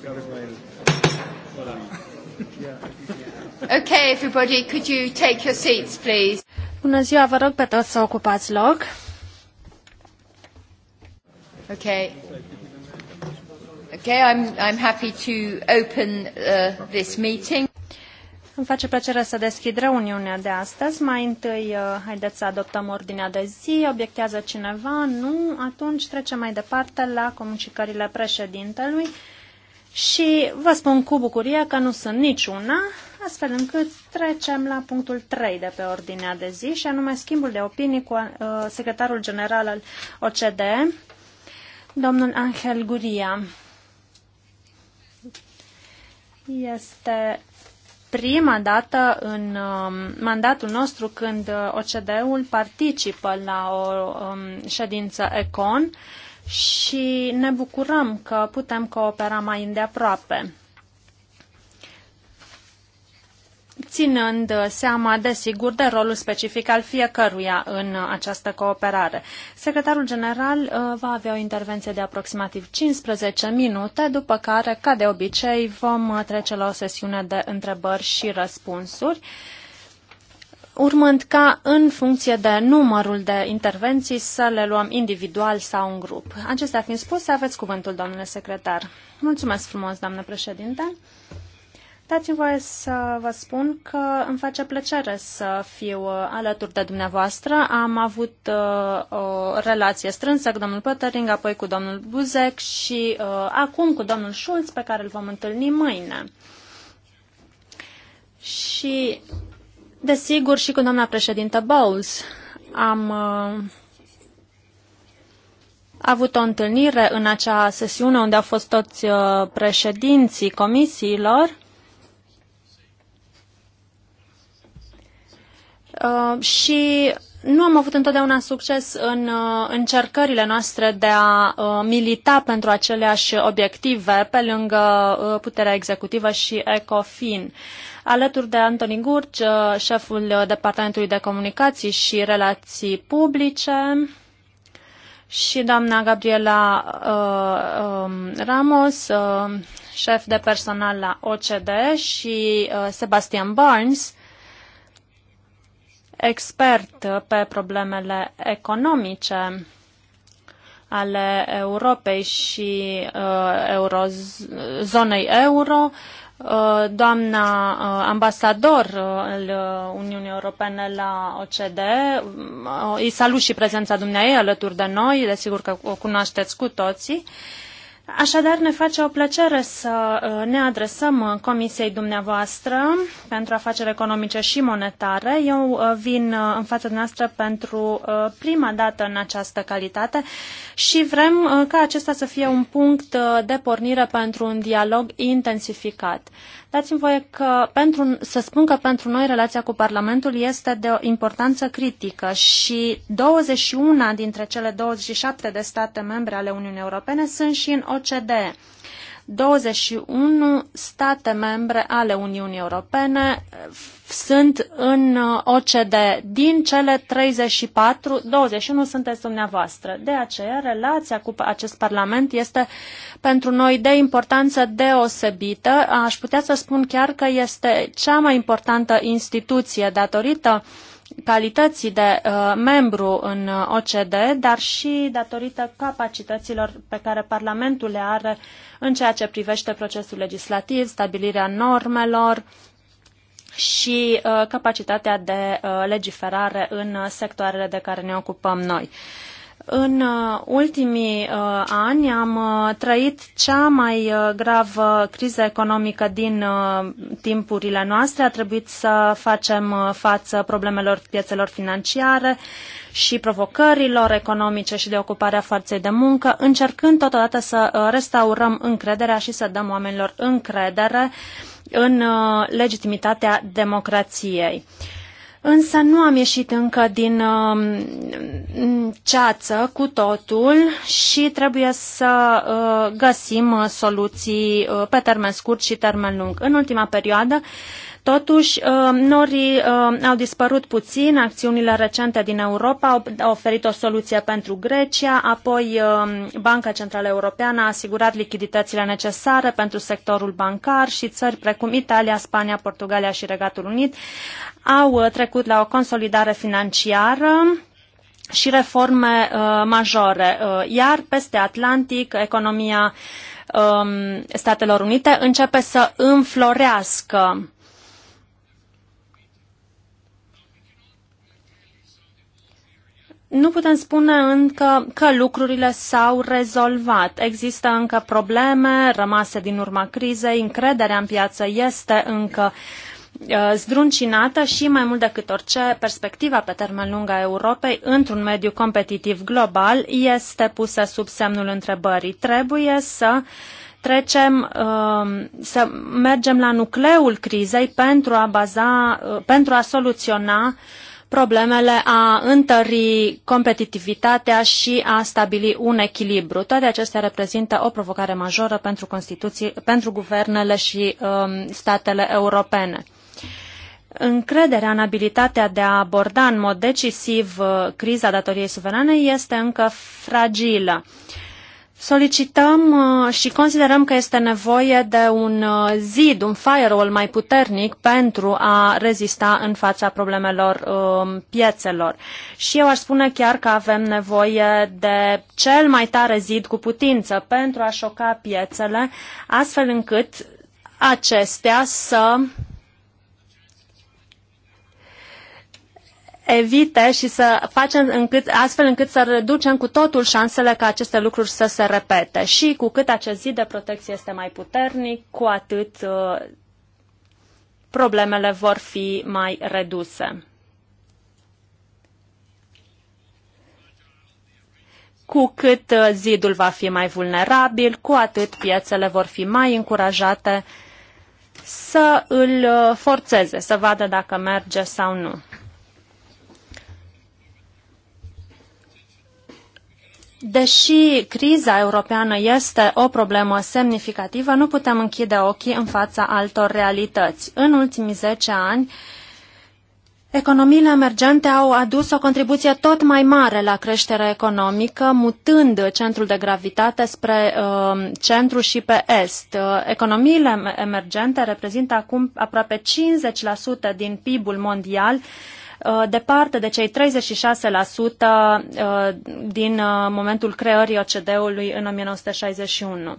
Okay, everybody, could you take your seats, please? Bună ziua, vă rog pe toți să ocupați loc. Okay. Okay, I'm, I'm happy to open uh, this meeting. Îmi face plăcere să deschid reuniunea de astăzi. Mai întâi, uh, haideți să adoptăm ordinea de zi. Obiectează cineva? Nu? Atunci trecem mai departe la comunicările președintelui. Și vă spun cu bucurie că nu sunt niciuna, astfel încât trecem la punctul 3 de pe ordinea de zi, și anume schimbul de opinii cu uh, secretarul general al OCDE, domnul Angel Guria. Este prima dată în um, mandatul nostru când uh, OCDE-ul participă la o um, ședință ECON și ne bucurăm că putem coopera mai îndeaproape. ținând seama, desigur, de rolul specific al fiecăruia în această cooperare. Secretarul general uh, va avea o intervenție de aproximativ 15 minute, după care, ca de obicei, vom trece la o sesiune de întrebări și răspunsuri urmând ca, în funcție de numărul de intervenții, să le luăm individual sau în grup. Acestea fiind spuse, aveți cuvântul, domnule secretar. Mulțumesc frumos, doamnă președinte. Dați-mi voie să vă spun că îmi face plăcere să fiu uh, alături de dumneavoastră. Am avut uh, o relație strânsă cu domnul Pătăring, apoi cu domnul Buzek și uh, acum cu domnul Schulz, pe care îl vom întâlni mâine. Și Desigur, și cu doamna președintă Bowles am uh, avut o întâlnire în acea sesiune unde au fost toți uh, președinții comisiilor uh, și nu am avut întotdeauna succes în uh, încercările noastre de a uh, milita pentru aceleași obiective pe lângă uh, puterea executivă și ECOFIN. Uh, alături de Antoni Gurci, uh, șeful Departamentului de Comunicații și Relații Publice, și doamna Gabriela uh, um, Ramos, uh, șef de personal la OCD, și uh, Sebastian Barnes, expert pe problemele economice ale Europei și uh, eurozonei euro, Uh, doamna uh, ambasador uh, al Uniunii Europene la OCDE, îi salut și prezența dumneai alături de noi, desigur că o cunoașteți cu toții. Uh, Așadar, ne face o plăcere să uh, ne adresăm uh, Comisiei dumneavoastră pentru afaceri economice și monetare. Eu uh, vin în fața noastră pentru prima dată în această calitate și vrem ca acesta să fie un punct de pornire pentru un dialog intensificat. Dați-mi voie că pentru, să spun că pentru noi relația cu Parlamentul este de o importanță critică și 21 dintre cele 27 de state membre ale Uniunii Europene sunt și în OCDE. 21 state membre ale Uniunii Europene sunt în uh, OCDE. Din cele 34, 21 sunteți dumneavoastră. De aceea, relația cu acest Parlament este pentru noi de importanță deosebită. Aș putea să spun chiar că este cea mai importantă instituție datorită calității de uh, membru în uh, OCDE, dar și datorită capacităților pe care Parlamentul le are uh, în ceea ce privește procesul legislativ, stabilirea normelor și uh, capacitatea de uh, legiferare în sectoarele de care ne ocupăm noi. Uh, în uh, ultimii uh, ani am uh, trăit cea mai gravă criză economică din timpurile noastre. A trebuit să facem față problemelor piețelor financiare și provocărilor economice și de ocupare a forței de muncă, încercând totodată să restaurăm încrederea și să dăm oamenilor încredere în legitimitatea democrației. Uh, Însă nu am ieșit încă din uh, ceață cu totul și trebuie să uh, găsim uh, soluții uh, pe termen scurt și termen lung. În ultima perioadă uh, Totuși, uh, norii uh, au dispărut puțin, acțiunile recente din Europa au oferit o soluție pentru Grecia, apoi uh, Banca Centrală Europeană a asigurat lichiditățile necesare pentru sectorul bancar și țări precum Italia, Spania, Portugalia și Regatul Unit au trecut la o consolidare financiară și reforme uh, majore. Uh, iar peste Atlantic, economia um, Statelor Unite începe să înflorească. nu putem spune încă că lucrurile s-au rezolvat. Există încă probleme rămase din urma crizei, încrederea în piață este încă uh, zdruncinată și, mai mult decât orice, perspectiva pe termen lung a Europei într-un mediu competitiv global este pusă sub semnul întrebării. Trebuie să trecem, uh, să mergem la nucleul crizei pentru a baza, uh, pentru a soluționa uh, problemele a întări competitivitatea și a stabili un echilibru. Toate acestea reprezintă o provocare majoră pentru, Constituții, pentru guvernele și um, statele europene. Încrederea în abilitatea de a aborda în mod decisiv uh, criza datoriei suverane este încă fragilă. Uh, Solicităm uh, și considerăm că este nevoie de un uh, zid, un firewall mai puternic pentru a rezista în fața problemelor um, piețelor. Și eu aș spune chiar că avem nevoie de cel mai tare zid cu putință pentru a șoca piețele, astfel încât acestea să evite și să facem încât, astfel încât să reducem cu totul șansele ca aceste lucruri să se repete. Și cu cât acest zid de protecție este mai puternic, cu atât uh, problemele vor fi mai reduse. Cu cât uh, zidul va fi mai vulnerabil, cu atât piețele vor fi mai încurajate să îl uh, forțeze, să vadă dacă merge sau nu. Deși criza europeană este o problemă semnificativă, nu putem închide ochii în fața altor realități. În ultimii 10 ani, economiile emergente au adus o contribuție tot mai mare la creșterea economică, mutând centrul de gravitate spre uh, centru și pe est. Uh, economiile emergente reprezintă acum aproape 50% din PIB-ul mondial, uh, Uh, departe de cei 36% uh, din uh, momentul creării OCD-ului în 1961.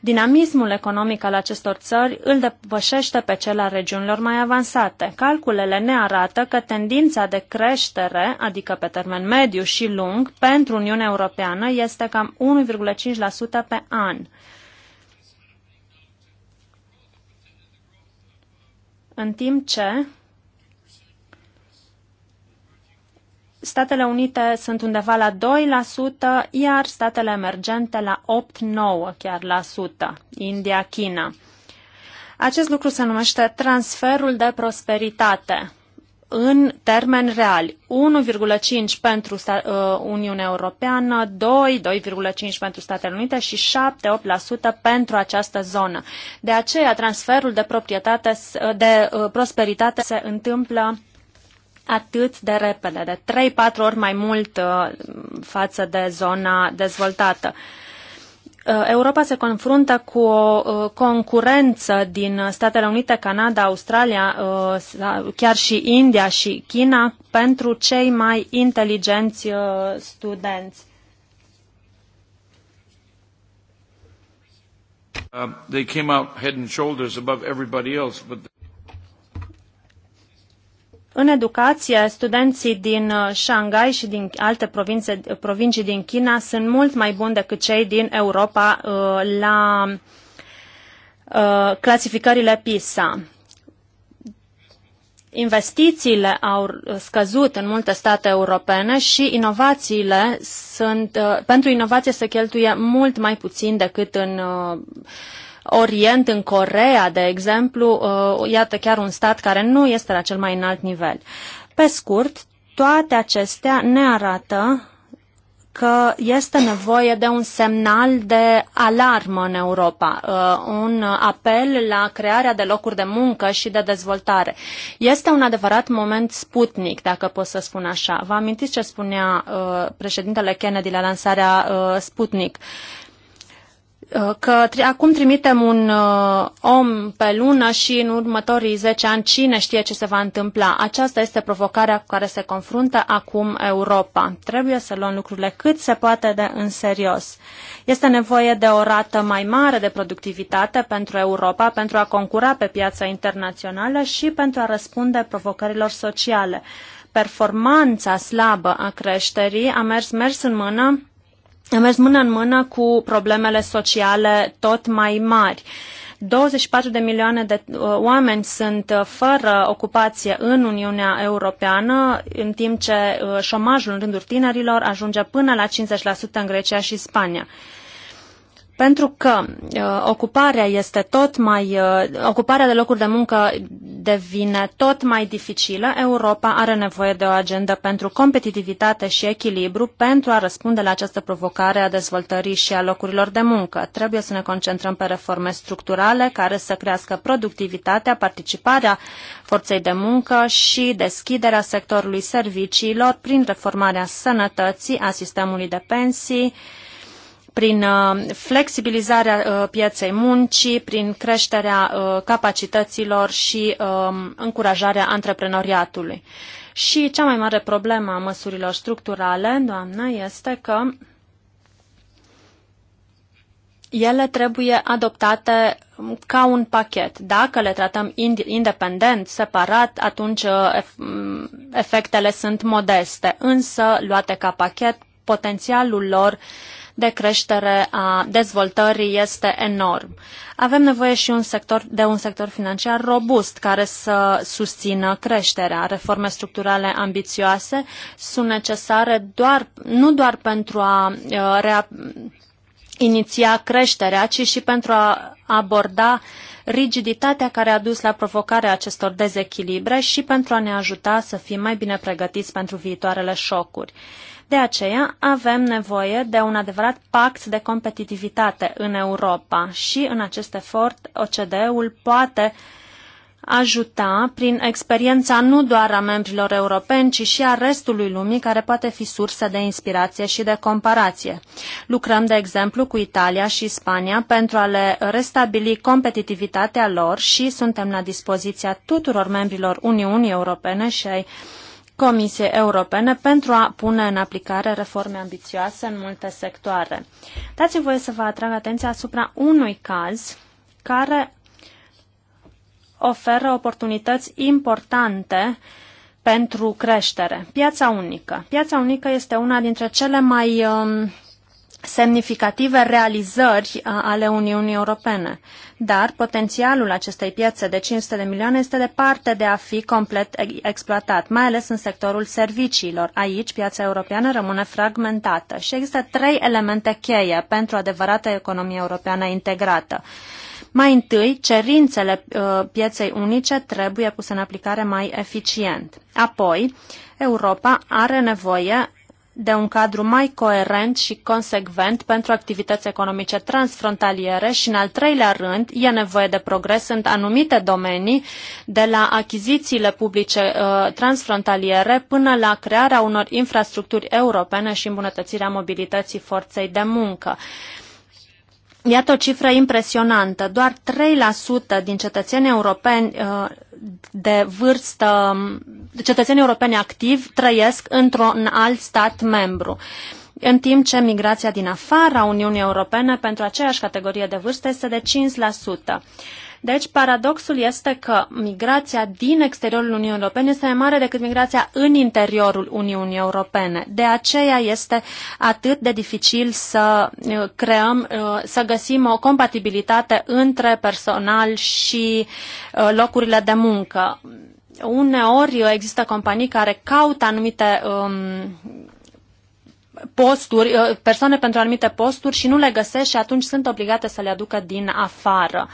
Dinamismul economic al acestor țări îl depășește pe cel al regiunilor mai avansate. Calculele ne arată că tendința de creștere, adică pe termen mediu și lung, pentru Uniunea Europeană este cam 1,5% pe an. În timp ce Statele Unite sunt undeva la 2%, iar statele emergente la 8-9% chiar la sută, India, China. Acest lucru se numește transferul de prosperitate în termeni reali. 1,5 pentru uh, Uniunea Europeană, 2, 2,5 pentru Statele Unite și 7-8% pentru această zonă. De aceea transferul de, proprietate, de uh, prosperitate se întâmplă atât de repede, de 3-4 ori mai mult uh, față de zona dezvoltată. Uh, Europa se confruntă cu o uh, concurență din Statele Unite, Canada, Australia, chiar și India și China pentru cei mai inteligenți studenți. Uh, they came out head and shoulders above everybody else, but the- în educație, studenții din uh, Shanghai și din alte provințe, provincii din China sunt mult mai buni decât cei din Europa uh, la uh, clasificările PISA. Investițiile au scăzut în multe state europene și inovațiile sunt, pentru inovație se cheltuie mult mai puțin decât în Orient, în Corea, de exemplu, uh, iată chiar un stat care nu este la cel mai înalt nivel. Pe scurt, toate acestea ne arată că este nevoie de un semnal de alarmă în Europa, uh, un apel la crearea de locuri de muncă și de dezvoltare. Este un adevărat moment sputnic, dacă pot să spun așa. Vă amintiți ce spunea uh, președintele Kennedy la lansarea Sputnik? Uh, că acum trimitem un uh, om pe lună și în următorii 10 ani cine știe ce se va întâmpla. Aceasta este provocarea cu care se confruntă acum Europa. Trebuie să luăm lucrurile cât se poate de în serios. Este nevoie de o rată mai mare de productivitate pentru Europa, pentru a concura pe piața internațională și pentru a răspunde provocărilor sociale. Performanța slabă a creșterii a mers mers în mână a mers mână în mână cu problemele sociale tot mai mari. 24 de milioane de uh, oameni sunt uh, fără ocupație în Uniunea Europeană, în timp ce uh, șomajul în rândul tinerilor ajunge până la 50% în Grecia și Spania pentru că uh, ocuparea este tot mai uh, ocuparea de locuri de muncă devine tot mai dificilă, Europa are nevoie de o agendă pentru competitivitate și echilibru pentru a răspunde la această provocare a dezvoltării și a locurilor de muncă. Trebuie să ne concentrăm pe reforme structurale care să crească productivitatea, participarea forței de muncă și deschiderea sectorului serviciilor prin reformarea sănătății, a sistemului de pensii, uh, prin uh, flexibilizarea uh, pieței muncii, prin creșterea uh, capacităților și um, încurajarea antreprenoriatului. Și cea mai mare problemă a măsurilor structurale, doamnă, este că ele trebuie adoptate ca un pachet. Dacă le tratăm independent, separat, atunci efectele sunt modeste, însă luate ca pachet, potențialul lor de creștere a dezvoltării este enorm. Avem nevoie și un sector, de un sector financiar robust care să susțină creșterea. Reforme structurale ambițioase sunt necesare doar, nu doar pentru a uh, rea, iniția creșterea, ci și pentru a aborda rigiditatea care a dus la provocarea acestor dezechilibre și pentru a ne ajuta să fim mai bine pregătiți pentru viitoarele șocuri. De aceea avem nevoie de un adevărat pact de competitivitate în Europa și în acest efort OCDE-ul poate ajuta prin experiența nu doar a membrilor europeni, ci și a restului lumii, care poate fi sursă de inspirație și de comparație. Lucrăm, de exemplu, cu Italia și Spania pentru a le restabili competitivitatea lor și suntem la dispoziția tuturor membrilor Uniunii Europene și ai uh, Comisiei Europene pentru a pune în aplicare reforme ambițioase în multe sectoare. Dați-mi voie să vă atrag atenția asupra unui caz care oferă oportunități importante pentru creștere. Piața unică. Piața unică este una dintre cele mai uh, semnificative realizări ale Uniunii Europene. Dar potențialul acestei piețe de 500 de milioane este departe de a fi complet exploatat, mai ales în sectorul serviciilor. Aici, piața europeană rămâne fragmentată și există trei elemente cheie pentru adevărată economie europeană integrată. Mai întâi, cerințele uh, pieței unice trebuie puse în aplicare mai eficient. Apoi, Europa are nevoie de un cadru mai coerent și consecvent pentru activități economice transfrontaliere și, în al treilea rând, e nevoie de progres în anumite domenii, de la achizițiile publice uh, transfrontaliere până la crearea unor infrastructuri europene și îmbunătățirea mobilității forței de muncă. Iată o cifră impresionantă. Doar 3% din cetățenii europeni uh, de vârstă, cetățenii europeni activi trăiesc într-un alt stat membru în timp ce migrația din afara Uniunii Europene pentru aceeași categorie de vârstă este de 5%. Deci, paradoxul este că migrația din exteriorul Uniunii Europene este mai mare decât migrația în interiorul Uniunii Europene. De aceea este atât de dificil să uh, creăm, uh, să găsim o compatibilitate între personal și uh, locurile de muncă. Uneori există companii care caută anumite um, posturi, persoane pentru anumite posturi și nu le găsesc și atunci sunt obligate să le aducă din afară.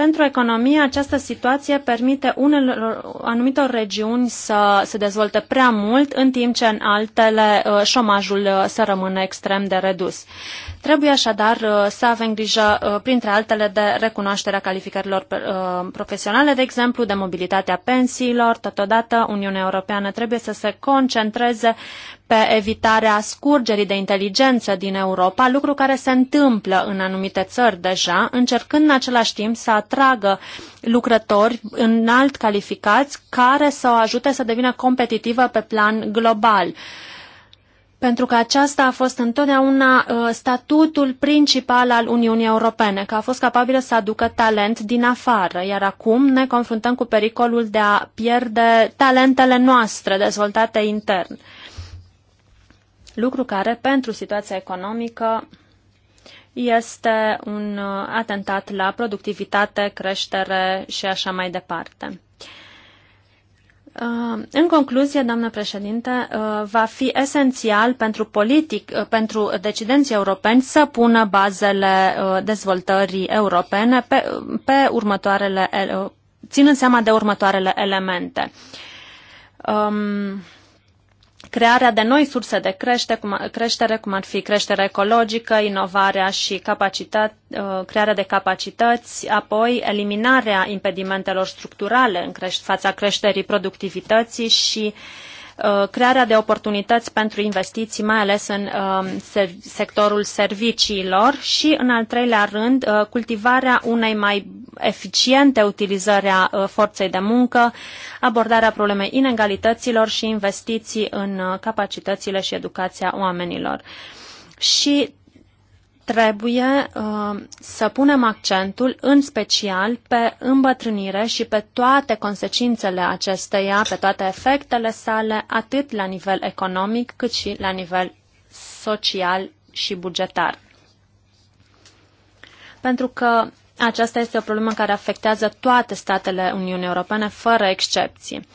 Pentru economie, această situație permite unelor, anumitor regiuni să se dezvolte prea mult, în timp ce în altele uh, șomajul uh, să rămână extrem de redus. Trebuie așadar uh, să avem grijă, uh, printre altele, de recunoașterea calificărilor uh, profesionale, de exemplu, de mobilitatea pensiilor. Totodată, Uniunea Europeană trebuie să se concentreze pe evitarea scurgerii de inteligență din Europa, lucru care se întâmplă în anumite țări deja, încercând în același timp să atragă lucrători înalt calificați care să o ajute să devină competitivă pe plan global pentru că aceasta a fost întotdeauna uh, statutul principal al Uniunii Europene, că a fost capabilă să aducă talent din afară, iar acum ne confruntăm cu pericolul de a pierde talentele noastre dezvoltate intern. Lucru care, pentru situația economică, este un uh, atentat la productivitate, creștere și așa mai departe. Uh, în concluzie, doamnă președinte, uh, va fi esențial pentru politic, uh, pentru decidenții europeni să pună bazele dezvoltării europene pe, pe următoarele, ținând seama de următoarele elemente. Um, crearea de noi surse de crește, cum, creștere, cum ar fi creșterea ecologică, inovarea și capacitate, uh, crearea de capacități, apoi eliminarea impedimentelor structurale în creș- fața creșterii productivității și uh, Uh, crearea de oportunități pentru investiții, mai ales în um, sectorul serviciilor și, în al treilea rând, uh, cultivarea unei mai eficiente utilizări a uh, forței de muncă, abordarea problemei inegalităților și investiții în capacitățile și educația oamenilor. Și trebuie uh, să punem accentul în special pe îmbătrânire și pe toate consecințele acesteia, pe toate efectele sale, atât la nivel economic cât și la nivel social și bugetar. Pentru că aceasta este o problemă care afectează toate statele Uniunii Europene, fără excepții.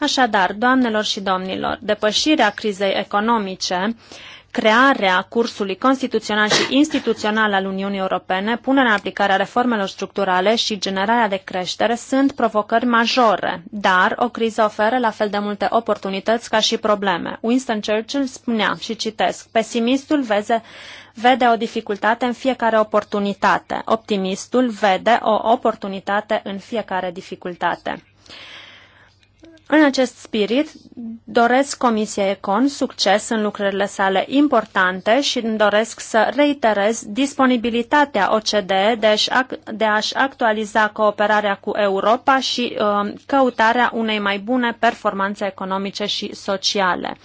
Așadar, doamnelor și domnilor, depășirea crizei economice uh, crearea cursului constituțional și instituțional al Uniunii Europene, punerea în aplicare a reformelor structurale și generarea de creștere sunt provocări majore, dar o criză oferă la fel de multe oportunități ca și probleme. Winston Churchill spunea, și citesc, pesimistul veze, vede o dificultate în fiecare oportunitate, optimistul vede o oportunitate în fiecare dificultate. În acest spirit, doresc Comisia Econ succes în lucrările sale importante și îmi doresc să reiterez disponibilitatea OCDE de a-și, de a actualiza cooperarea cu Europa și uh, căutarea unei mai bune performanțe economice și sociale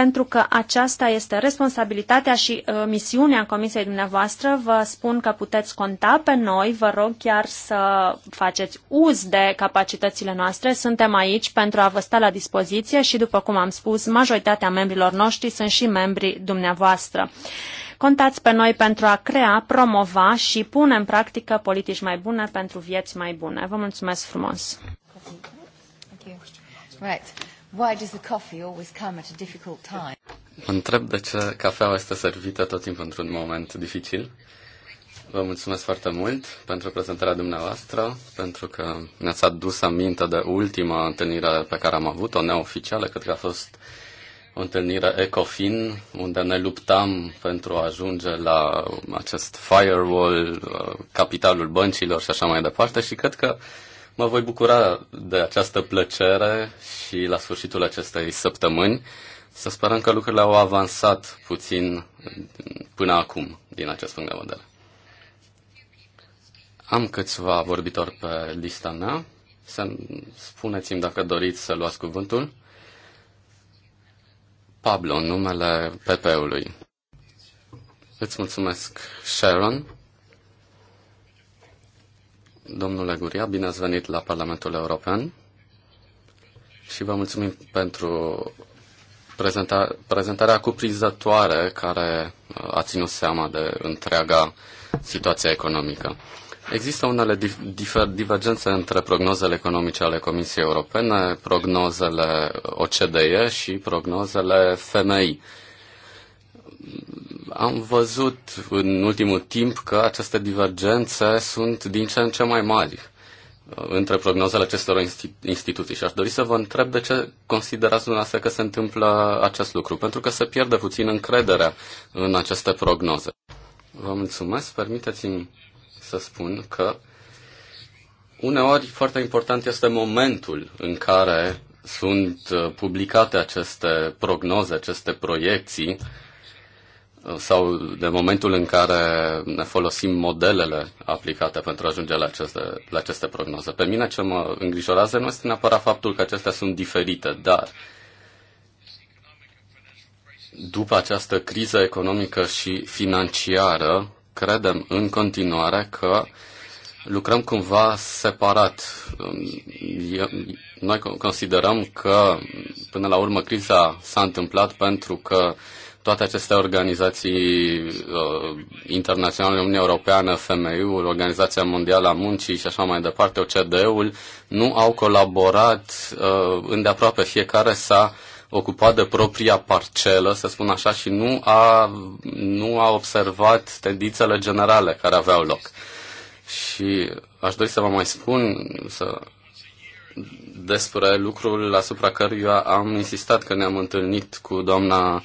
pentru că aceasta este responsabilitatea și uh, misiunea comisiei dumneavoastră. Vă spun că puteți conta pe noi, vă rog chiar să faceți uz de capacitățile noastre. Suntem aici pentru a vă sta la dispoziție și, după cum am spus, majoritatea membrilor noștri sunt și membrii dumneavoastră. Contați pe noi pentru a crea, promova și pune în practică politici mai bune pentru vieți mai bune. Vă mulțumesc frumos! Right. Why does the coffee always come at a difficult time? Mă întreb de ce cafeaua este servită tot timpul într-un moment dificil. Vă mulțumesc foarte mult pentru prezentarea dumneavoastră, pentru că ne-ați adus aminte de ultima întâlnire pe care am avut-o, neoficială, cred că a fost o întâlnire ECOFIN, unde ne luptam pentru a ajunge la acest firewall, uh, capitalul băncilor și așa mai departe și cred că Mă voi bucura de această plăcere și la sfârșitul acestei săptămâni. Să sperăm că lucrurile au avansat puțin până acum, din acest punct de vedere. Am câțiva vorbitori pe lista mea. Să spuneți-mi dacă doriți să luați cuvântul. Pablo, numele PP-ului. Îți mulțumesc, Sharon. Domnule Guria, bine ați venit la Parlamentul European și vă mulțumim pentru prezenta- prezentarea cuprinzătoare care uh, a ținut seama de întreaga situație economică. Există unele difer- divergențe între prognozele economice ale Comisiei Europene, prognozele OCDE și prognozele FMI am văzut în ultimul timp că aceste divergențe sunt din ce în ce mai mari uh, între prognozele acestor instituții și aș dori să vă întreb de ce considerați dumneavoastră că se întâmplă acest lucru, pentru că se pierde puțin încrederea în aceste prognoze. Vă mulțumesc, permiteți-mi să spun că uneori foarte important este momentul în care sunt uh, publicate aceste prognoze, aceste proiecții sau de momentul în care ne folosim modelele aplicate pentru a ajunge la aceste, la aceste prognoze. Pe mine ce mă îngrijorează nu este neapărat faptul că acestea sunt diferite, dar după această criză economică și financiară, credem în continuare că lucrăm cumva separat. Noi considerăm că, până la urmă, criza s-a întâmplat pentru că toate aceste organizații uh, internaționale, Uniunea Europeană, FMI-ul, Organizația Mondială a Muncii și așa mai departe, OCDE-ul, nu au colaborat uh, îndeaproape. Fiecare s-a ocupat de propria parcelă, să spun așa, și nu a, nu a observat tendințele generale care aveau loc. Și aș dori să vă mai spun, să despre lucrul asupra căruia am insistat că ne-am întâlnit cu doamna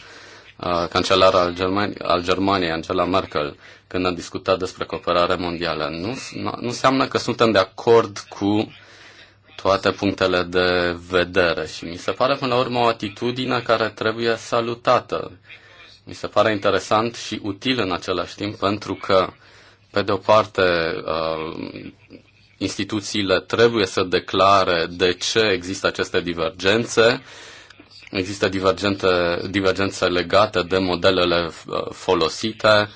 cancelar al, German- al Germaniei, Angela Merkel, când a discutat despre cooperare mondială. Nu, nu, nu înseamnă că suntem de acord cu toate punctele de vedere și mi se pare până la urmă o atitudine care trebuie salutată. Mi se pare interesant și util în același timp pentru că, pe de o parte, instituțiile trebuie să declare de ce există aceste divergențe, Există divergență legată de modelele uh, folosite.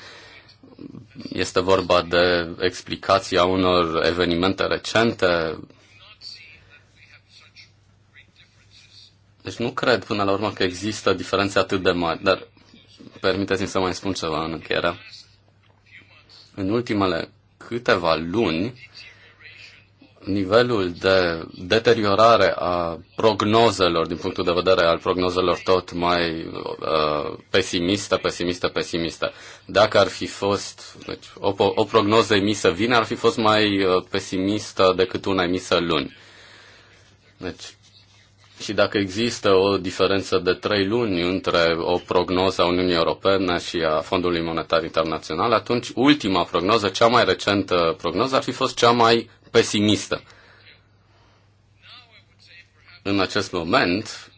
Este vorba de explicația unor evenimente recente. Deci nu cred până la urmă că există diferențe atât de mari, dar permiteți-mi să mai spun ceva în încheiere. În ultimele câteva luni, nivelul de deteriorare a prognozelor, din punctul de vedere al prognozelor tot mai uh, pesimiste, pesimiste, pesimiste. Dacă ar fi fost, deci, o, o prognoză emisă vine, ar fi fost mai uh, pesimistă decât una emisă luni. Deci, și dacă există o diferență de trei luni între o prognoză a Uniunii Europene și a Fondului Monetar Internațional, atunci ultima prognoză, cea mai recentă prognoză, ar fi fost cea mai pesimistă. În acest moment,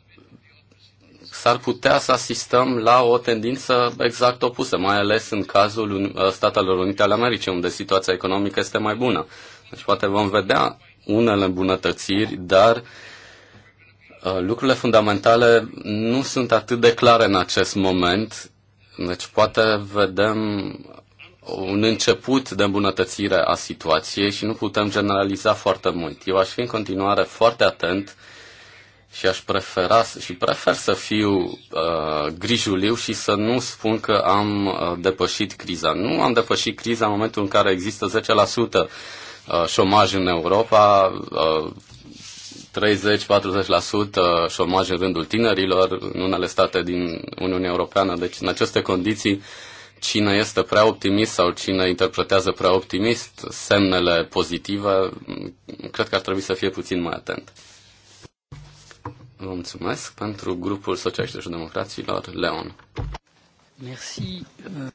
s-ar putea să asistăm la o tendință exact opusă, mai ales în cazul uh, Statelor Unite ale Americii, unde situația economică este mai bună. Deci poate vom vedea unele îmbunătățiri, dar uh, lucrurile fundamentale nu sunt atât de clare în acest moment. Deci poate vedem un început de îmbunătățire a situației și nu putem generaliza foarte mult. Eu aș fi în continuare foarte atent și aș prefera și prefer să fiu uh, grijuliu și să nu spun că am uh, depășit criza. Nu am depășit criza în momentul în care există 10% uh, șomaj în Europa, uh, 30-40% șomaj în rândul tinerilor în unele state din Uniunea Europeană. Deci, în aceste condiții, uh, cine este prea optimist sau cine interpretează prea optimist semnele pozitive, mm, cred că ar trebui să fie puțin mai atent. Vă mulțumesc pentru grupul Socialiștilor și Democraților, Leon. Merci. Uh.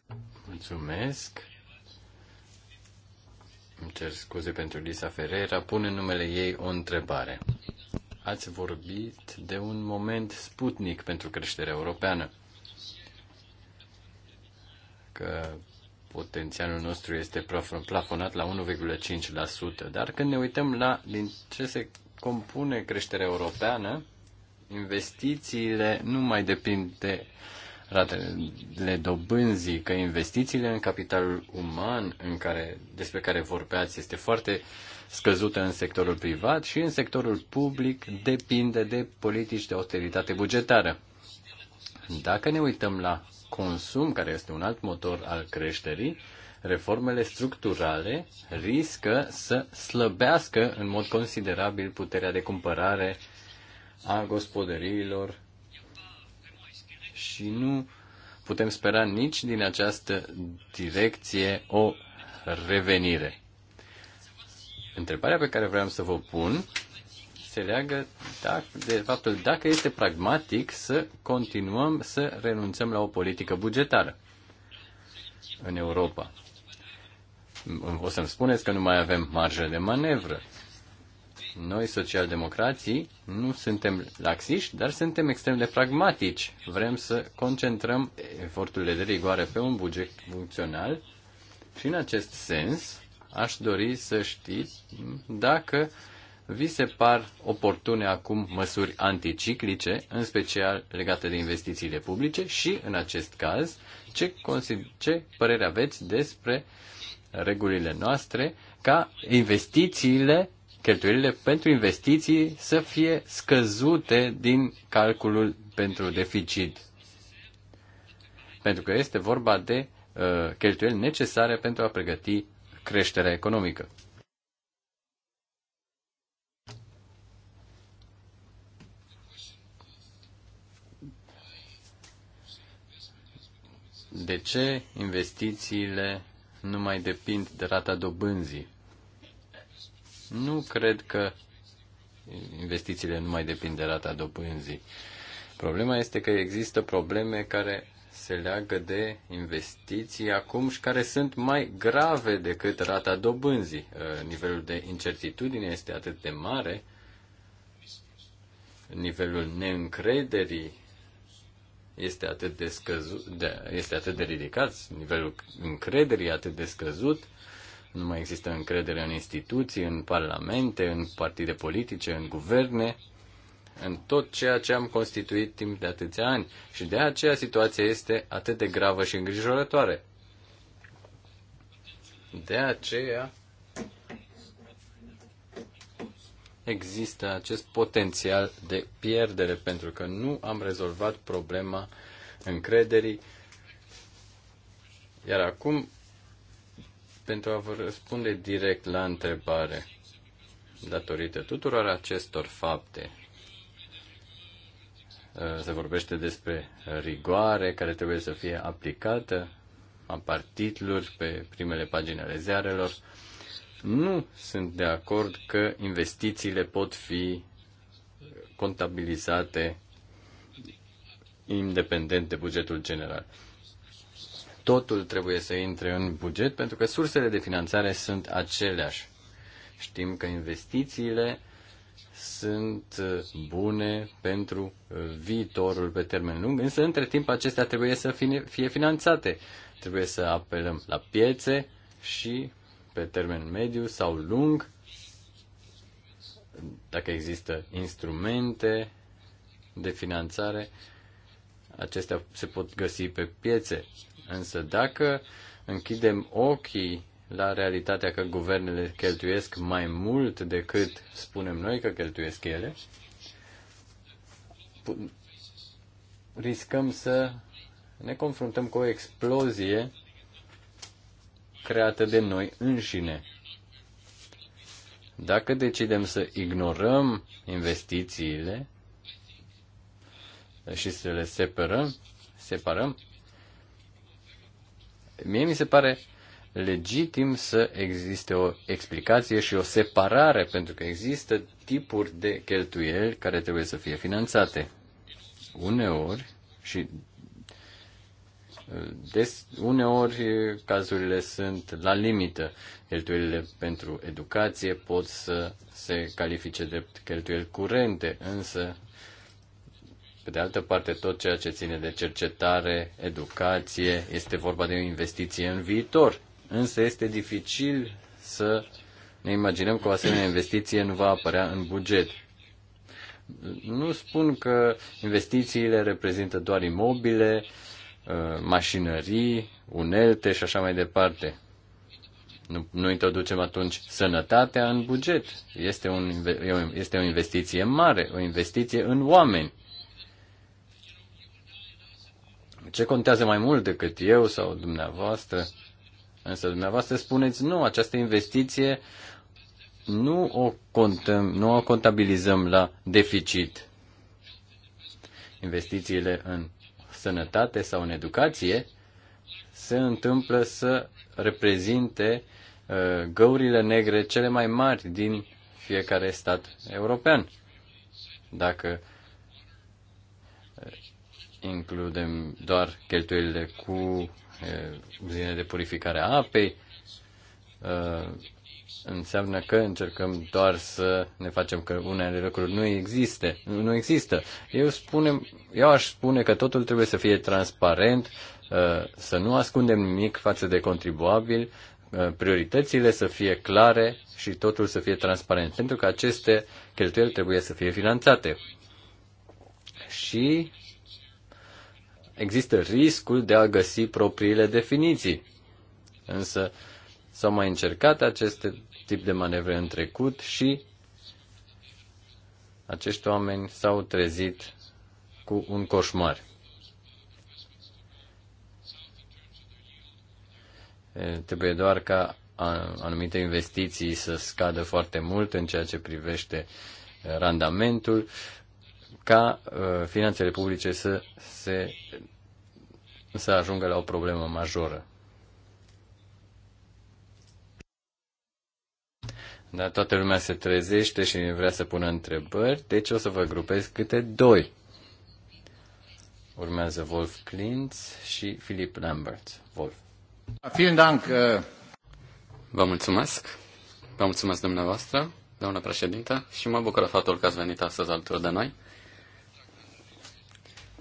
Mulțumesc. Îmi cer scuze pentru Lisa Ferreira. Pune în numele ei o întrebare. Ați vorbit de un moment sputnic pentru creșterea europeană că potențialul nostru este plafonat la 1,5%, dar când ne uităm la din ce se compune creșterea europeană, investițiile nu mai depind de ratele dobânzii, că investițiile în capitalul uman în care, despre care vorbeați este foarte scăzută în sectorul privat și în sectorul public depinde de politici de austeritate bugetară. Dacă ne uităm la consum, care este un alt motor al creșterii, reformele structurale riscă să slăbească în mod considerabil puterea de cumpărare a gospodăriilor și nu putem spera nici din această direcție o revenire. Întrebarea pe care vreau să vă pun se leagă dacă, de faptul dacă este pragmatic să continuăm să renunțăm la o politică bugetară în Europa. O să-mi spuneți că nu mai avem marjă de manevră. Noi, socialdemocrații, nu suntem laxiști, dar suntem extrem de pragmatici. Vrem să concentrăm eforturile de rigoare pe un buget funcțional și, în acest sens, aș dori să știți dacă vi se par oportune acum măsuri anticiclice, în special legate de investițiile publice și, în acest caz, ce, ce părere aveți despre regulile noastre ca investițiile, cheltuielile pentru investiții să fie scăzute din calculul pentru deficit? Pentru că este vorba de uh, cheltuieli necesare pentru a pregăti creșterea economică. De ce investițiile nu mai depind de rata dobânzii? Nu cred că investițiile nu mai depind de rata dobânzii. Problema este că există probleme care se leagă de investiții acum și care sunt mai grave decât rata dobânzii. Uh, nivelul de incertitudine este atât de mare, nivelul neîncrederii este atât de, scăzut, de, este atât de ridicat, nivelul încrederii atât de scăzut, nu mai există încredere în instituții, în parlamente, în partide politice, în guverne, în tot ceea ce am constituit timp de atâția ani și de aceea situația este atât de gravă și îngrijorătoare. De aceea există acest potențial de pierdere pentru că nu am rezolvat problema încrederii. Iar acum, pentru a vă răspunde direct la întrebare, datorită tuturor acestor fapte, se vorbește despre rigoare care trebuie să fie aplicată, apar titluri pe primele pagini ale ziarelor, nu sunt de acord că investițiile pot fi contabilizate independent de bugetul general. Totul trebuie să intre în buget pentru că sursele de finanțare sunt aceleași. Știm că investițiile sunt bune pentru viitorul pe termen lung, însă între timp acestea trebuie să fie finanțate. Trebuie să apelăm la piețe și pe termen mediu sau lung, dacă există instrumente de finanțare, acestea se pot găsi pe piețe. Însă dacă închidem ochii la realitatea că guvernele cheltuiesc mai mult decât spunem noi că cheltuiesc ele, riscăm să ne confruntăm cu o explozie creată de noi înșine. Dacă decidem să ignorăm investițiile și să le separăm, separăm, mie mi se pare legitim să existe o explicație și o separare, pentru că există tipuri de cheltuieli care trebuie să fie finanțate. Uneori, și Des, uneori cazurile sunt la limită. Cheltuielile pentru educație pot să se califice drept cheltuieli curente, însă, pe de altă parte, tot ceea ce ține de cercetare, educație, este vorba de o investiție în viitor. Însă este dificil să ne imaginăm că o asemenea investiție nu va apărea în buget. Nu spun că investițiile reprezintă doar imobile, uh, Uh, mașinării, unelte și așa mai departe. Nu, nu introducem atunci sănătatea în buget. Este, un, este o investiție mare, o investiție în oameni. Ce contează mai mult decât eu sau dumneavoastră? Însă dumneavoastră spuneți, nu, această investiție nu o, contăm, nu o contabilizăm la deficit. Investițiile în sănătate sau în educație, se întâmplă să reprezinte uh, găurile negre cele mai mari din fiecare stat european. Dacă uh, includem doar cheltuielile cu uh, uzine de purificare a apei, înseamnă că încercăm doar să ne facem că unele lucruri nu există. Nu există. Eu, spunem, eu aș spune că totul trebuie să fie transparent, uh, să nu ascundem nimic față de contribuabil, uh, prioritățile să fie clare și totul să fie transparent, pentru că aceste cheltuieli trebuie să fie finanțate. Și există riscul de a găsi propriile definiții. Însă, uh, S-au mai încercat aceste tip de manevre în trecut și acești oameni s-au trezit cu un coșmar. Trebuie doar ca anumite investiții să scadă foarte mult în ceea ce privește randamentul, ca finanțele publice să, se, să ajungă la o problemă majoră. Da, toată lumea se trezește și vrea să pună întrebări, deci o să vă grupez câte doi. Urmează Wolf Klintz și Philip Lambert. Wolf. Vielen Dank. Uh, vă mulțumesc. Vă mulțumesc dumneavoastră, doamna președintă, și mă bucură faptul că ați venit astăzi alături de noi.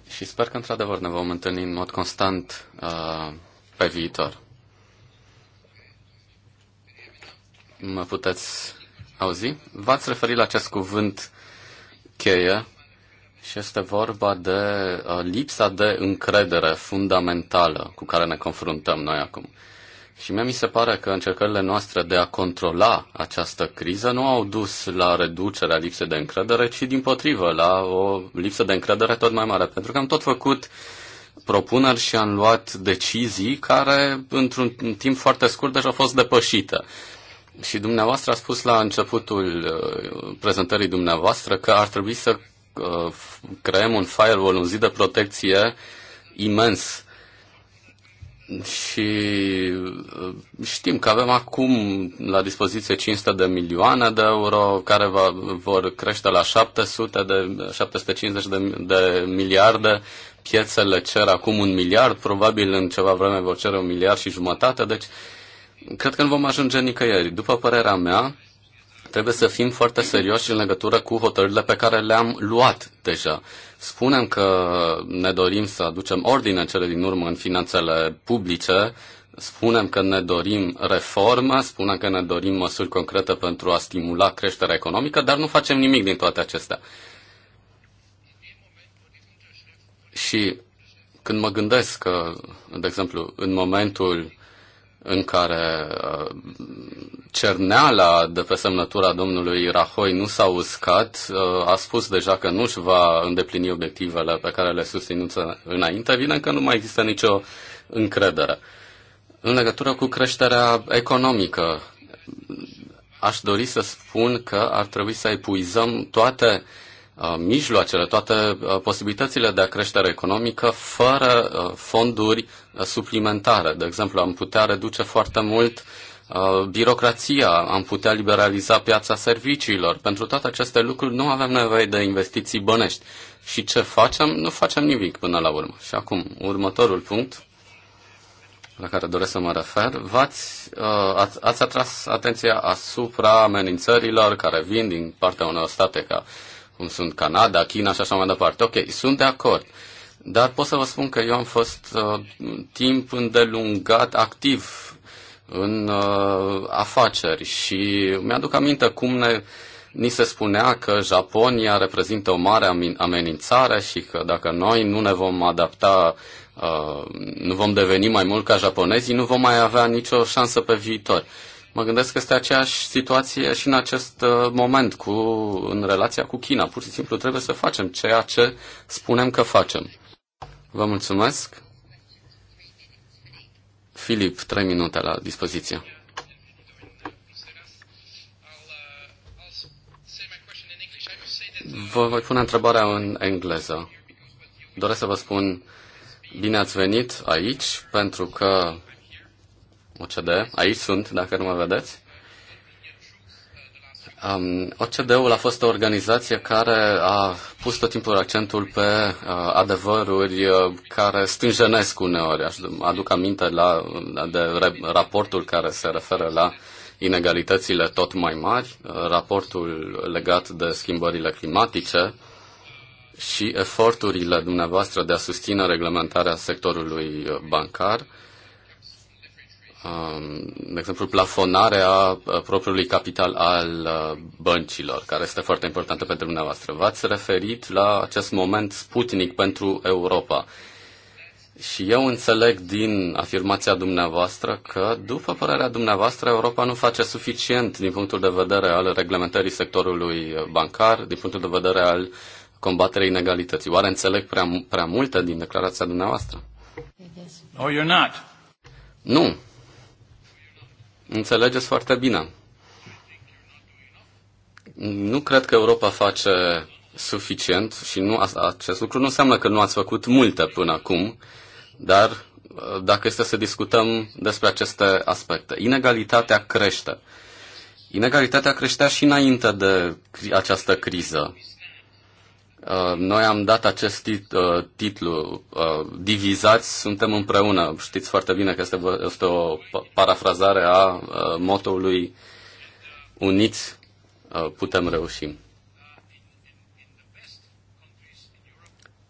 Și sper că, într-adevăr, ne vom întâlni în mod constant uh, pe viitor. mă puteți auzi? V-ați referit la acest cuvânt cheie și este vorba de uh, lipsa de încredere fundamentală cu care ne confruntăm noi acum. Și mie mi se pare că încercările noastre de a controla această criză nu au dus la reducerea lipsei de încredere, ci din potrivă, la o lipsă de încredere tot mai mare. Pentru că am tot făcut propuneri și am luat decizii care, într-un timp foarte scurt, deja au fost depășite. Și dumneavoastră a spus la începutul uh, prezentării dumneavoastră că ar trebui să uh, creăm un firewall, un zid de protecție imens. Și uh, știm că avem acum la dispoziție 500 de milioane de euro care va, vor crește la 700 de, 750 de, de miliarde. Piețele cer acum un miliard, probabil în ceva vreme vor cere un miliard și jumătate. Deci uh, cred că nu vom ajunge nicăieri. După părerea mea, trebuie să fim foarte serioși în legătură cu hotărârile pe care le-am luat deja. Spunem că ne dorim să aducem ordine în cele din urmă în finanțele publice, spunem că ne dorim reformă, spunem că ne dorim măsuri concrete pentru a stimula creșterea economică, dar nu facem nimic din toate acestea. Și când mă gândesc că, de exemplu, în momentul în care uh, cerneala de pe semnătura domnului Rahoi nu s-a uscat, uh, a spus deja că nu își va îndeplini obiectivele pe care le susținuță înainte, vine că nu mai există nicio încredere. În legătură cu creșterea economică, aș dori să spun că ar trebui să epuizăm toate uh, Uh, mijloacele, toate uh, posibilitățile de creștere economică fără uh, fonduri suplimentare. De exemplu, am putea reduce foarte mult birocrația, am putea liberaliza piața serviciilor. Pentru toate aceste lucruri nu avem nevoie de investiții bănești. Și ce facem? Nu facem nimic până la urmă. Și acum, următorul punct la care doresc să mă refer, v-ați, ați, ați atras atenția asupra amenințărilor care vin din partea unor state ca cum sunt Canada, China și așa mai departe. Ok, sunt de acord. Dar pot să vă spun că eu am fost uh, timp îndelungat activ în uh, afaceri și mi-aduc aminte cum ne, ni se spunea că Japonia reprezintă o mare amenințare și că dacă noi nu ne vom adapta, uh, nu vom deveni mai mult ca japonezii, nu vom mai avea nicio șansă pe viitor. Uh, Mă gândesc că este aceeași situație și în acest uh, moment cu, în relația cu China. Pur și simplu trebuie să facem ceea ce spunem că facem. Vă mulțumesc. Filip, trei minute la dispoziție. Vă voi pune întrebarea în engleză. Doresc să vă spun bine ați venit aici, pentru că OCD. Aici sunt, dacă nu mă vedeți. Um, ocd ul a fost o organizație care a pus tot timpul accentul pe uh, adevăruri uh, care stânjenesc uneori. Aș aduc aminte la, de raportul care se referă la inegalitățile tot mai mari, uh, raportul legat de schimbările climatice și eforturile dumneavoastră de a susține reglementarea sectorului uh, bancar Um, de exemplu, plafonarea uh, propriului capital al uh, băncilor, care este foarte importantă pentru dumneavoastră. V-ați referit la acest moment sputnic pentru Europa. Și eu înțeleg din afirmația dumneavoastră că, după părerea dumneavoastră, Europa nu face suficient din punctul de vedere al reglementării sectorului bancar, din punctul de vedere al combaterii inegalității. Oare înțeleg prea, prea multe din declarația dumneavoastră? No, you're not. Nu, Înțelegeți foarte bine. Nu cred că Europa face suficient și nu, acest lucru nu înseamnă că nu ați făcut multe până acum, dar uh, dacă este să discutăm despre aceste aspecte. Inegalitatea crește. Inegalitatea creștea și înainte de această criză. Uh, noi am dat acest tit, uh, titlu, uh, Divizați, suntem împreună. Știți foarte bine că este, este o parafrazare a motoului Uniți, putem reuși.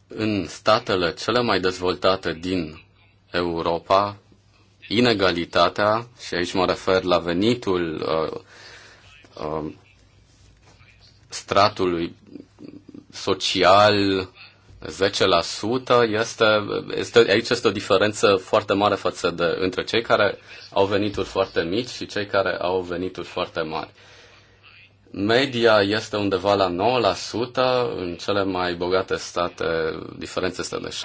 În statele cele mai dezvoltate din Europa, inegalitatea, și aici mă refer la venitul uh, uh, stratului social 10% este, este, aici este o diferență foarte mare față de între cei care au venituri foarte mici și cei care au venituri foarte mari. Media este undeva la 9%, în cele mai bogate state diferența este de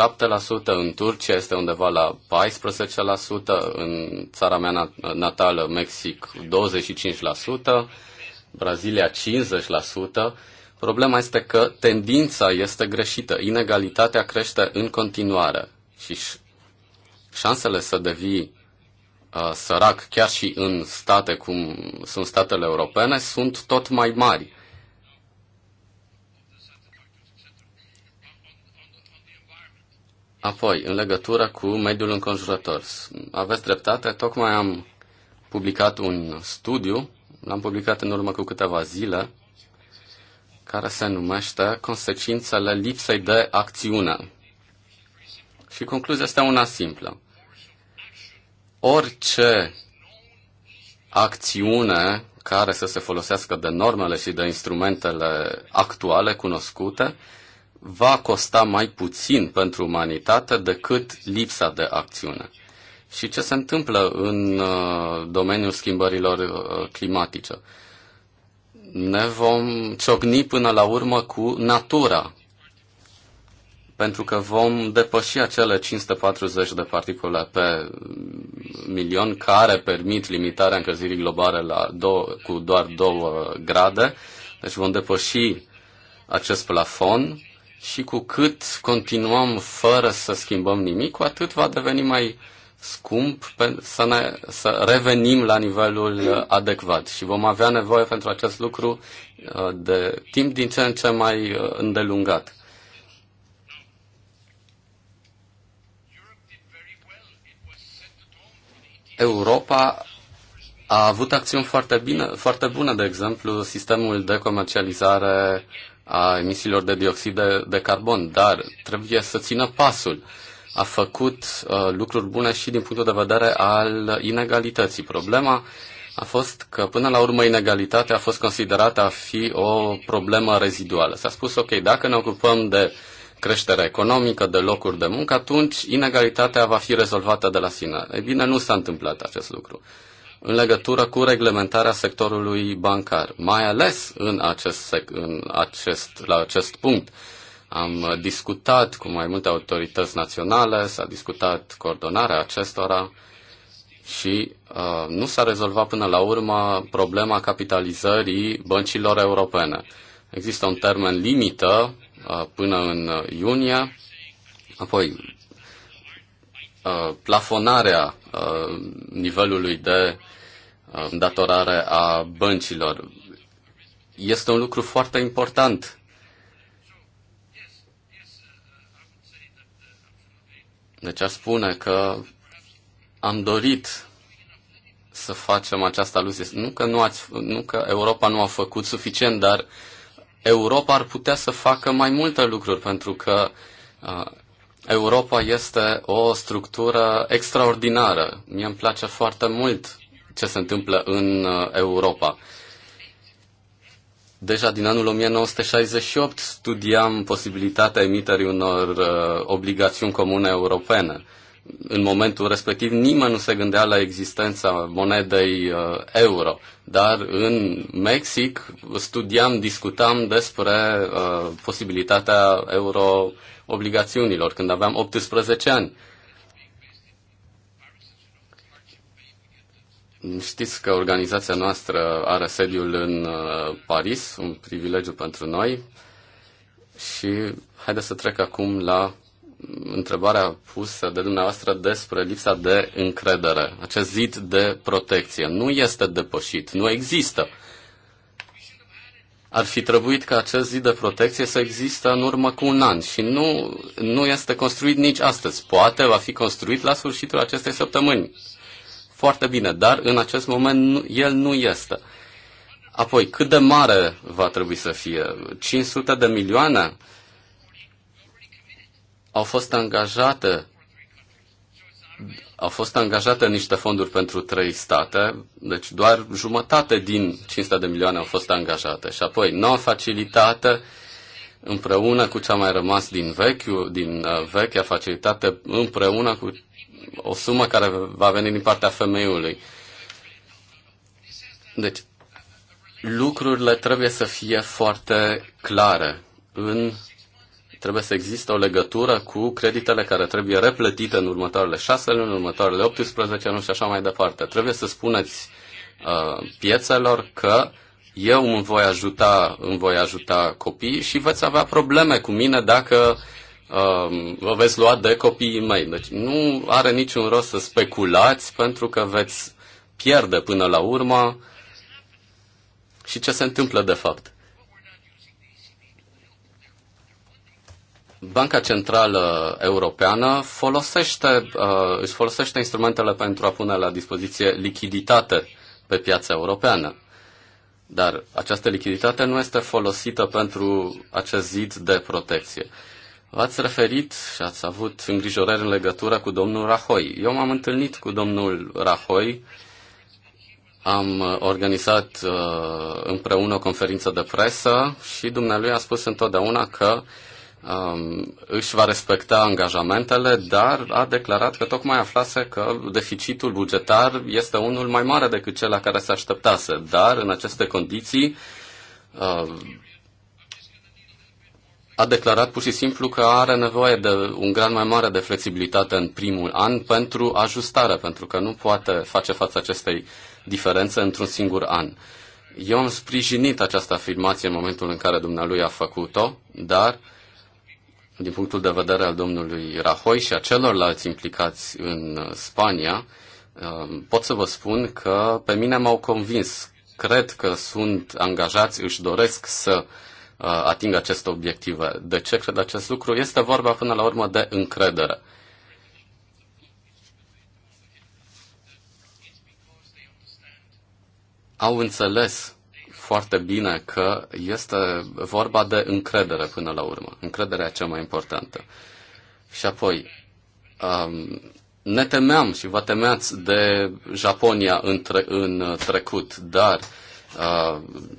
7%, în Turcia este undeva la 14%, în țara mea natală, Mexic, 25%, Brazilia 50%, Problema este că tendința este greșită, inegalitatea crește în continuare și șansele să devii uh, sărac chiar și în state cum sunt statele europene sunt tot mai mari. Apoi, în legătură cu mediul înconjurător. Aveți dreptate, tocmai am publicat un studiu, l-am publicat în urmă cu câteva zile, care se numește Consecințele lipsei de acțiune. Și concluzia este una simplă. Orice acțiune care să se folosească de normele și de instrumentele actuale cunoscute va costa mai puțin pentru umanitate decât lipsa de acțiune. Și ce se întâmplă în uh, domeniul schimbărilor uh, climatice? ne vom ciocni până la urmă cu natura, pentru că vom depăși acele 540 de particule pe milion care permit limitarea încălzirii globale la două, cu doar 2 grade. Deci vom depăși acest plafon și cu cât continuăm fără să schimbăm nimic, cu atât va deveni mai scump să, ne, să revenim la nivelul uh, adecvat și vom avea nevoie pentru acest lucru uh, de timp din ce în ce mai uh, îndelungat. Europa a avut acțiuni foarte, bine, foarte bune, de exemplu, sistemul de comercializare a emisiilor de dioxid de, de carbon, dar trebuie să țină pasul. Uh, a făcut uh, lucruri bune și din punctul de vedere al inegalității. Problema a fost că până la urmă inegalitatea a fost considerată a fi o problemă reziduală. S-a spus, ok, dacă ne ocupăm de creștere economică, de locuri de muncă, atunci inegalitatea va fi rezolvată de la sine. Ei bine, nu s-a întâmplat acest lucru. În legătură cu reglementarea sectorului bancar, mai ales în acest, în acest, la acest punct, am uh, discutat cu mai multe autorități naționale, s-a discutat coordonarea acestora și uh, nu s-a rezolvat până la urmă problema capitalizării băncilor europene. Există un termen limită uh, până în iunie, apoi uh, plafonarea uh, nivelului de uh, îndatorare a băncilor. Este un lucru foarte important Deci aș spune că am dorit să facem această aluzie. Nu că, nu, ați, nu că Europa nu a făcut suficient, dar Europa ar putea să facă mai multe lucruri, pentru că uh, Europa este o structură extraordinară. Mie îmi place foarte mult ce se întâmplă în uh, Europa. Deja din anul 1968 studiam posibilitatea emiterii unor uh, obligațiuni comune europene. În momentul respectiv nimeni nu se gândea la existența monedei uh, euro, dar în Mexic studiam, discutam despre uh, posibilitatea euro obligațiunilor când aveam 18 ani. Uh, Știți că organizația noastră are sediul în uh, Paris, un privilegiu pentru noi. Și haideți să trec acum la întrebarea pusă de dumneavoastră despre lipsa de încredere. Acest zid de protecție nu este depășit, nu există. Ar fi trebuit ca acest zid de protecție să există în urmă cu un an și nu, nu este construit nici astăzi. Poate va fi construit la sfârșitul acestei săptămâni foarte bine, dar în acest moment el nu este. Apoi, cât de mare va trebui să fie? 500 de milioane au fost angajate au fost angajate niște fonduri pentru trei state, deci doar jumătate din 500 de milioane au fost angajate. Și apoi, noua facilitate împreună cu cea mai rămas din vechiul, din uh, vechea facilitate, împreună cu o sumă care va veni din partea femeiului. Deci, lucrurile trebuie să fie foarte clare. În, trebuie să existe o legătură cu creditele care trebuie replătite în următoarele șase luni, în următoarele 18 luni și așa mai departe. Trebuie să spuneți uh, piețelor că eu îmi voi ajuta, îmi voi ajuta copiii și veți avea probleme cu mine dacă uh, Um, vă veți lua de copiii mei. Deci nu are niciun rost să speculați pentru că veți pierde până la urmă și ce se întâmplă de fapt. Banca Centrală Europeană folosește, uh, își folosește instrumentele pentru a pune la dispoziție lichiditate pe piața europeană. Dar această lichiditate nu este folosită pentru acest zid de protecție. Uh, V-ați referit și ați avut îngrijorări în legătură cu domnul Rahoi. Eu m-am întâlnit cu domnul Rahoi, am uh, organizat uh, împreună o conferință de presă și dumnealui a spus întotdeauna că um, își va respecta angajamentele, dar a declarat că tocmai aflase că deficitul bugetar este unul mai mare decât cel la care se așteptase. Dar în aceste condiții uh, a declarat pur și simplu că are nevoie de un gran mai mare de flexibilitate în primul an pentru ajustare, pentru că nu poate face față acestei diferențe într-un singur an. Eu am sprijinit această afirmație în momentul în care dumnealui a făcut-o, dar din punctul de vedere al domnului Rahoi și a celorlalți implicați în Spania, um, pot să vă spun că pe mine m-au convins. Cred că sunt angajați, își doresc să Uh, atingă aceste obiective. De ce cred acest lucru? Este vorba până la urmă de încredere. Au înțeles foarte bine că este vorba de încredere până la urmă. Încrederea cea mai importantă. Și apoi, um, ne temeam și vă temeați de Japonia în, tre- în trecut, dar uh,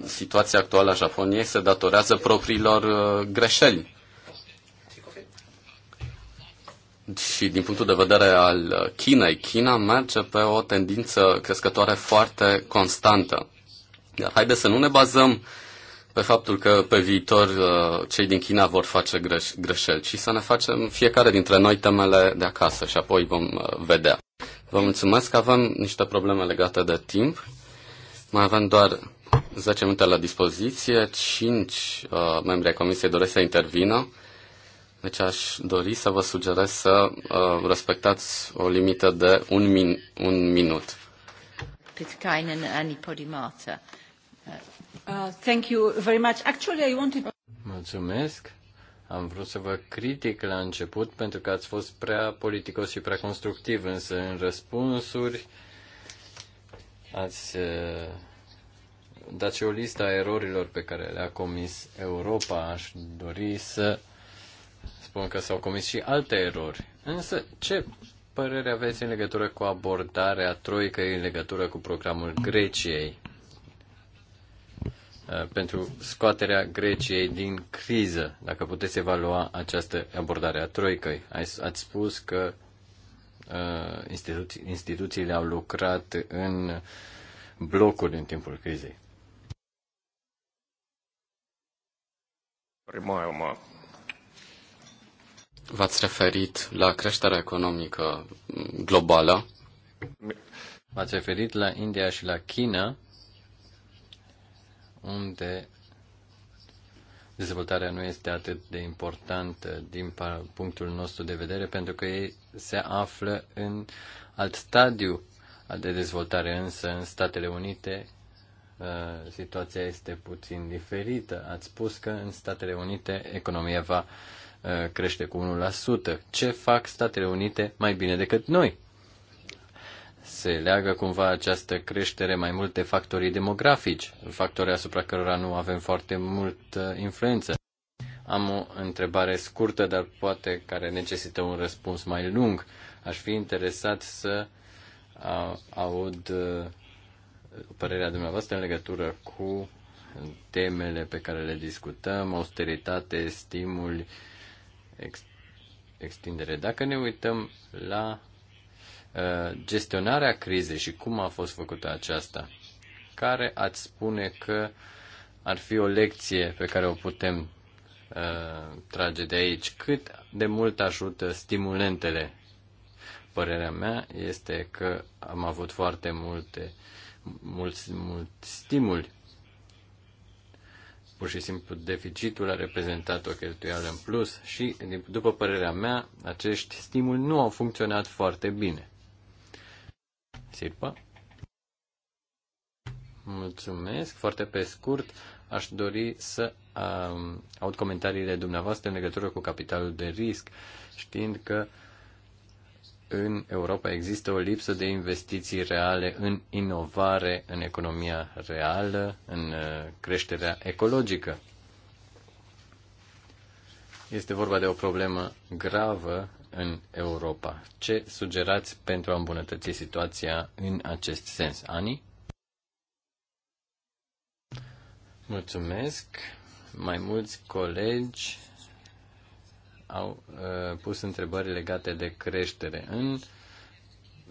situația actuală a Japoniei se datorează propriilor uh, greșeli. Și din punctul de vedere al Chinei, China merge pe o tendință crescătoare foarte constantă. Iar haideți să nu ne bazăm pe faptul că pe viitor uh, cei din China vor face greș- greșeli, ci să ne facem fiecare dintre noi temele de acasă și apoi vom uh, vedea. Vă mulțumesc că avem niște probleme legate de timp. Mai avem doar 10 minute la dispoziție, 5 uh, membri ai comisiei doresc să intervină, deci aș dori să vă sugerez să uh, respectați o limită de un, min- un minut. Uh, thank you very much. Actually, I wanted... Mulțumesc. Am vrut să vă critic la început pentru că ați fost prea politicos și prea constructiv, însă în răspunsuri Ați uh, dat și o listă a erorilor pe care le-a comis Europa. Aș dori să spun că s-au comis și alte erori. Însă, ce părere aveți în legătură cu abordarea troicăi în legătură cu programul Greciei uh, pentru scoaterea Greciei din criză, dacă puteți evalua această abordare a troicăi? Ați spus că Uh, instituții, instituțiile au lucrat în blocuri în timpul crizei. V-ați referit la creșterea economică globală. V-ați referit la India și la China, unde dezvoltarea nu este atât de importantă din punctul nostru de vedere, pentru că ei se află în alt stadiu de dezvoltare, însă în Statele Unite uh, situația este puțin diferită. Ați spus că în Statele Unite economia va uh, crește cu 1%. Ce fac Statele Unite mai bine decât noi? se leagă cumva această creștere mai multe factorii demografici, factori asupra cărora nu avem foarte mult influență. Am o întrebare scurtă, dar poate care necesită un răspuns mai lung. Aș fi interesat să aud părerea dumneavoastră în legătură cu temele pe care le discutăm, austeritate, stimuli, extindere. Dacă ne uităm la Uh, gestionarea crizei și cum a fost făcută aceasta, care ați spune că ar fi o lecție pe care o putem uh, trage de aici? Cât de mult ajută stimulentele? Părerea mea este că am avut foarte multe, mulți, mulți stimuli. Pur și simplu deficitul a reprezentat o cheltuială în plus și, după părerea mea, acești stimuli nu au funcționat foarte bine țipă. Mulțumesc. Foarte pe scurt, aș dori să um, aud comentariile dumneavoastră în legătură cu capitalul de risc, știind că în Europa există o lipsă de investiții reale în inovare, în economia reală, în uh, creșterea ecologică. Este vorba de o problemă gravă în Europa. Ce sugerați pentru a îmbunătăți situația în acest sens? Ani? Mulțumesc. Mai mulți colegi au uh, pus întrebări legate de creștere. În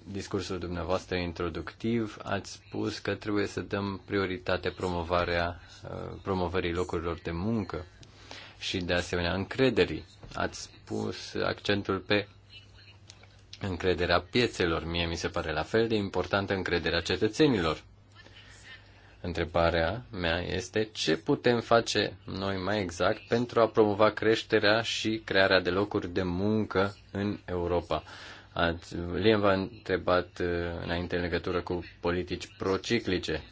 discursul dumneavoastră introductiv ați spus că trebuie să dăm prioritate promovarea, uh, promovării locurilor de muncă și de asemenea încrederii. Ați pus accentul pe încrederea piețelor. Mie mi se pare la fel de importantă încrederea cetățenilor. Întrebarea mea este ce putem face noi mai exact pentru a promova creșterea și crearea de locuri de muncă în Europa. Liam v-a întrebat uh, înainte în legătură cu politici prociclice.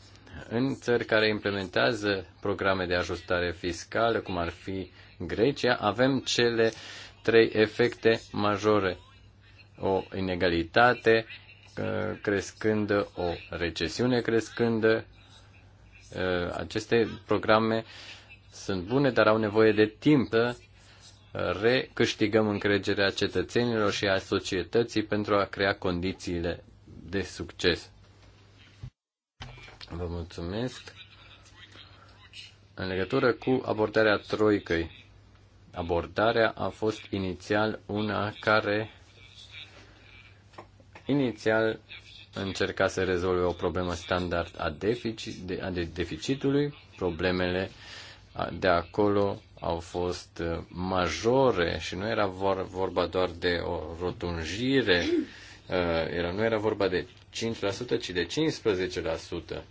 În țări care implementează programe de ajustare fiscală, cum ar fi Grecia, avem cele uh, trei efecte majore. O inegalitate uh, crescândă, o recesiune crescândă. Uh, aceste programe sunt bune, dar au nevoie de timp să uh, recâștigăm încrederea cetățenilor și a societății pentru a crea condițiile de succes. Vă mulțumesc. În legătură cu abordarea troicăi, Abordarea a fost inițial una care inițial încerca să rezolve o problemă standard a, deficit, de, a deficitului. Problemele de acolo au fost uh, majore și nu era vorba doar de o rotunjire, uh, era, nu era vorba de 5%, ci de 15%.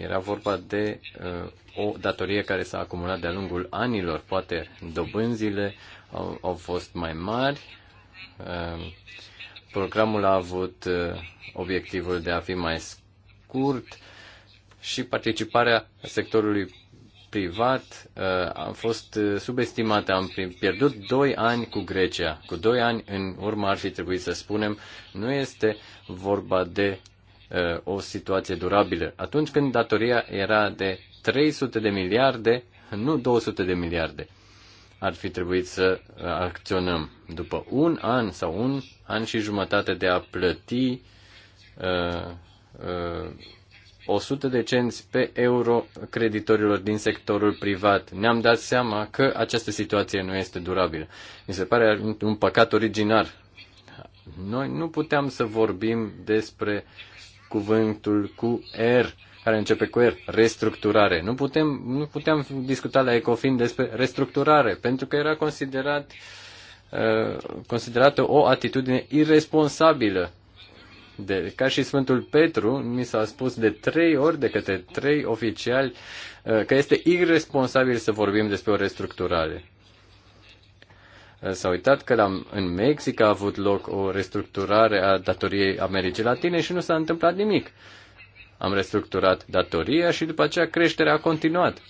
Era vorba de uh, o datorie care s-a acumulat de-a lungul anilor. Poate dobânzile au, au fost mai mari. Uh, programul a avut uh, obiectivul de a fi mai scurt și participarea sectorului privat uh, a fost uh, subestimată. Am pierdut 2 ani cu Grecia. Cu 2 ani în urmă ar fi trebuit să spunem, nu este vorba de Uh, o situație durabilă. Atunci când datoria era de 300 de miliarde, nu 200 de miliarde, ar fi trebuit să uh, acționăm. După un an sau un an și jumătate de a plăti uh, uh, 100 de cenți pe euro creditorilor din sectorul privat. Ne-am dat seama că această situație nu este durabilă. Mi se pare un păcat originar. Noi nu puteam să vorbim despre uh, cuvântul cu R, care începe cu R, restructurare. Nu, putem, nu puteam discuta la Ecofin despre restructurare, pentru că era considerat, uh, considerată o atitudine irresponsabilă. De, ca și Sfântul Petru, mi s-a spus de trei ori de către trei oficiali uh, că este irresponsabil să vorbim despre o restructurare s-a uitat că la, în Mexic a avut loc o restructurare a datoriei Americii Latine și nu s-a întâmplat nimic. Am restructurat datoria și după aceea creșterea a continuat.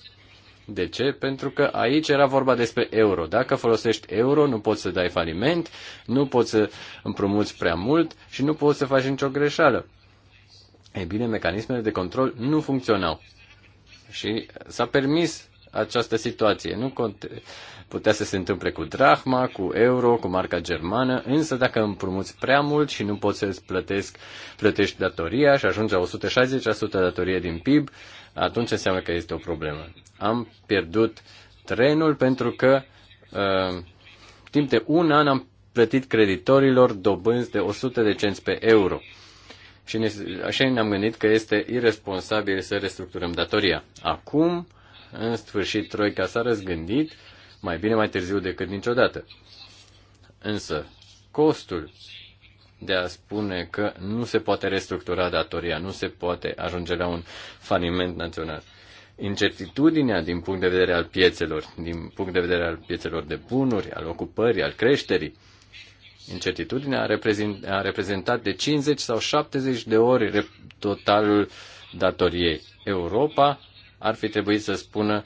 De ce? Pentru că aici era vorba despre euro. Dacă folosești euro, nu poți să dai faliment, nu poți să împrumuți prea mult și nu poți să faci nicio greșeală. Ei bine, mecanismele de control nu funcționau. Și s-a permis această situație. Nu putea să se întâmple cu drahma, cu euro, cu marca germană, însă dacă împrumuți prea mult și nu poți să-ți plătesc, plătești datoria și ajungi la 160% datorie din PIB, atunci înseamnă că este o problemă. Am pierdut trenul pentru că uh, timp de un an am plătit creditorilor dobânzi de 100 de cenți pe euro. Și ne, așa ne-am gândit că este irresponsabil să restructurăm datoria. Acum în sfârșit, Troica s-a răzgândit, mai bine mai târziu decât niciodată. Însă, costul de a spune că nu se poate restructura datoria, nu se poate ajunge la un faliment național. Incertitudinea din punct de vedere al piețelor, din punct de vedere al piețelor de bunuri, al ocupării, al creșterii, incertitudinea a, reprezent, a reprezentat de 50 sau 70 de ori totalul datoriei. Europa ar fi trebuit să spună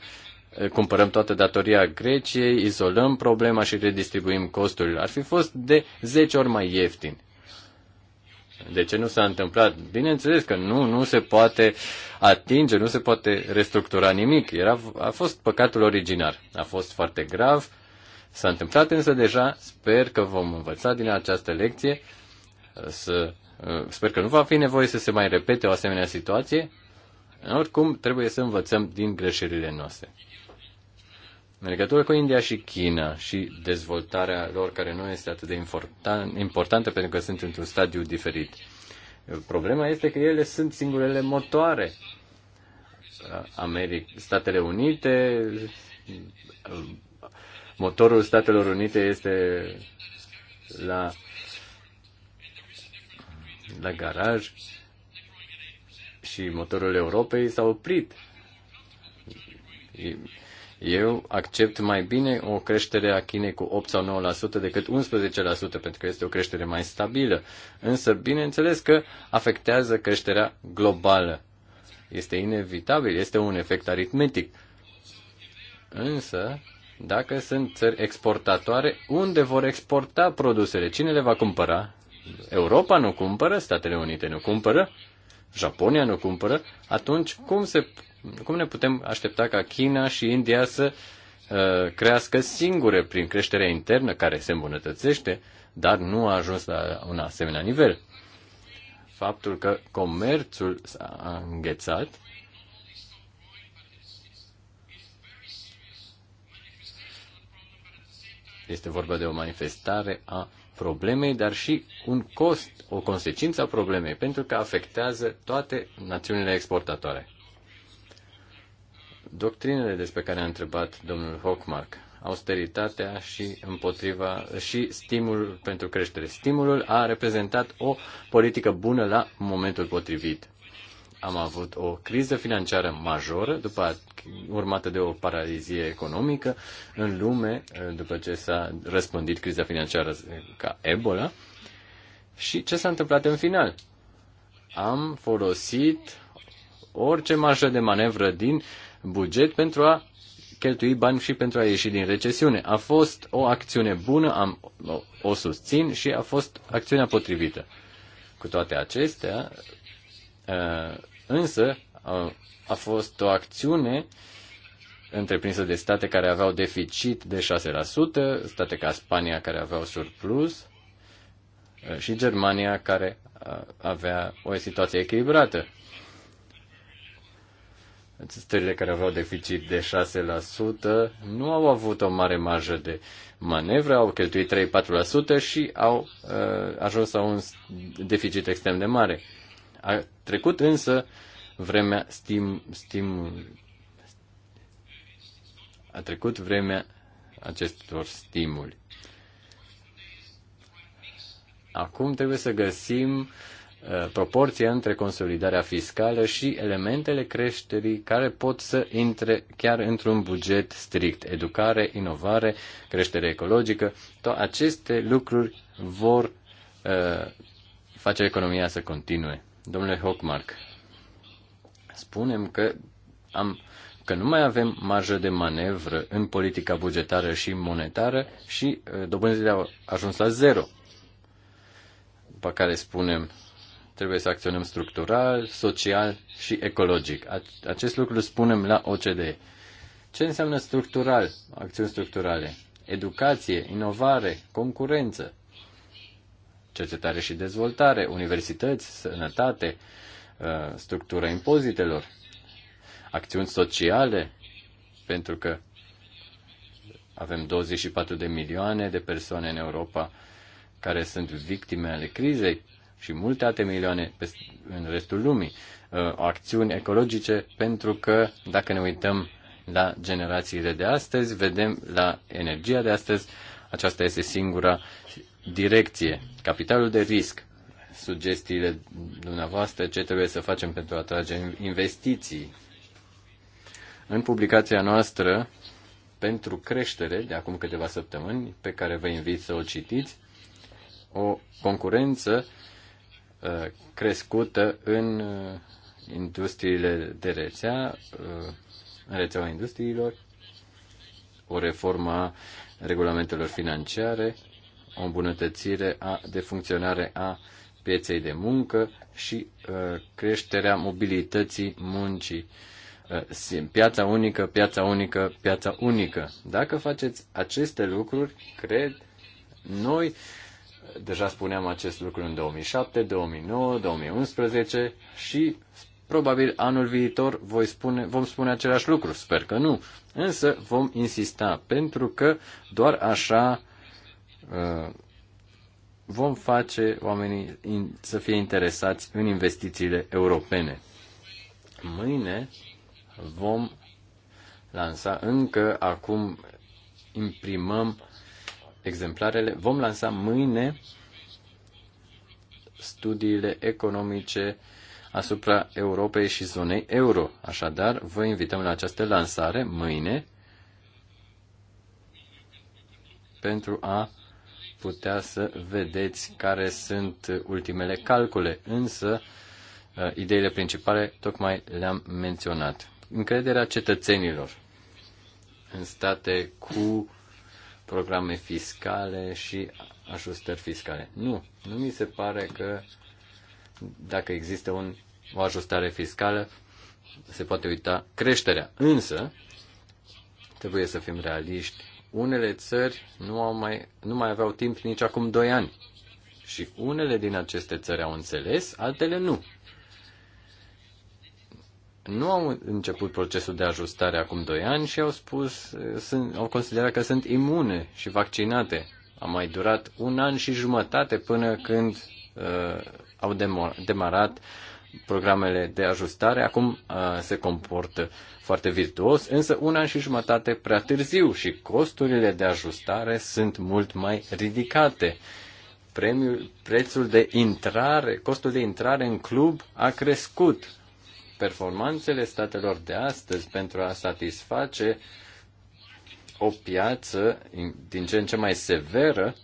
cumpărăm toată datoria Greciei, izolăm problema și redistribuim costurile. Ar fi fost de 10 ori mai ieftin. De ce nu s-a întâmplat? Bineînțeles că nu, nu se poate atinge, nu se poate restructura nimic. Era, a fost păcatul originar. A fost foarte grav. S-a întâmplat însă deja. Sper că vom învăța din această lecție. Să, sper că nu va fi nevoie să se mai repete o asemenea situație oricum, trebuie să învățăm din greșelile noastre. În legătură cu India și China și dezvoltarea lor, care nu este atât de important, importantă pentru că sunt într-un stadiu diferit, problema este că ele sunt singurele motoare. America, Statele Unite, motorul Statelor Unite este la, la garaj și motorul Europei s-a oprit. Eu accept mai bine o creștere a Chinei cu 8 sau 9% decât 11%, pentru că este o creștere mai stabilă. Însă, bineînțeles că afectează creșterea globală. Este inevitabil, este un efect aritmetic. Însă, dacă sunt țări exportatoare, unde vor exporta produsele? Cine le va cumpăra? Europa nu cumpără, Statele Unite nu cumpără, Japonia nu cumpără, atunci cum, se, cum ne putem aștepta ca China și India să uh, crească singure prin creșterea internă care se îmbunătățește, dar nu a ajuns la un asemenea nivel? Faptul că comerțul s-a înghețat este vorba de o manifestare a problemei, dar și un cost, o consecință a problemei, pentru că afectează toate națiunile exportatoare. Doctrinele despre care a întrebat domnul Hockmark, austeritatea și împotriva și stimulul pentru creștere. Stimulul a reprezentat o politică bună la momentul potrivit am avut o criză financiară majoră, după urmată de o paralizie economică în lume, după ce s-a răspândit criza financiară ca Ebola. Și ce s-a întâmplat în final? Am folosit orice marjă de manevră din buget pentru a cheltui bani și pentru a ieși din recesiune. A fost o acțiune bună, am, o, o susțin și a fost acțiunea potrivită. Cu toate acestea, Uh, însă uh, a fost o acțiune întreprinsă de state care aveau deficit de 6%, state ca Spania care aveau surplus uh, și Germania care avea o situație echilibrată. Țările care aveau deficit de 6% nu au avut o mare marjă de manevră, au cheltuit 3-4% și au uh, ajuns la un deficit extrem de mare. Uh, a trecut însă vremea stim, stim, a trecut vremea acestor stimuli. Acum trebuie să găsim uh, proporția între consolidarea fiscală și elementele creșterii care pot să intre chiar într-un buget strict. Educare, inovare, creștere ecologică, toate aceste lucruri vor uh, face economia să continue. Domnule Hockmark, spunem că, am, că nu mai avem marjă de manevră în politica bugetară și monetară și uh, dobânzile au ajuns la zero. După care spunem, trebuie să acționăm structural, social și ecologic. Acest lucru spunem la OCDE. Ce înseamnă structural, acțiuni structurale? Educație, inovare, concurență, cercetare și dezvoltare, universități, sănătate, uh, structura impozitelor, acțiuni sociale, pentru că avem 24 de milioane de persoane în Europa care sunt victime ale crizei și multe alte milioane în restul lumii. Uh, acțiuni ecologice, pentru că dacă ne uităm la generațiile de astăzi, vedem la energia de astăzi, aceasta este singura direcție, capitalul de risc, sugestiile dumneavoastră, ce trebuie să facem pentru a atrage investiții. În publicația noastră pentru creștere de acum câteva săptămâni, pe care vă invit să o citiți, o concurență uh, crescută în uh, industriile de rețea, uh, în rețeaua industriilor, o reformă a regulamentelor financiare, o îmbunătățire a, de funcționare a pieței de muncă și uh, creșterea mobilității muncii. Uh, piața unică, piața unică, piața unică. Dacă faceți aceste lucruri, cred noi, deja spuneam acest lucru în 2007, 2009, 2011 și probabil anul viitor voi spune, vom spune același lucru, sper că nu, însă vom insista pentru că doar așa Uh, vom face oamenii să fie interesați în investițiile europene. Mâine vom lansa încă acum imprimăm exemplarele. Vom lansa mâine studiile economice asupra Europei și zonei euro. Așadar, vă invităm la această lansare mâine pentru a putea să vedeți care sunt ultimele calcule, însă uh, ideile principale tocmai le-am menționat. Încrederea cetățenilor în state cu programe fiscale și ajustări fiscale. Nu, nu mi se pare că dacă există un, o ajustare fiscală, se poate uita creșterea. Însă, trebuie să fim realiști unele țări nu, au mai, nu mai aveau timp nici acum doi ani. Și unele din aceste țări au înțeles, altele nu. Nu au început procesul de ajustare acum doi ani și au spus, sunt, au considerat că sunt imune și vaccinate. A mai durat un an și jumătate până când uh, au demarat programele de ajustare acum uh, se comportă foarte virtuos, însă un an și jumătate prea târziu și costurile de ajustare sunt mult mai ridicate. Premiul, prețul de intrare, costul de intrare în club a crescut. Performanțele statelor de astăzi pentru a satisface o piață din ce în ce mai severă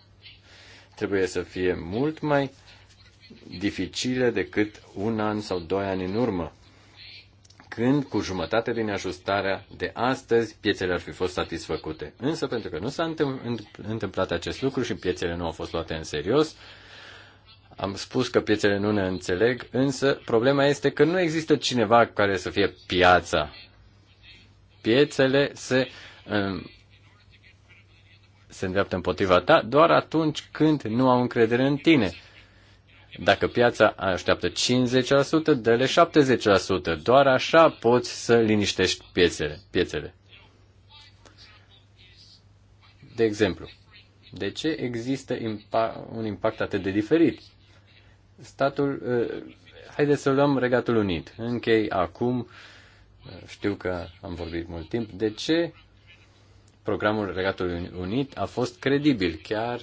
trebuie să fie mult mai dificile decât un an sau doi ani în urmă, când cu jumătate din ajustarea de astăzi piețele ar fi fost satisfăcute. Însă pentru că nu s-a întâmplat acest lucru și piețele nu au fost luate în serios, am spus că piețele nu ne înțeleg, însă problema este că nu există cineva care să fie piața. Piețele se, um, se îndreaptă împotriva ta doar atunci când nu au încredere în tine. Dacă piața așteaptă 50%, dă-le 70%. Doar așa poți să liniștești piețele. piețele. De exemplu, de ce există impa- un impact atât de diferit? Statul, uh, haideți să luăm Regatul Unit. Închei acum, știu că am vorbit mult timp, de ce programul Regatului Unit a fost credibil, chiar uh,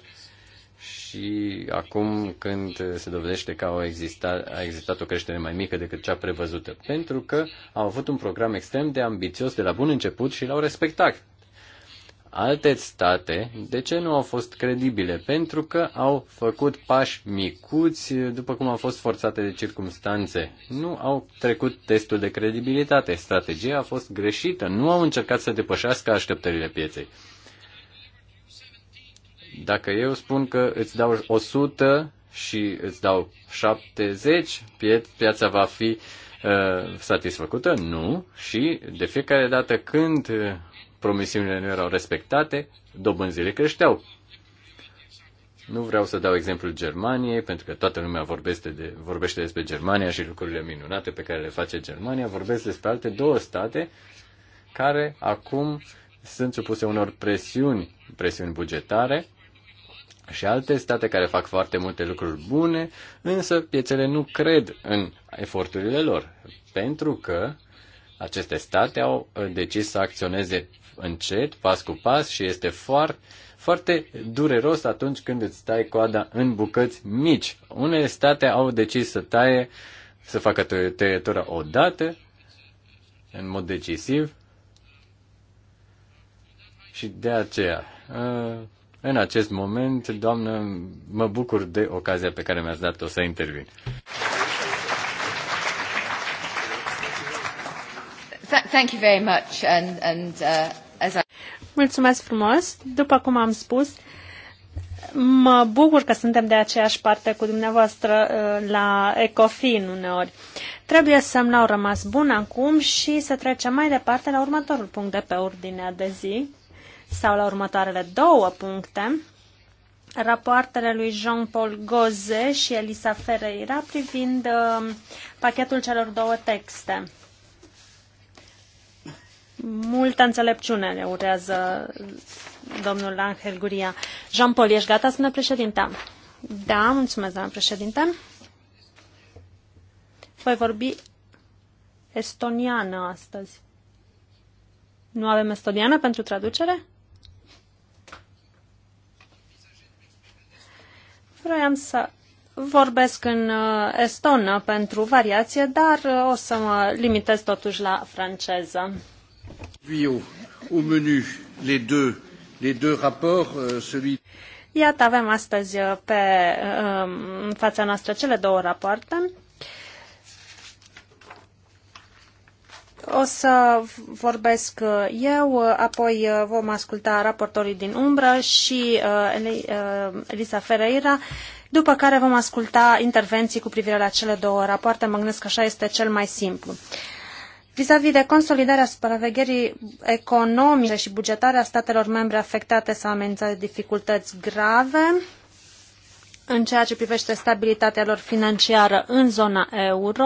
și acum când se dovedește că au existat, a existat o creștere mai mică decât cea prevăzută, pentru că au avut un program extrem de ambițios de la bun început și l-au respectat. Alte state, de ce nu au fost credibile? Pentru că au făcut pași micuți după cum au fost forțate de circumstanțe. Nu au trecut testul de credibilitate. Strategia a fost greșită. Nu au încercat să depășească așteptările pieței. Dacă eu spun că îți dau 100 și îți dau 70, piața va fi uh, satisfăcută? Nu. Și de fiecare dată când promisiunile nu erau respectate, dobânzile creșteau. Nu vreau să dau exemplul Germaniei, pentru că toată lumea vorbește, de, vorbește despre Germania și lucrurile minunate pe care le face Germania. Vorbesc despre alte două state care acum sunt supuse unor presiuni, presiuni bugetare și alte state care fac foarte multe lucruri bune, însă piețele nu cred în eforturile lor, pentru că aceste state au uh, decis să acționeze încet, pas cu pas și este foarte, foarte dureros atunci când îți tai coada în bucăți mici. Unele state au decis să taie, să facă tăietura odată, în mod decisiv, și de aceea uh, în acest moment, doamnă, mă bucur de ocazia pe care mi-ați dat-o să intervin. Thank you very much and, and, uh, as I... Mulțumesc frumos. După cum am spus, mă bucur că suntem de aceeași parte cu dumneavoastră uh, la Ecofin uneori. Trebuie să nu au rămas bun acum și să trecem mai departe la următorul punct de pe ordinea de zi sau la următoarele două puncte, rapoartele lui Jean-Paul Goze și Elisa Ferreira privind uh, pachetul celor două texte. Multă înțelepciune ne urează domnul Angel Guria. Jean-Paul, ești gata, spune președinte? Da, mulțumesc, doamna președinte. Voi vorbi estoniană astăzi. Nu avem estoniană pentru traducere? Vroiam să vorbesc în uh, estonă pentru variație, dar uh, o să mă limitez totuși la franceză. Au menu les deux, les deux rapports, euh, celui... Iată, avem astăzi uh, pe în fața noastră cele două rapoarte. O să vorbesc uh, eu, uh, apoi uh, vom asculta raportorii din umbră și Elisa Ferreira, după care vom asculta intervenții cu privire la cele două rapoarte. Mă gândesc că așa este cel mai simplu. Vis-a-vis de consolidarea supravegherii economice și bugetare a statelor membre afectate sau amenințate dificultăți grave, în ceea ce privește stabilitatea lor financiară în zona euro,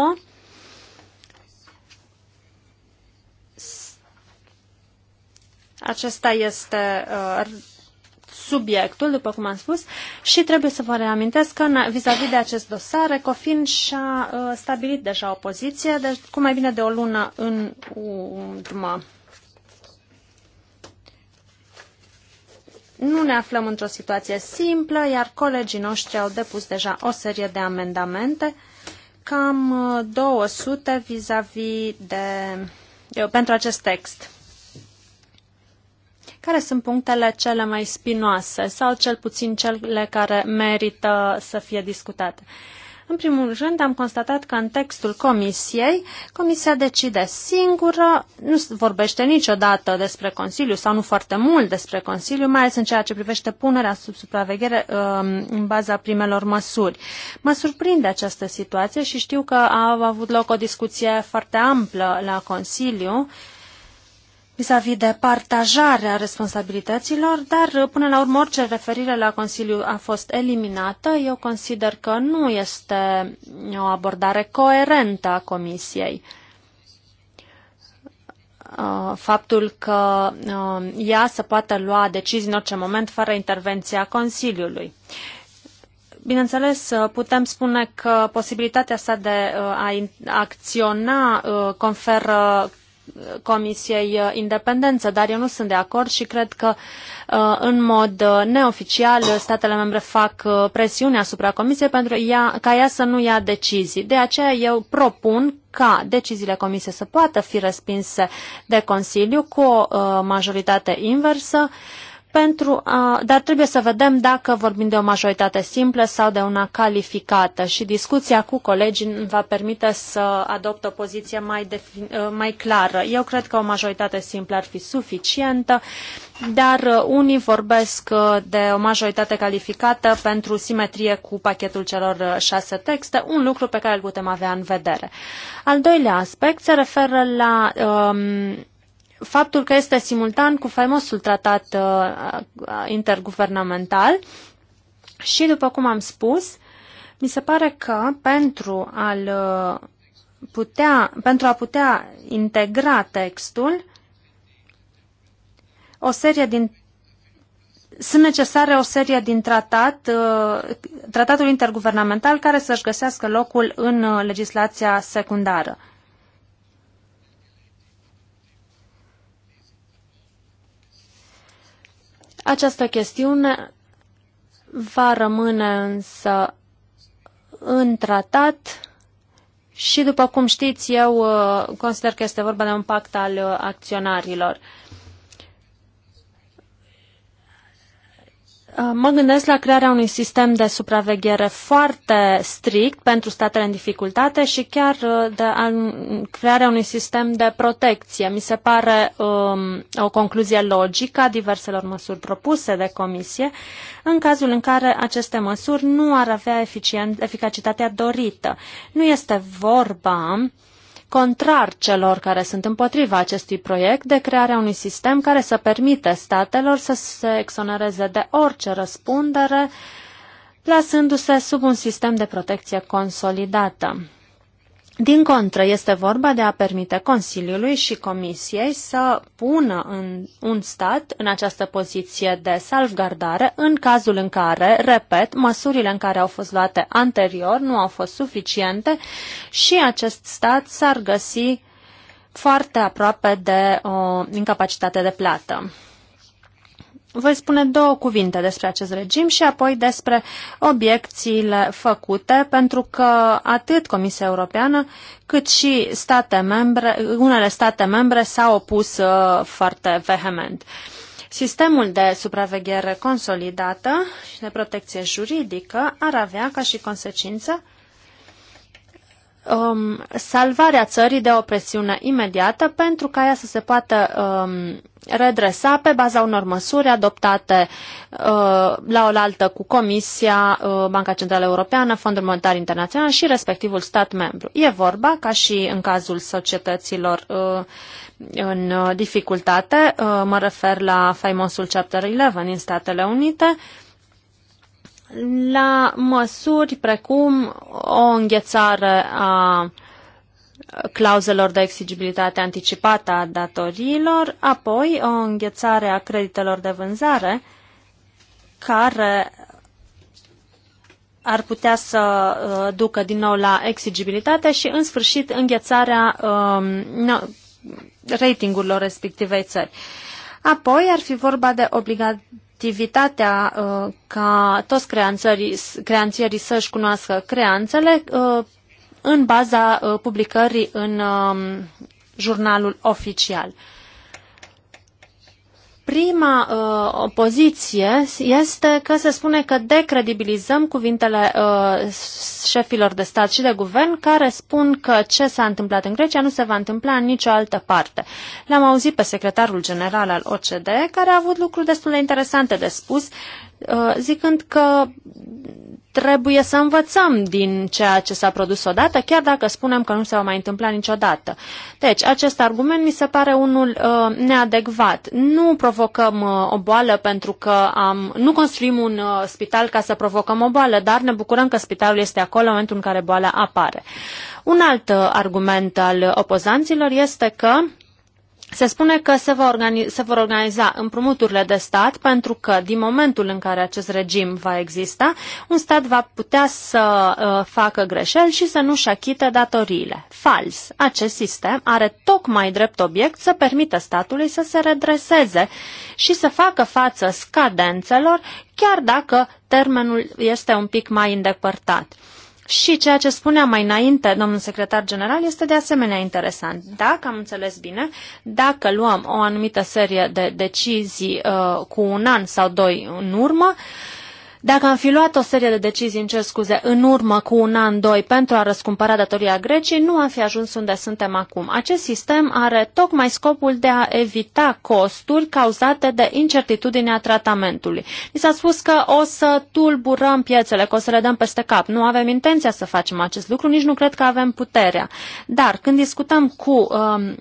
Acesta este uh, subiectul, după cum am spus, și trebuie să vă reamintesc că vis-a-vis -vis de acest dosar, Ecofin și-a uh, stabilit deja o poziție, deci cu mai bine de o lună în urmă. Nu ne aflăm într-o situație simplă, iar colegii noștri au depus deja o serie de amendamente, cam 200 uh, vis-a-vis -vis de, pentru acest text care sunt punctele cele mai spinoase sau cel puțin cele care merită să fie discutate. În primul rând, am constatat că în textul comisiei, comisia decide singură, nu vorbește niciodată despre Consiliu sau nu foarte mult despre Consiliu, mai ales în ceea ce privește punerea sub supraveghere um, în baza primelor măsuri. Mă surprinde această situație și știu că a avut loc o discuție foarte amplă la Consiliu vis-a-vis -vis de partajarea responsabilităților, dar uh, până la urmă orice referire la Consiliu a fost eliminată. Eu consider că nu este o abordare coerentă a Comisiei. Uh, faptul că uh, ea se poate lua decizii în orice moment fără intervenția Consiliului. Bineînțeles, putem spune că posibilitatea sa de a acționa conferă Comisiei uh, Independență, dar eu nu sunt de acord și cred că uh, în mod uh, neoficial statele membre fac presiune asupra Comisiei pentru ea, ca ea să nu ia decizii. De aceea eu propun ca deciziile Comisiei să poată fi respinse de Consiliu cu o majoritate inversă pentru a, dar trebuie să vedem dacă vorbim de o majoritate simplă sau de una calificată și discuția cu colegii îmi va permite să adopt o poziție mai, eh, mai clară. Eu cred că o majoritate simplă ar fi suficientă, dar eh, unii vorbesc eh, de o majoritate calificată pentru simetrie cu pachetul celor șase texte, un lucru pe care îl putem avea în vedere. Al doilea aspect se referă la um, faptul că este simultan cu faimosul tratat uh, interguvernamental și, după cum am spus, mi se pare că pentru, al uh, putea, pentru a putea integra textul, o serie din sunt necesare o serie din tratat, uh, tratatul interguvernamental care să-și găsească locul în uh, legislația secundară. Această chestiune va rămâne însă în tratat și, după cum știți, eu uh, consider că este vorba de un pact al uh, acționarilor. Uh, mă gândesc la crearea unui sistem de supraveghere foarte strict pentru statele în dificultate și chiar uh, de crearea unui sistem de protecție. Mi se pare um, o concluzie logică a diverselor măsuri propuse de comisie în cazul în care aceste măsuri nu ar avea eficient, eficacitatea dorită. Nu este vorba uh, contrar celor care sunt împotriva acestui proiect de crearea unui sistem care să permite statelor să se exonereze de orice răspundere, plasându-se sub un sistem de protecție consolidată. Din contră, este vorba de a permite Consiliului și Comisiei să pună în un stat în această poziție de salvgardare în cazul în care, repet, măsurile în care au fost luate anterior nu au fost suficiente și acest stat s-ar găsi foarte aproape de o uh, incapacitate de plată. Voi spune două cuvinte despre acest regim și apoi despre obiecțiile făcute, pentru că atât Comisia Europeană cât și state membre, unele state membre s-au opus uh, foarte vehement. Sistemul de supraveghere consolidată și de protecție juridică ar avea ca și consecință um, salvarea țării de o presiune imediată pentru ca ea să se poată um, redresa pe baza unor măsuri adoptate uh, la oaltă cu Comisia, uh, Banca Centrală Europeană, Fondul Monetar Internațional și respectivul stat membru. E vorba, ca și în cazul societăților uh, în uh, dificultate, uh, mă refer la faimosul Chapter 11 din Statele Unite, uh, la măsuri precum o înghețare a clauzelor de exigibilitate anticipată a datoriilor, apoi o înghețare a creditelor de vânzare, care ar putea să uh, ducă din nou la exigibilitate și, în sfârșit, înghețarea um, ratingurilor respectivei țări. Apoi ar fi vorba de obligat activitatea uh, ca toți creanțării, creanțierii să-și cunoască creanțele uh, în baza uh, publicării în uh, jurnalul oficial. Uh, Prima uh, opoziție este că se spune că decredibilizăm cuvintele uh, șefilor de stat și de guvern care spun că ce s-a întâmplat în Grecia nu se va întâmpla în nicio altă parte. L-am auzit pe secretarul general al OCDE care a avut lucruri destul de interesante de spus, uh, zicând că trebuie să învățăm din ceea ce s-a produs odată, chiar dacă spunem că nu se va mai întâmpla niciodată. Deci, acest argument mi se pare unul uh, neadecvat. Nu provocăm uh, o boală pentru că am, nu construim un uh, spital ca să provocăm o boală, dar ne bucurăm că spitalul este acolo în momentul în care boala apare. Un alt uh, argument al opozanților este că uh, se spune că se, va organiza, se vor organiza împrumuturile de stat pentru că din momentul în care acest regim va exista, un stat va putea să uh, facă greșeli și să nu-și achite datoriile. Fals! Acest sistem are tocmai drept obiect să permită statului să se redreseze și să facă față scadențelor, chiar dacă termenul este un pic mai îndepărtat. Și ceea ce spunea mai înainte domnul secretar general este de asemenea interesant. Dacă am înțeles bine, dacă luăm o anumită serie de decizii uh, cu un an sau doi în urmă, uh, dacă am fi luat o serie de decizii, în cer scuze, în urmă cu un an, doi, pentru a răscumpăra datoria Greciei, nu am fi ajuns unde suntem acum. Acest sistem are tocmai scopul de a evita costuri cauzate de incertitudinea tratamentului. Mi s-a spus că o să tulburăm piețele, că o să le dăm peste cap. Nu avem intenția să facem acest lucru, nici nu cred că avem puterea. Dar când discutăm cu um,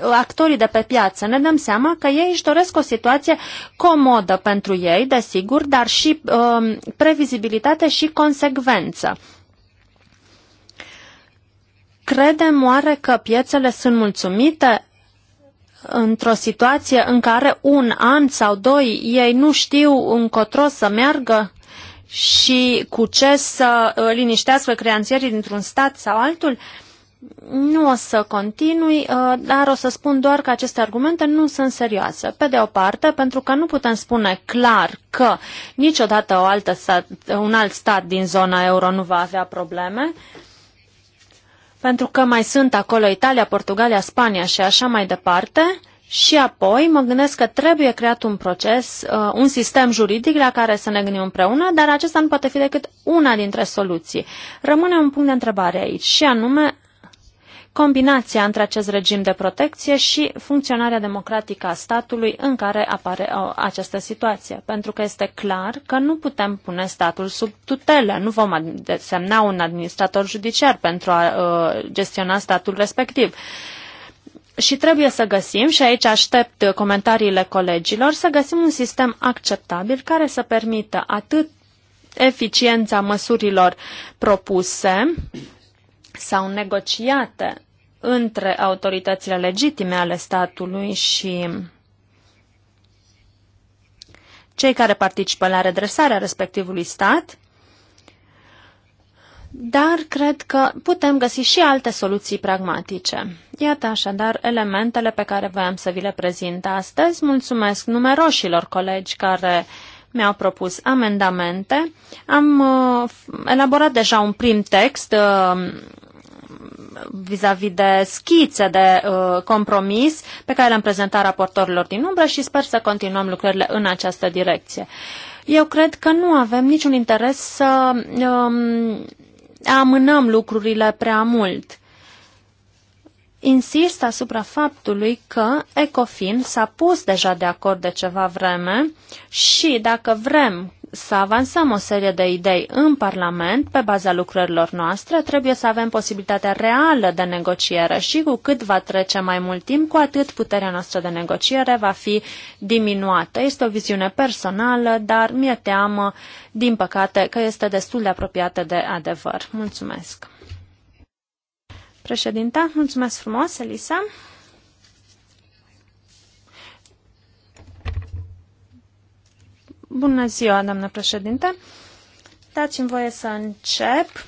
actorii de pe piață. Ne dăm seama că ei își doresc o situație comodă pentru ei, desigur, dar și uh, previzibilitate și consecvență. Credem oare că piețele sunt mulțumite într-o situație în care un an sau doi ei nu știu încotro să meargă și cu ce să uh, liniștească creanțierii dintr-un stat sau altul? Uh, nu o să continui, uh, dar o să spun doar că aceste argumente nu sunt serioase. Pe de o parte, pentru că nu putem spune clar că niciodată o altă stat, un alt stat din zona euro nu va avea probleme, pentru că mai sunt acolo Italia, Portugalia, Spania și așa mai departe. Și apoi mă gândesc că trebuie creat un proces, uh, un sistem juridic la care să ne gândim împreună, dar acesta nu poate fi decât una dintre soluții. Rămâne un punct de întrebare aici și anume combinația între acest regim de protecție și funcționarea democratică a statului în care apare o, uh, această situație. Pentru că este clar că nu putem pune statul sub tutelă, nu vom semna un administrator judiciar pentru a uh, gestiona statul respectiv. Și trebuie să găsim, și aici aștept comentariile colegilor, să găsim un sistem acceptabil care să permită atât eficiența măsurilor propuse sau negociate între autoritățile legitime ale statului și cei care participă la redresarea respectivului stat, dar cred că putem găsi și alte soluții pragmatice. Iată așadar elementele pe care voiam să vi le prezint astăzi. Mulțumesc numeroșilor colegi care mi-au propus amendamente. Am uh, elaborat deja un prim text uh, vis-a-vis -vis de schițe de uh, compromis pe care le-am prezentat raportorilor din umbră și sper să continuăm lucrările în această direcție. Eu cred că nu avem niciun interes să um, amânăm lucrurile prea mult. Insist asupra faptului că Ecofin s-a pus deja de acord de ceva vreme și dacă vrem să avansăm o serie de idei în Parlament pe baza lucrărilor noastre, trebuie să avem posibilitatea reală de negociere și cu cât va trece mai mult timp, cu atât puterea noastră de negociere va fi diminuată. Este o viziune personală, dar mi-e teamă, din păcate, că este destul de apropiată de adevăr. Mulțumesc! Președinta, mulțumesc frumos, Elisa! Bună ziua, doamnă președinte. Dați-mi voie să încep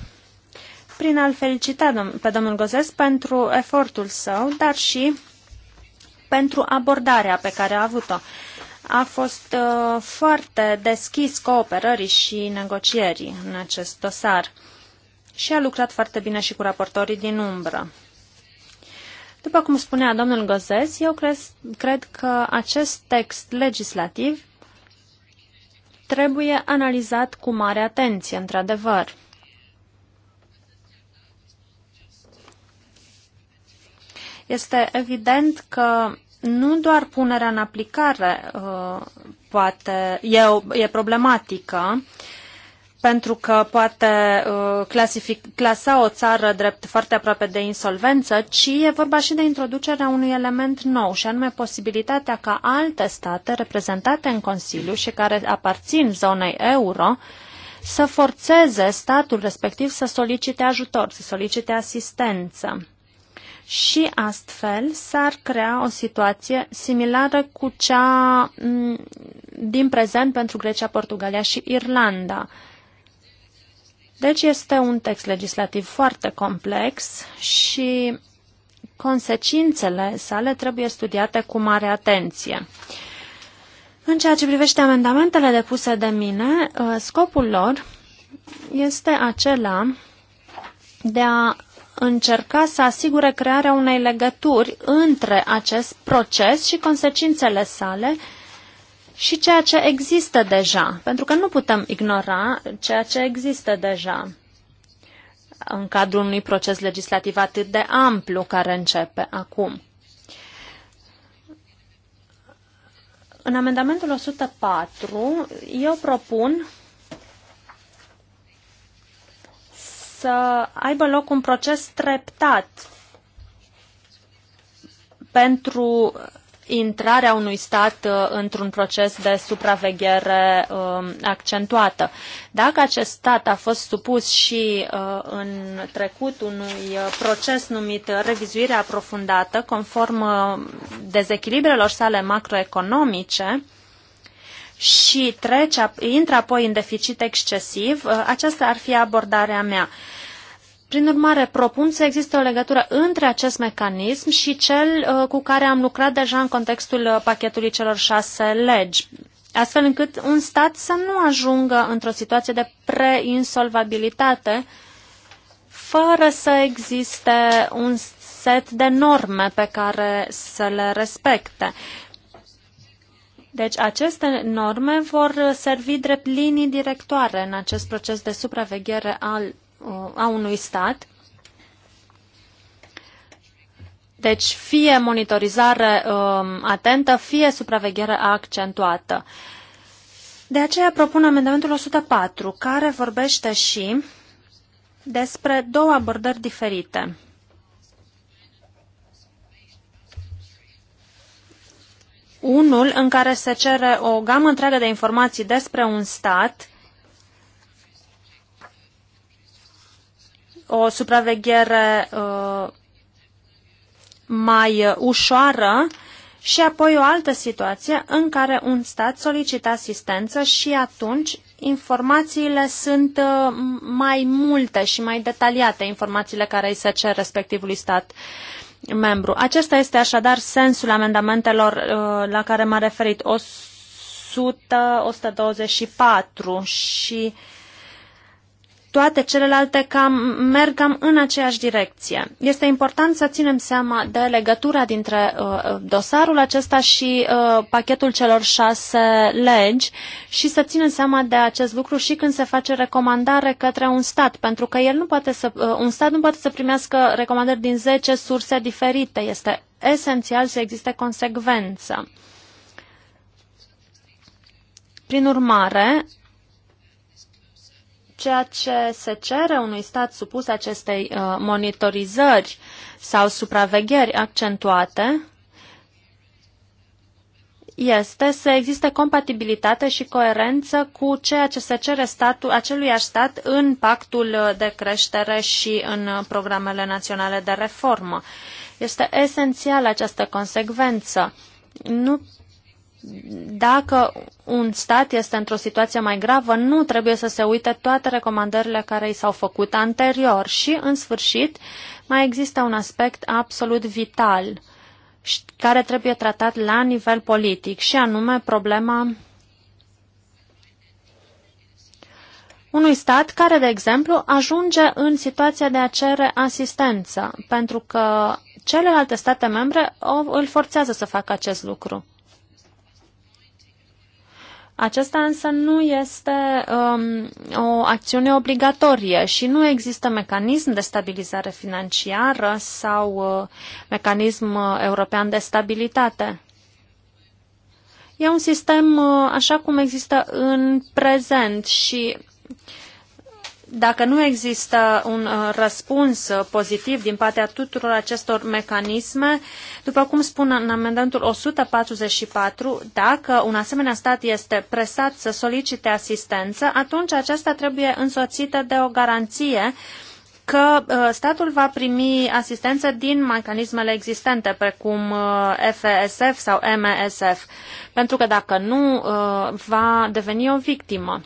prin a-l felicita pe domnul Gozes pentru efortul său, dar și pentru abordarea pe care a avut-o. A fost uh, foarte deschis cooperării și negocierii în acest dosar și a lucrat foarte bine și cu raportorii din umbră. După cum spunea domnul Gozes, eu cred, cred că acest text legislativ trebuie analizat cu mare atenție, într-adevăr. Este evident că nu doar punerea în aplicare uh, poate, e, o, e problematică, pentru că poate uh, clasific, clasa o țară drept foarte aproape de insolvență, ci e vorba și de introducerea unui element nou, și anume posibilitatea ca alte state reprezentate în Consiliu și care aparțin zonei euro să forțeze statul respectiv să solicite ajutor, să solicite asistență. Și astfel s-ar crea o situație similară cu cea mm, din prezent pentru Grecia, Portugalia și Irlanda deci este un text legislativ foarte complex și consecințele sale trebuie studiate cu mare atenție. În ceea ce privește amendamentele depuse de mine, uh, scopul lor este acela de a încerca să asigure crearea unei legături între acest proces și consecințele sale și ceea ce există deja, pentru că nu putem ignora ceea ce există deja în cadrul unui proces legislativ atât de amplu care începe acum. În amendamentul 104 eu propun să aibă loc un proces treptat pentru intrarea unui stat uh, într-un proces de supraveghere um, accentuată. Dacă acest stat a fost supus și uh, în trecut unui uh, proces numit revizuire aprofundată, conform dezechilibrelor sale macroeconomice, și trece, intră apoi în deficit excesiv, aceasta ar fi abordarea mea. Prin urmare, propun să existe o legătură între acest mecanism și cel uh, cu care am lucrat deja în contextul uh, pachetului celor șase legi, astfel încât un stat să nu ajungă într-o situație de preinsolvabilitate fără să existe un set de norme pe care să le respecte. Deci aceste norme vor servi drept linii directoare în acest proces de supraveghere al a unui stat. Deci fie monitorizare um, atentă, fie supraveghere accentuată. De aceea propun amendamentul 104, care vorbește și despre două abordări diferite. Unul în care se cere o gamă întreagă de informații despre un stat o supraveghere uh, mai ușoară și apoi o altă situație în care un stat solicită asistență și atunci informațiile sunt uh, mai multe și mai detaliate, informațiile care îi se cer respectivului stat membru. Acesta este așadar sensul amendamentelor uh, la care m-a referit 100, 124 și toate celelalte cam, merg cam în aceeași direcție. Este important să ținem seama de legătura dintre uh, dosarul acesta și uh, pachetul celor șase legi și să ținem seama de acest lucru și când se face recomandare către un stat, pentru că el nu poate să, uh, un stat nu poate să primească recomandări din 10 surse diferite. Este esențial să existe consecvență. Prin urmare, ceea ce se cere unui stat supus acestei uh, monitorizări sau supravegheri accentuate este să existe compatibilitate și coerență cu ceea ce se cere statul, acelui stat în pactul de creștere și în programele naționale de reformă. Este esențială această consecvență. Nu dacă un stat este într-o situație mai gravă, nu trebuie să se uite toate recomandările care i s-au făcut anterior. Și, în sfârșit, mai există un aspect absolut vital care trebuie tratat la nivel politic, și anume problema unui stat care, de exemplu, ajunge în situația de a cere asistență, pentru că celelalte state membre îl forțează să facă acest lucru. Aceasta însă nu este um, o acțiune obligatorie și nu există mecanism de stabilizare financiară sau uh, mecanism uh, european de stabilitate. E un sistem uh, așa cum există în prezent și uh, dacă nu există un uh, răspuns uh, pozitiv din partea tuturor acestor mecanisme, după cum spun în amendamentul 144, dacă un asemenea stat este presat să solicite asistență, atunci aceasta trebuie însoțită de o garanție că uh, statul va primi asistență din mecanismele existente, precum FSF sau MSF, pentru că dacă nu, va deveni o victimă.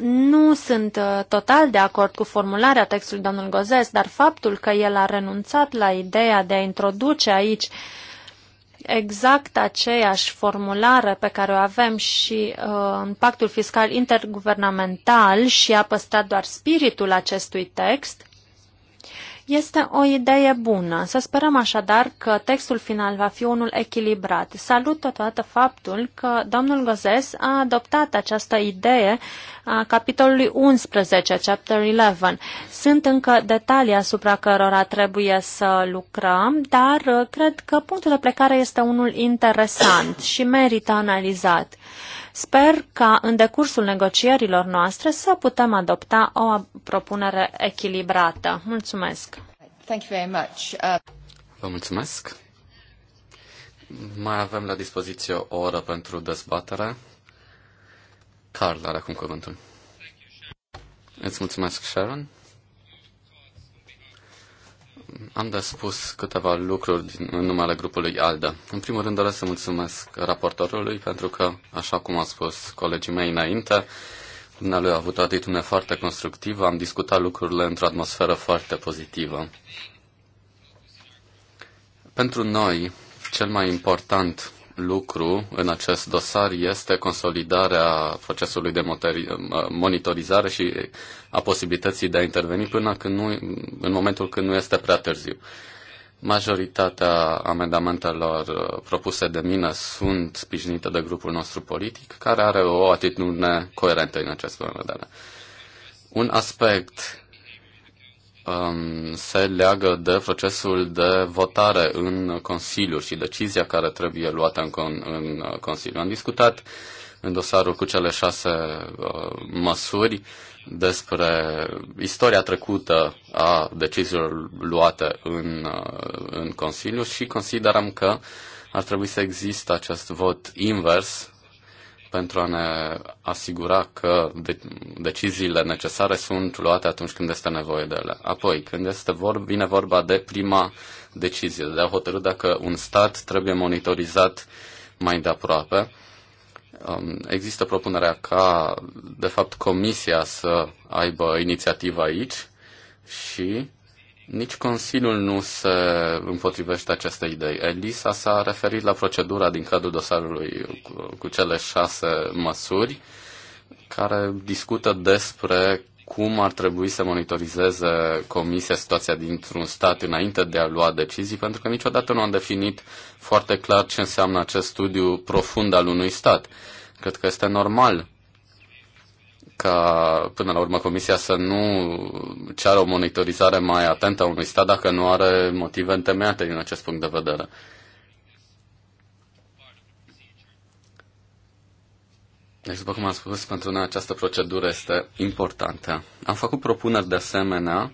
Nu sunt uh, total de acord cu formularea textului domnul Gozes, dar faptul că el a renunțat la ideea de a introduce aici exact aceeași formulare pe care o avem și uh, în pactul fiscal interguvernamental și a păstrat doar spiritul acestui text, este o idee bună. Să sperăm așadar că textul final va fi unul echilibrat. Salut totodată faptul că domnul Gozes a adoptat această idee a capitolului 11, chapter 11. Sunt încă detalii asupra cărora trebuie să lucrăm, dar uh, cred că punctul de plecare este unul interesant și merită analizat. Sper ca în decursul negocierilor noastre să putem adopta o propunere echilibrată. Mulțumesc! Thank you very much. Uh... Vă mulțumesc! Mai avem la dispoziție o oră pentru dezbatere. Carl are acum cuvântul. Îți mulțumesc, Sharon. Am de spus câteva lucruri din, în numele grupului ALDA. În primul rând doresc să mulțumesc raportorului pentru că, așa cum a spus colegii mei înainte, dumnealui a avut o atitudine foarte constructivă, am discutat lucrurile într-o atmosferă foarte pozitivă. Pentru noi, cel mai important lucru în acest dosar este consolidarea procesului de monitorizare și a posibilității de a interveni până când nu, în momentul când nu este prea târziu. Majoritatea amendamentelor uh, propuse de mine sunt sprijinite de grupul nostru politic, care are o atitudine coerentă în acest punct de vedere. Un aspect um, se leagă de procesul de votare în Consiliu și decizia care trebuie luată în, în uh, Consiliu. Am discutat uh, în dosarul cu cele șase uh, măsuri despre istoria trecută a deciziilor luate în, uh, în Consiliu și considerăm că ar trebui să există acest vot invers pentru a ne asigura că de- deciziile necesare sunt luate atunci când este nevoie de ele. Apoi, când este vor, vine vorba de prima decizie, de a hotărâ dacă un stat trebuie monitorizat mai de aproape. Um, există propunerea ca, de fapt, Comisia să aibă inițiativa aici și nici Consiliul nu se împotrivește acestei idei. Elisa s-a referit la procedura din cadrul dosarului cu, cu cele șase măsuri care discută despre cum ar trebui să monitorizeze Comisia situația dintr-un stat înainte de a lua decizii, pentru că niciodată nu am definit foarte clar ce înseamnă acest studiu profund al unui stat. Cred că este normal ca, până la urmă, Comisia să nu ceară o monitorizare mai atentă a unui stat dacă nu are motive întemeiate din acest punct de vedere. Deci, după cum am spus, pentru noi această procedură este importantă. Am făcut propuneri de asemenea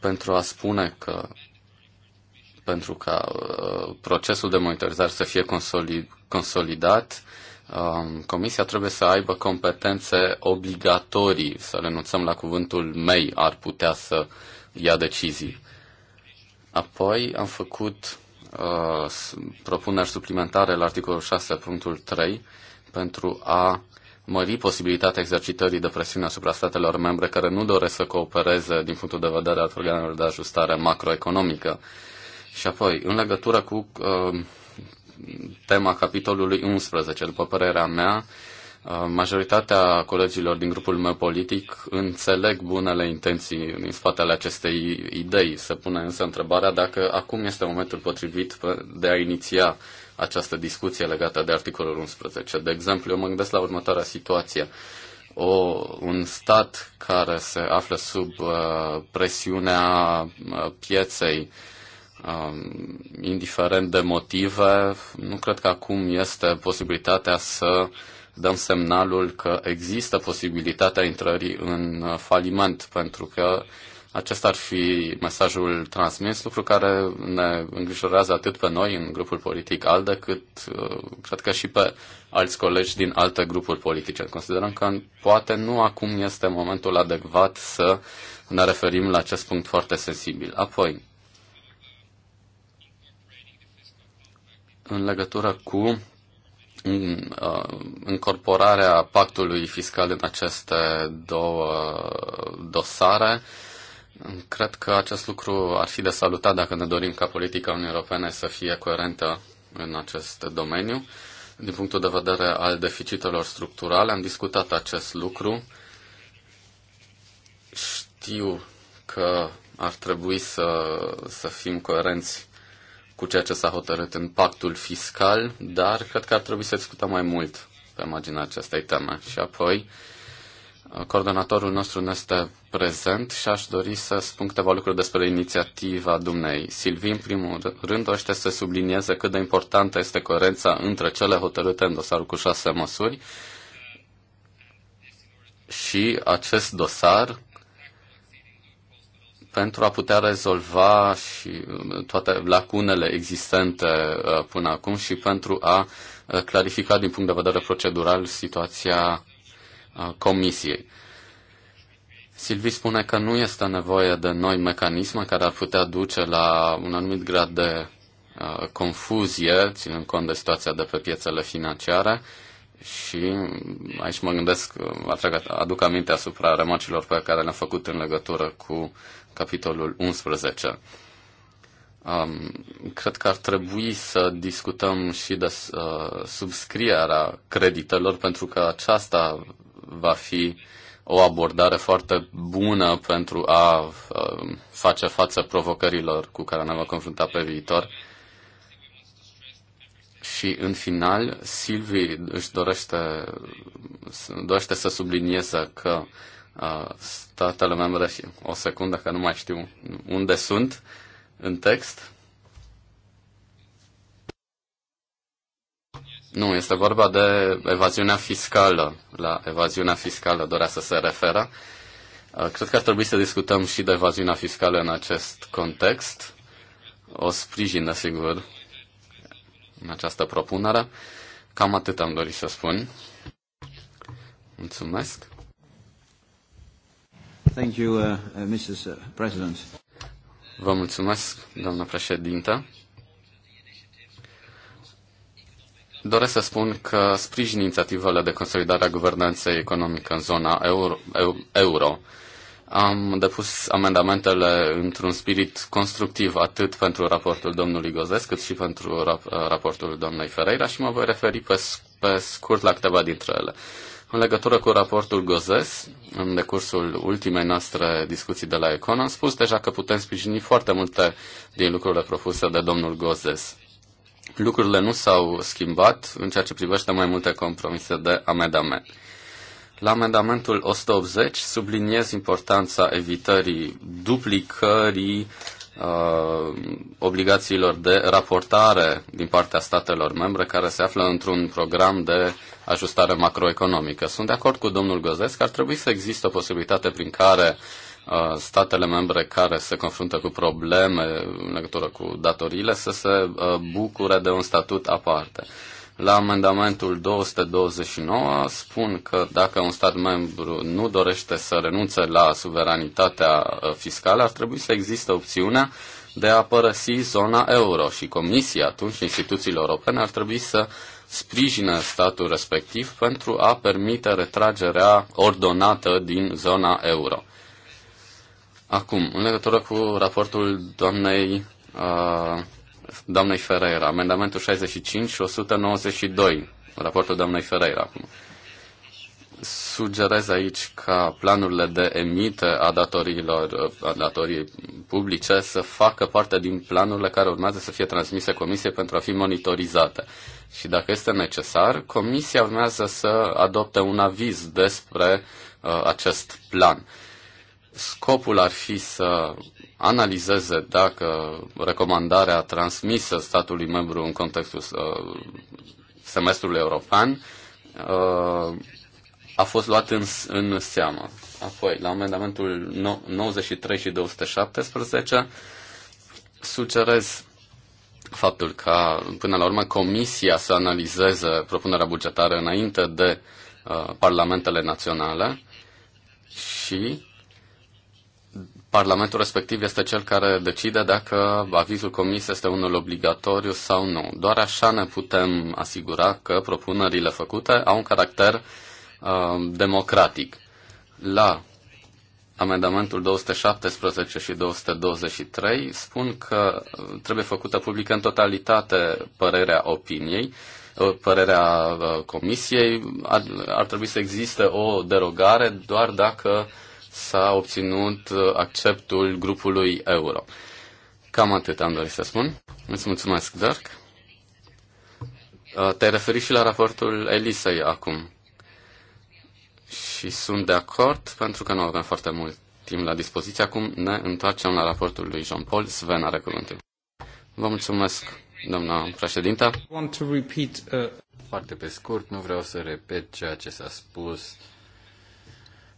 pentru a spune că pentru ca uh, procesul de monitorizare să fie consolid, consolidat, uh, Comisia trebuie să aibă competențe obligatorii, să renunțăm la cuvântul mei, ar putea să ia decizii. Apoi am făcut uh, propuneri suplimentare la articolul 6.3 pentru a mări posibilitatea exercitării de presiune asupra statelor membre care nu doresc să coopereze din punctul de vedere al organelor de ajustare macroeconomică. Și apoi, în legătură cu uh, tema capitolului 11, după părerea mea, uh, majoritatea colegilor din grupul meu politic înțeleg bunele intenții din spatele acestei idei. Se pune însă întrebarea dacă acum este momentul potrivit de a iniția uh, această discuție legată de articolul 11. De exemplu, eu mă gândesc la următoarea situație. O, un stat care se află sub uh, presiunea uh, pieței, uh, indiferent de motive, nu cred că acum este posibilitatea să dăm semnalul că există posibilitatea intrării în uh, faliment, pentru că uh, acesta ar fi mesajul transmis, lucru care ne îngrijorează atât pe noi în grupul politic ALDE, cât uh, cred că și pe alți colegi din alte grupuri politice. Considerăm că poate nu acum este momentul adecvat să ne referim la acest punct foarte sensibil. Apoi, în legătură cu mm, uh, incorporarea pactului fiscal în aceste două dosare. Cred că acest lucru ar fi de salutat dacă ne dorim ca politica Uniunii Europene să fie coerentă în acest domeniu. Din punctul de vedere al deficitelor structurale, am discutat acest lucru. Știu că ar trebui să, să fim coerenți cu ceea ce s-a hotărât în pactul fiscal, dar cred că ar trebui să discutăm mai mult pe marginea acestei teme. Și apoi, Coordonatorul nostru nu este prezent și aș dori să spun câteva lucruri despre inițiativa dumnei. Silvin, în primul rând, dorește să sublinieze cât de importantă este coerența între cele hotărâte în dosarul cu șase măsuri și acest dosar pentru a putea rezolva și uh, toate lacunele existente uh, până acum și pentru a uh, clarifica din punct de vedere procedural situația Comisiei. Silvi spune că nu este nevoie de noi mecanisme care ar putea duce la un anumit grad de confuzie, ținând cont de situația de pe piețele financiare. Și aici mă gândesc, atrag, aduc aminte asupra remarcilor pe care le-am făcut în legătură cu capitolul 11. Um, cred că ar trebui să discutăm și de uh, subscrierea creditelor, pentru că aceasta va fi o abordare foarte bună pentru a um, face față provocărilor cu care ne va confrunta pe viitor. Și în final, Silvi își dorește, dorește să sublinieze că uh, statele membre, o secundă că nu mai știu unde sunt în text, Nu, este vorba de evaziunea fiscală. La evaziunea fiscală dorea să se referă. Uh, cred că ar trebui să discutăm și de evaziunea fiscală în acest context. O sprijin, desigur, în această propunere. Cam atât am dorit să spun. Mulțumesc. Thank you, uh, uh Mrs. Uh, President. Vă mulțumesc, doamnă președintă. Doresc să spun că sprijin inițiativele de consolidare a guvernanței economică în zona euro. euro. Am depus amendamentele într-un spirit constructiv atât pentru raportul domnului Gozes cât și pentru rap- raportul domnului Ferreira și mă voi referi pe, pe scurt la câteva dintre ele. În legătură cu raportul Gozes, în decursul ultimei noastre discuții de la Econ, am spus deja că putem sprijini foarte multe din lucrurile propuse de domnul Gozes lucrurile nu s-au schimbat în ceea ce privește mai multe compromise de amendament. La amendamentul 180 subliniez importanța evitării duplicării uh, obligațiilor de raportare din partea statelor membre care se află într-un program de ajustare macroeconomică. Sunt de acord cu domnul Gozes că ar trebui să existe o posibilitate prin care uh, Uh, statele membre care se confruntă cu probleme în legătură cu datoriile să se uh, bucure de un statut aparte. La amendamentul 229 spun că dacă un stat membru nu dorește să renunțe la suveranitatea uh, fiscală, ar trebui să existe opțiunea de a părăsi zona euro și Comisia atunci instituțiile europene ar trebui să sprijină statul respectiv pentru a permite retragerea ordonată din zona euro. Acum, în legătură cu raportul doamnei, uh, doamnei Ferreira, amendamentul 65 și 192, raportul doamnei Ferreira Sugerez aici ca planurile de emite a datoriilor, a datorii publice să facă parte din planurile care urmează să fie transmise comisiei pentru a fi monitorizate. Și dacă este necesar, comisia urmează să adopte un aviz despre uh, acest plan Scopul ar fi să analizeze dacă recomandarea transmisă statului membru în contextul uh, semestrului european uh, a fost luat în, în seamă. Apoi, la amendamentul 93 și 217, sugerez faptul că, până la urmă, Comisia să analizeze propunerea bugetară înainte de uh, parlamentele naționale și Parlamentul respectiv este cel care decide dacă avizul comis este unul obligatoriu sau nu. Doar așa ne putem asigura că propunerile făcute au un caracter uh, democratic. La amendamentul 217 și 223 spun că uh, trebuie făcută publică în totalitate părerea opiniei, uh, părerea uh, comisiei. Ar, ar trebui să existe o derogare doar dacă uh, s-a obținut uh, acceptul grupului euro. Cam atât am dorit să spun. Îți mulțumesc, Dirk. Uh, Te-ai referit și la raportul Elisei acum. Și sunt de acord, pentru că nu avem foarte mult timp la dispoziție. Acum ne întoarcem la raportul lui Jean-Paul. Sven are cuvântul. Vă mulțumesc, doamna președintă. Uh, foarte pe scurt, nu vreau să repet ceea ce s-a spus uh,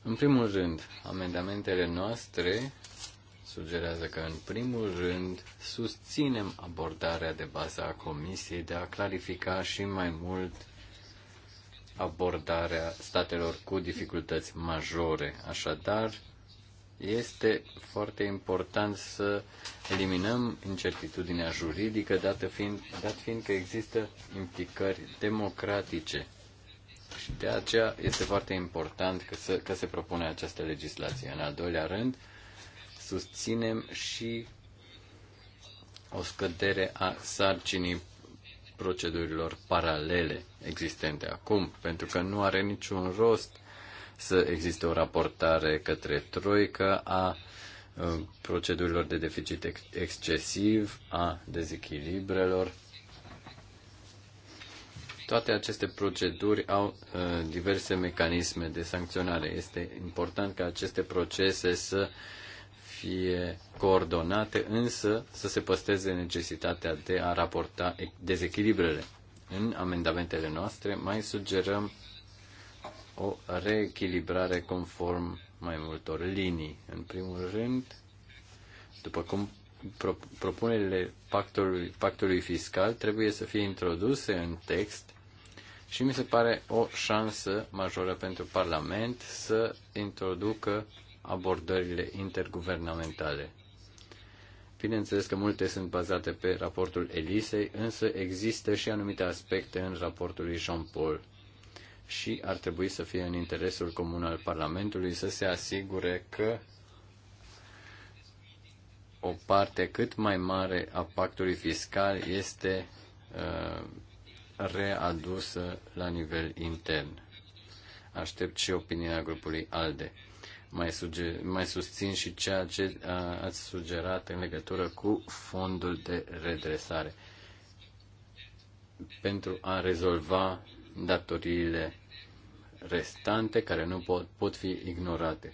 în primul rând, amendamentele noastre sugerează că, în primul rând, susținem abordarea de bază a Comisiei de a clarifica și mai mult abordarea statelor cu dificultăți majore. Așadar, este foarte important să eliminăm incertitudinea juridică, dat fiind, dat fiind că există implicări democratice și de aceea este foarte important că se, că se propune această legislație. În al doilea rând, susținem și o scădere a sarcinii procedurilor paralele existente acum, pentru că nu are niciun rost să existe o raportare către troică a uh, procedurilor de deficit excesiv, a dezechilibrelor toate aceste proceduri au uh, diverse mecanisme de sancționare. Este important ca aceste procese să fie coordonate, însă să se păstreze necesitatea de a raporta dezechilibrele. În amendamentele noastre mai sugerăm o reechilibrare conform mai multor linii. În primul rând, după cum propunerile pactului, pactului fiscal trebuie să fie introduse în text și mi se pare o șansă majoră pentru Parlament să introducă abordările interguvernamentale. Bineînțeles că multe sunt bazate pe raportul Elisei, însă există și anumite aspecte în raportul lui Jean-Paul și ar trebui să fie în interesul comun al Parlamentului să se asigure că o parte cât mai mare a pactului fiscal este uh, readusă la nivel intern. Aștept și opinia grupului ALDE. Mai, suge- mai susțin și ceea ce ați sugerat în legătură cu fondul de redresare pentru a rezolva datoriile restante care nu pot, pot fi ignorate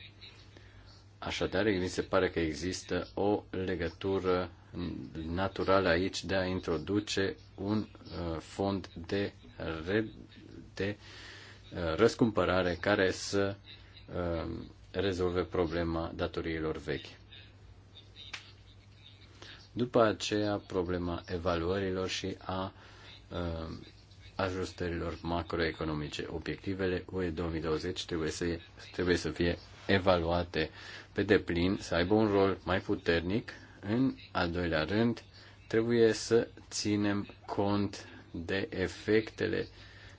Așadar, mi se pare că există o legătură naturală aici de a introduce un uh, fond de, re, de uh, răscumpărare care să uh, rezolve problema datoriilor vechi. După aceea, problema evaluărilor și a ajustărilor macroeconomice. Obiectivele UE 2020 trebuie să, trebuie să fie evaluate pe deplin, să aibă un rol mai puternic. În al doilea rând, trebuie să ținem cont de efectele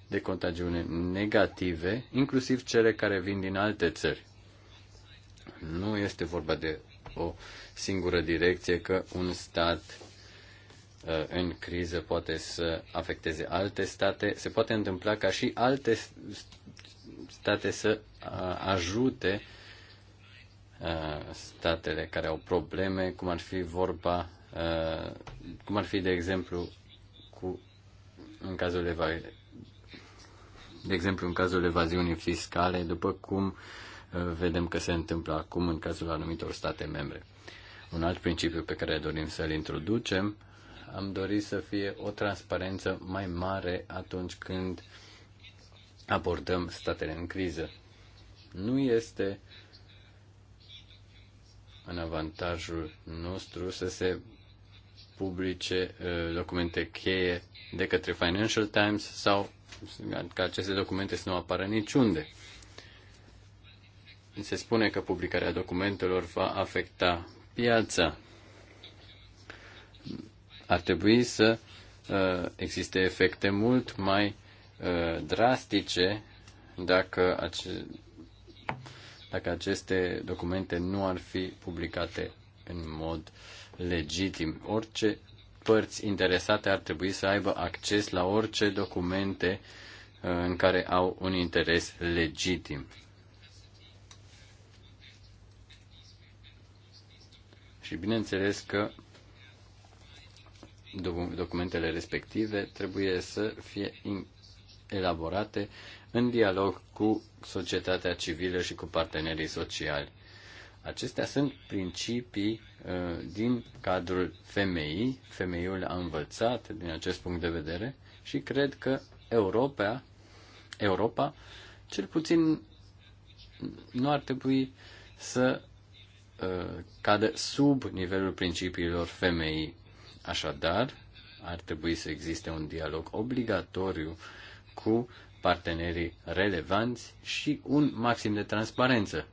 de contagiune negative, inclusiv cele care vin din alte țări. Nu este vorba de o singură direcție că un stat uh, în criză poate să afecteze alte state. Se poate întâmpla ca și alte state să uh, ajute Uh, statele care au probleme, cum ar fi vorba, uh, cum ar fi, de exemplu, cu, în cazul de, de exemplu, în cazul evaziunii fiscale, după cum uh, vedem că se întâmplă acum în cazul anumitor state membre. Un alt principiu pe care dorim să-l introducem, am dorit să fie o transparență mai mare atunci când abordăm statele în criză. Nu este în avantajul nostru să se publice uh, documente cheie de către Financial Times sau că aceste documente să nu apară niciunde. Se spune că publicarea documentelor va afecta piața. Ar trebui să uh, existe efecte mult mai uh, drastice dacă dacă aceste documente nu ar fi publicate în mod legitim. Orice părți interesate ar trebui să aibă acces la orice documente uh, în care au un interes legitim. Și bineînțeles că documentele respective trebuie să fie elaborate în dialog cu societatea civilă și cu partenerii sociali. Acestea sunt principii uh, din cadrul femeii. Femeiul a învățat din acest punct de vedere și cred că Europa, Europa cel puțin nu ar trebui să uh, cadă sub nivelul principiilor femeii. Așadar, ar trebui să existe un dialog obligatoriu cu partenerii relevanți și un maxim de transparență.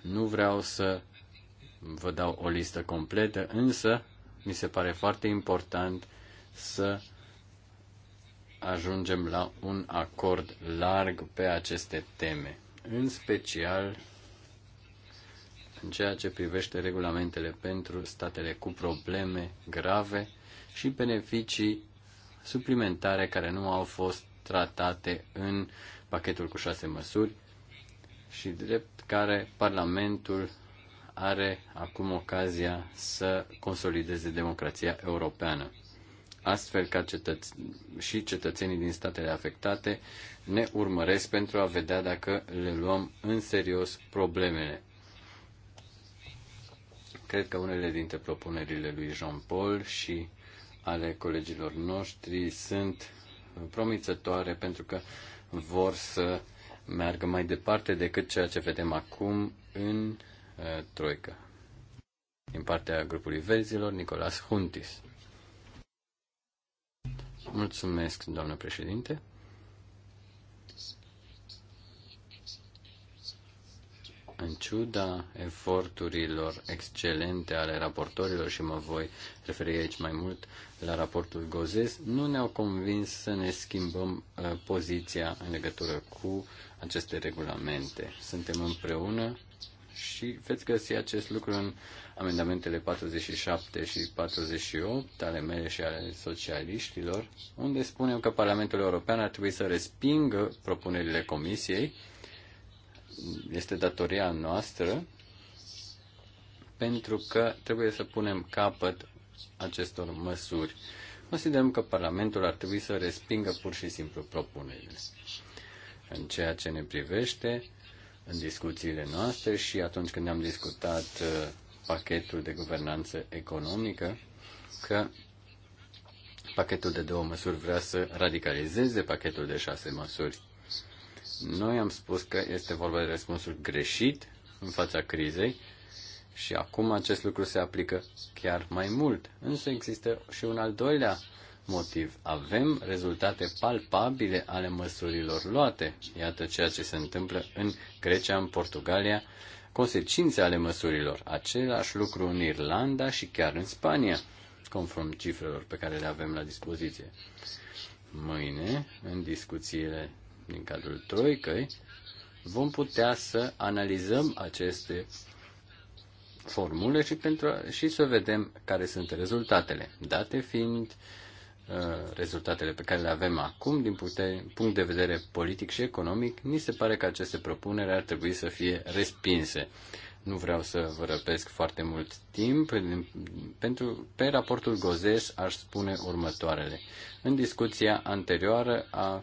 Nu vreau să vă dau o listă completă, însă mi se pare foarte important să ajungem la un acord larg pe aceste teme, în special în ceea ce privește regulamentele pentru statele cu probleme grave și beneficii suplimentare care nu au fost tratate în pachetul cu șase măsuri și drept care Parlamentul are acum ocazia să consolideze democrația europeană, astfel ca cetăț- și cetățenii din statele afectate ne urmăresc pentru a vedea dacă le luăm în serios problemele. Cred că unele dintre propunerile lui Jean-Paul și ale colegilor noștri sunt promițătoare pentru că vor să meargă mai departe decât ceea ce vedem acum în uh, Troică. Din partea grupului verzilor, Nicolas Huntis. Mulțumesc, doamnă președinte. în ciuda eforturilor excelente ale raportorilor și mă voi referi aici mai mult la raportul Gozes, nu ne-au convins să ne schimbăm uh, poziția în legătură cu aceste regulamente. Suntem împreună și veți găsi acest lucru în amendamentele 47 și 48 ale mele și ale socialiștilor, unde spunem că Parlamentul European ar trebui să respingă propunerile Comisiei este datoria noastră pentru că trebuie să punem capăt acestor măsuri. Considerăm că Parlamentul ar trebui să respingă pur și simplu propunerile. În ceea ce ne privește, în discuțiile noastre și atunci când am discutat uh, pachetul de guvernanță economică, că pachetul de două măsuri vrea să radicalizeze pachetul de șase măsuri. Noi am spus că este vorba de răspunsul greșit în fața crizei și acum acest lucru se aplică chiar mai mult. Însă există și un al doilea motiv. Avem rezultate palpabile ale măsurilor luate. Iată ceea ce se întâmplă în Grecia, în Portugalia, consecințe ale măsurilor. Același lucru în Irlanda și chiar în Spania, conform cifrelor pe care le avem la dispoziție. Mâine, în discuțiile din cadrul Troicăi, vom putea să analizăm aceste formule și, pentru, și să vedem care sunt rezultatele, date fiind uh, rezultatele pe care le avem acum din punct de vedere politic și economic, mi se pare că aceste propuneri ar trebui să fie respinse. Nu vreau să vă răpesc foarte mult timp. Pentru, pe raportul Gozes aș spune următoarele. În discuția anterioară a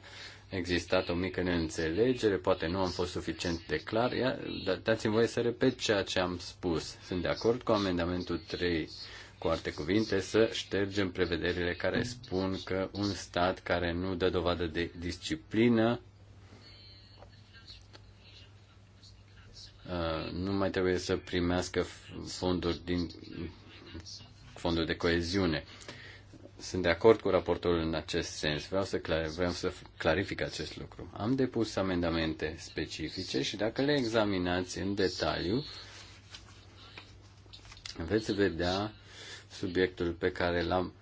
existat o mică neînțelegere, poate nu am fost suficient de clar, ia, da, dați-mi voie să repet ceea ce am spus. Sunt de acord cu amendamentul 3, cu alte cuvinte, să ștergem prevederile care spun că un stat care nu dă dovadă de disciplină uh, nu mai trebuie să primească fonduri din fonduri de coeziune sunt de acord cu raportorul în acest sens. Vreau să, clar, vreau să clarific acest lucru. Am depus amendamente specifice și dacă le examinați în detaliu, veți vedea subiectul pe care l-am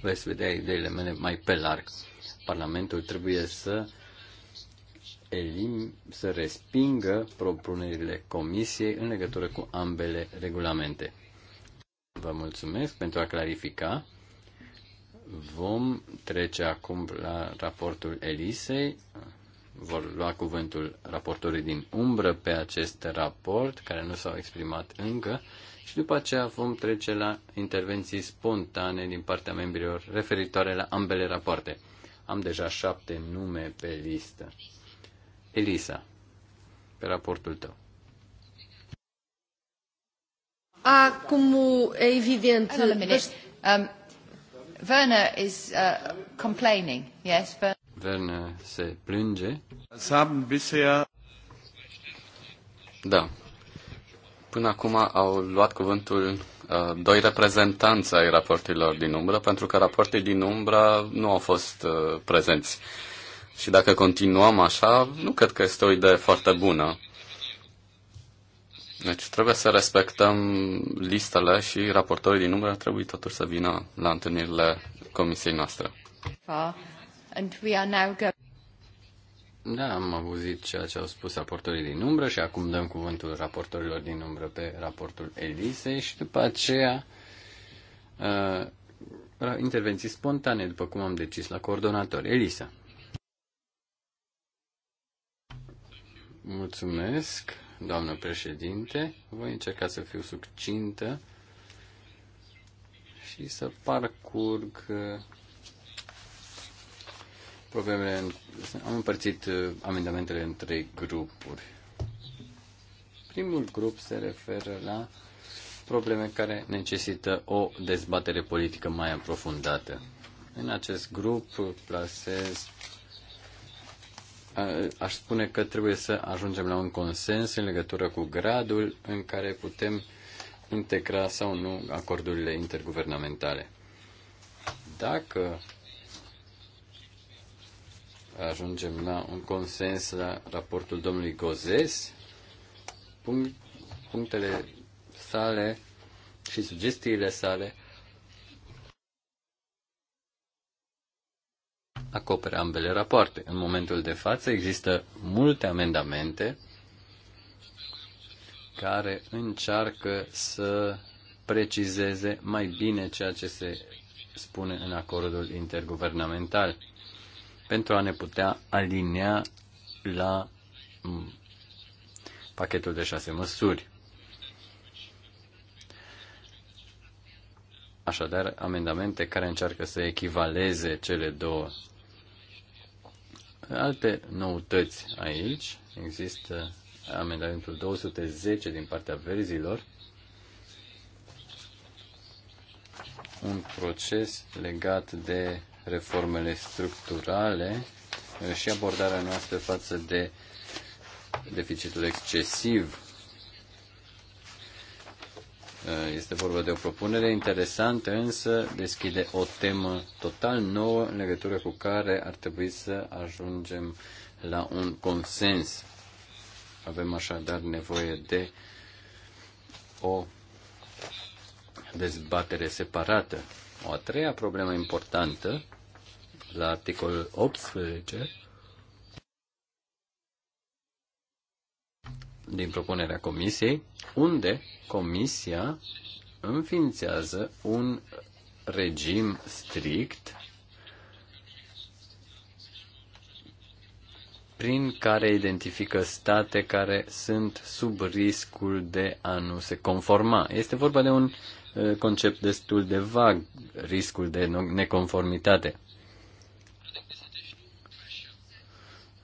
veți vedea ideile mele mai pe larg. Parlamentul trebuie să elim, să respingă propunerile comisiei în legătură cu ambele regulamente. Vă mulțumesc pentru a clarifica. Vom trece acum la raportul Elisei. Vor lua cuvântul raportorii din umbră pe acest raport, care nu s-au exprimat încă, și după aceea vom trece la intervenții spontane din partea membrilor referitoare la ambele rapoarte. Am deja șapte nume pe listă. Elisa, pe raportul tău. Há, como é a um, is uh, complaining, yes? Verna se plânge. Da. Până acum au luat cuvântul uh, doi reprezentanți ai raportelor din umbră, pentru că raportii din umbră nu au fost uh, prezenți. Uh, și dacă continuăm așa, nu cred că este o idee foarte bună. Deci trebuie să respectăm listele și raportorii din număr trebuie totuși să vină la întâlnirile comisiei noastre. Da, am auzit ceea ce au spus raportorii din umbră și acum dăm cuvântul raportorilor din umbră pe raportul Elisei și după aceea uh, intervenții spontane, după cum am decis la coordonator. Elisa. Mulțumesc, doamnă președinte. Voi încerca să fiu succintă și să parcurg uh, problemele. Am împărțit uh, amendamentele în trei grupuri. Primul grup se referă la probleme care necesită o dezbatere politică mai aprofundată. În acest grup plasez aș spune că trebuie să ajungem la un consens în legătură cu gradul în care putem integra sau nu acordurile interguvernamentale. Dacă ajungem la un consens la raportul domnului Gozes, punctele sale și sugestiile sale acopere ambele rapoarte. În momentul de față există multe amendamente care încearcă să precizeze mai bine ceea ce se spune în acordul interguvernamental pentru a ne putea alinea la pachetul de șase măsuri. Așadar, amendamente care încearcă să echivaleze cele două Alte noutăți aici există amendamentul 210 din partea verzilor, un proces legat de reformele structurale și abordarea noastră față de deficitul excesiv Eh, este vorba de o propunere interesantă, însă deschide o temă total nouă în legătură cu care ar trebui să ajungem la un consens. Avem așadar nevoie de o dezbatere separată. O a treia problemă importantă la articolul 18 din propunerea comisiei, unde comisia înființează un regim strict prin care identifică state care sunt sub riscul de a nu se conforma. Este vorba de un uh, concept destul de vag, riscul de neconformitate.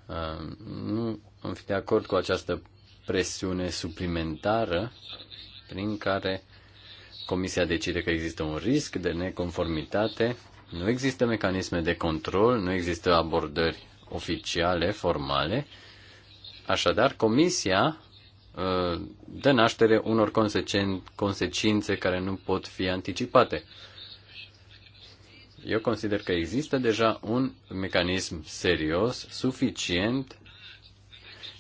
Uh, nu am fi de acord cu această presiune suplimentară prin care Comisia decide că există un risc de neconformitate, nu există mecanisme de control, nu există abordări oficiale, formale. Așadar, Comisia ă, dă naștere unor consecințe care nu pot fi anticipate. Eu consider că există deja un mecanism serios, suficient,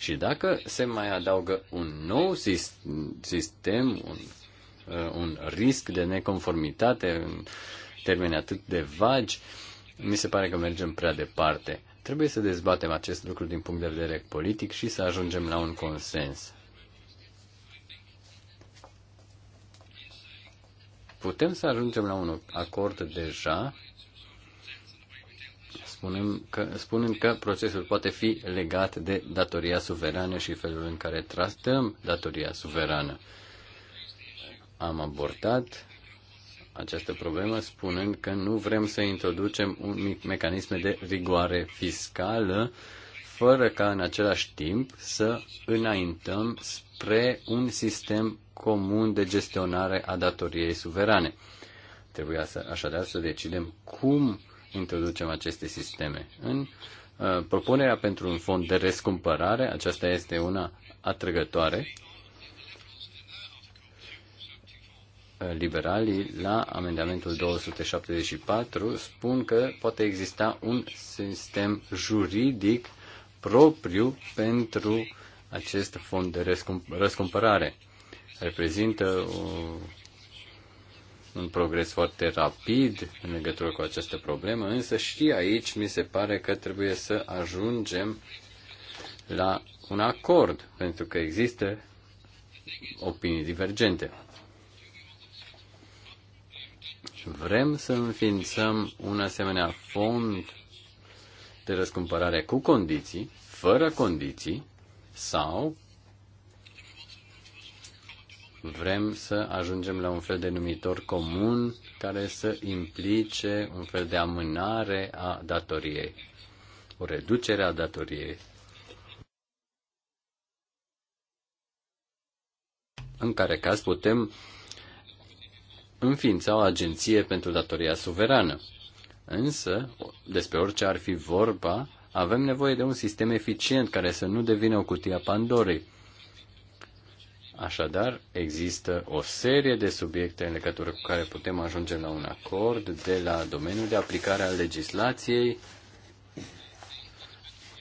și dacă se mai adaugă un nou sistem, un, uh, un risc de neconformitate în termeni atât de vagi, mi se pare că mergem prea departe. Trebuie să dezbatem acest lucru din punct de vedere politic și să ajungem la un consens. Putem să ajungem la un acord deja spunem că, spunem că procesul poate fi legat de datoria suverană și felul în care tratăm datoria suverană. Am abordat această problemă spunând că nu vrem să introducem un mic mecanisme de rigoare fiscală fără ca în același timp să înaintăm spre un sistem comun de gestionare a datoriei suverane. Trebuia să, așadar să decidem cum introducem aceste sisteme. În uh, propunerea pentru un fond de rescumpărare, aceasta este una atrăgătoare. Uh, liberalii la amendamentul 274 spun că poate exista un sistem juridic propriu pentru acest fond de răscumpărare. Reprezintă o un progres foarte rapid în legătură cu această problemă, însă și aici mi se pare că trebuie să ajungem la un acord, pentru că există opinii divergente. Vrem să înființăm un asemenea fond de răscumpărare cu condiții, fără condiții, sau Vrem să ajungem la un fel de numitor comun care să implice un fel de amânare a datoriei, o reducere a datoriei. În care caz putem înființa o agenție pentru datoria suverană. Însă, despre orice ar fi vorba, avem nevoie de un sistem eficient care să nu devină o cutie a Pandorei Așadar, există o serie de subiecte în legătură cu care putem ajunge la un acord, de la domeniul de aplicare a legislației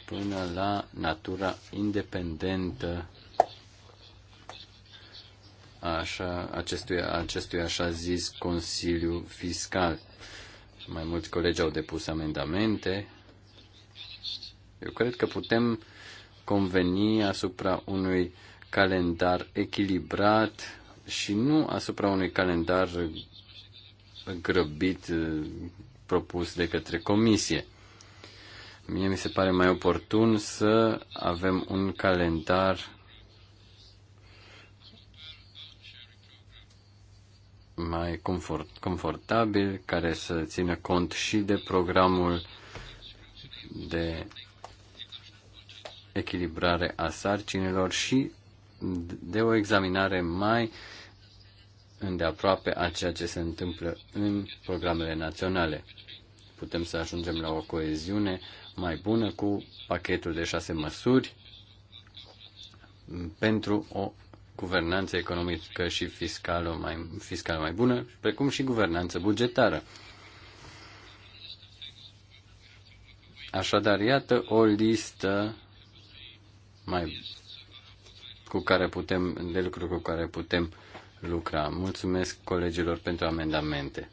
până la natura independentă așa, acestui, acestui așa zis Consiliu Fiscal. Mai mulți colegi au depus amendamente. Eu cred că putem conveni asupra unui uh, calendar echilibrat și nu asupra unui calendar grăbit eh, propus de către comisie. Mie mi se pare mai oportun să avem un calendar mai confort, confortabil, care să țină cont și de programul de echilibrare a sarcinilor și de o examinare mai îndeaproape a ceea ce se întâmplă în programele naționale. Putem să ajungem la o coeziune mai bună cu pachetul de șase măsuri pentru o guvernanță economică și fiscală mai, fiscală mai bună, precum și guvernanță bugetară. Așadar, iată o listă mai cu care putem, de lucruri cu care putem lucra. Mulțumesc colegilor pentru amendamente.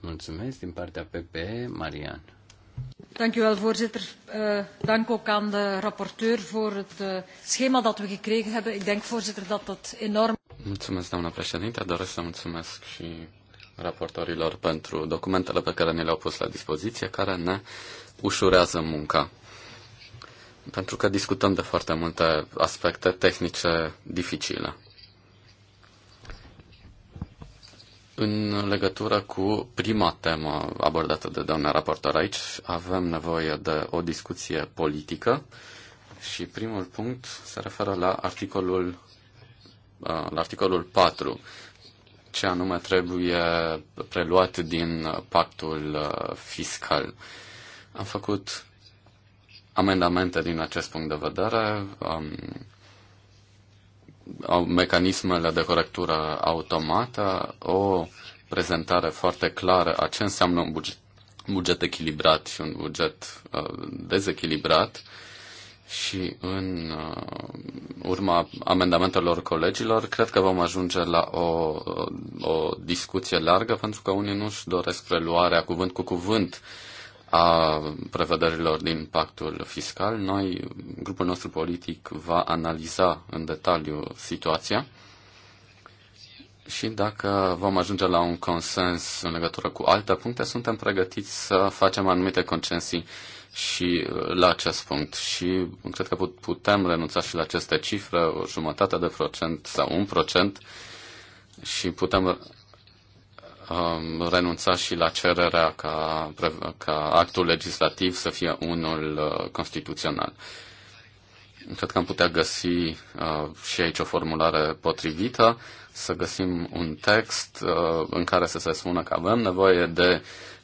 Mulțumesc din partea PP, Marian. Dank u wel, voorzitter. Uh, dank ook aan de rapporteur voor het uh, schema dat we gekregen hebben. Ik denk, voorzitter, dat dat enorm... Mulțumesc, doamna președinte. Doresc să mulțumesc și raportorilor pentru documentele pe care ne le-au pus la dispoziție, care ne ușurează munca pentru că discutăm de foarte multe aspecte tehnice dificile. În legătură cu prima temă abordată de doamna raportor aici, avem nevoie de o discuție politică și primul punct se referă la articolul, uh, la articolul 4, ce anume trebuie preluat din pactul uh, fiscal. Am făcut amendamente din acest punct de vedere. Um, mecanismele de corectură automată, o prezentare foarte clară a ce înseamnă un buget, buget echilibrat și un buget uh, dezechilibrat și în uh, urma amendamentelor colegilor, cred că vom ajunge la o, o discuție largă, pentru că unii nu-și doresc preluarea cuvânt cu cuvânt uh, a prevederilor din pactul fiscal. Noi, grupul nostru politic, va analiza în detaliu situația și dacă vom ajunge la un consens în legătură cu alte puncte, suntem pregătiți să facem anumite concesii și uh, la acest punct. Și uh, cred că putem renunța și la aceste cifre, o jumătate de procent sau un procent, și putem um, renunța și la cererea ca, ca actul legislativ să fie unul uh, constituțional. Cred că am putea găsi uh, și aici o formulare potrivită, să găsim un text uh, în care să se spună că avem nevoie de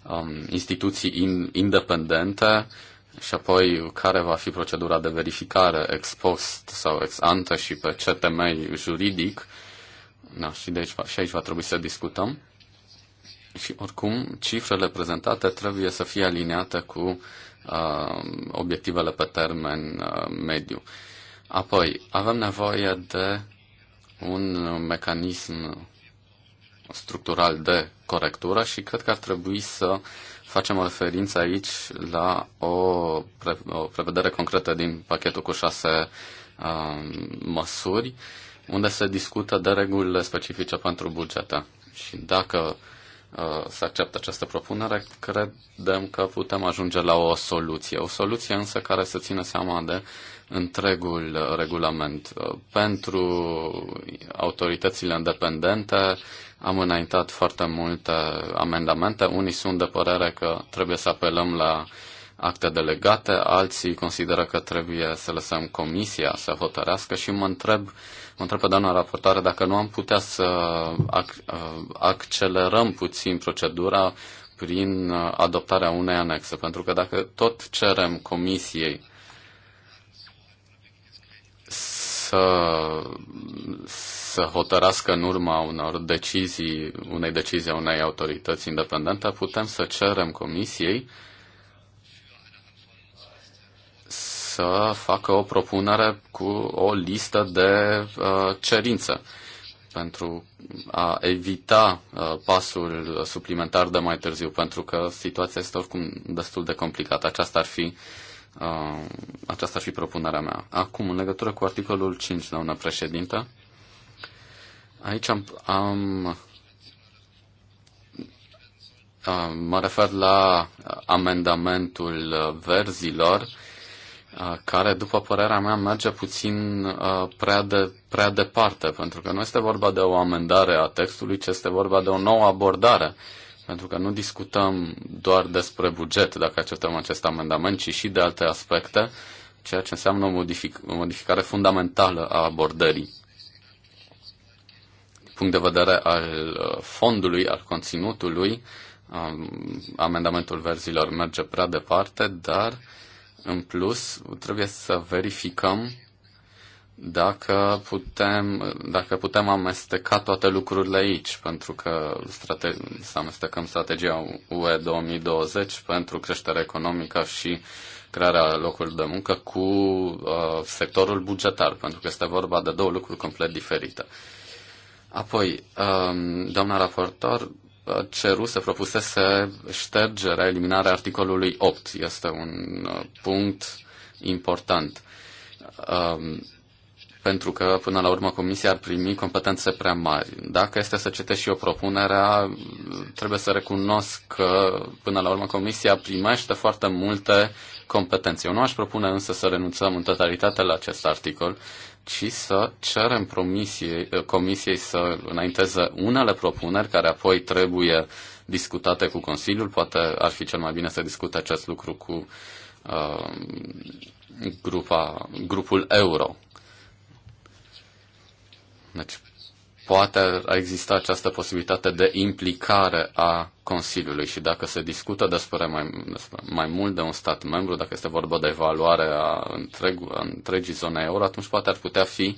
um, instituții in, independente și apoi care va fi procedura de verificare ex post sau ex ante și pe ce temei juridic. Da, și, de aici, și aici va trebui să discutăm. Și oricum, cifrele prezentate trebuie să fie aliniate cu uh, obiectivele pe termen uh, mediu. Apoi, avem nevoie de un mecanism structural de corectură și cred că ar trebui să facem referință aici la o, pre- o prevedere concretă din pachetul cu șase uh, măsuri, unde se discută de regulile specifice pentru bugete. Și dacă uh, Uh, să accepte această propunere, credem că putem ajunge la o soluție. O soluție însă care să țină seama de întregul regulament. Uh, pentru autoritățile independente am înaintat foarte multe amendamente. Unii sunt de părere că trebuie să apelăm la acte delegate, alții consideră că trebuie să lăsăm comisia să hotărească și mă întreb uh, Mă întreb pe doamna raportoare dacă nu am putea să ac- uh, accelerăm puțin procedura prin uh, adoptarea unei anexe, pentru că dacă tot cerem comisiei să, să hotărască în urma unor decizii, unei decizii a unei autorități independente, putem să cerem comisiei uh, să facă o propunere cu o listă de uh, cerințe pentru a evita uh, pasul suplimentar de mai târziu, pentru că situația este oricum destul de complicată. Aceasta ar fi, uh, aceasta ar fi propunerea mea. Acum, în legătură cu articolul 5, doamnă președintă, aici am, am uh, mă refer la amendamentul verzilor care, după părerea mea, merge puțin prea, de, prea departe, pentru că nu este vorba de o amendare a textului, ci este vorba de o nouă abordare, pentru că nu discutăm doar despre buget, dacă acceptăm acest amendament, ci și de alte aspecte, ceea ce înseamnă o, modific- o modificare fundamentală a abordării punct de vedere al fondului, al conținutului, amendamentul verzilor merge prea departe, dar în plus, trebuie să verificăm dacă putem, dacă putem amesteca toate lucrurile aici, pentru că strate- să amestecăm strategia UE 2020 pentru creștere economică și crearea locurilor de muncă cu uh, sectorul bugetar, pentru că este vorba de două lucruri complet diferite. Apoi, um, doamna raportor ceruse, propusese ștergerea, eliminarea articolului 8. Este un uh, punct important. Um, pentru că, până la urmă, Comisia ar primi competențe prea mari. Dacă este să citești și eu propunerea, trebuie să recunosc că, până la urmă, Comisia primește foarte multe competențe. Eu nu aș propune însă să renunțăm în totalitate la acest articol, ci să cerem promisiei, eh, Comisiei să înainteze unele propuneri care apoi trebuie discutate cu Consiliul. Poate ar fi cel mai bine să discute acest lucru cu uh, grupa, grupul euro. Deci poate exista această posibilitate de implicare a Consiliului și dacă se discută despre mai, despre mai mult de un stat membru, dacă este vorba de evaluare a, întreg, a întregii zone euro, atunci poate ar putea fi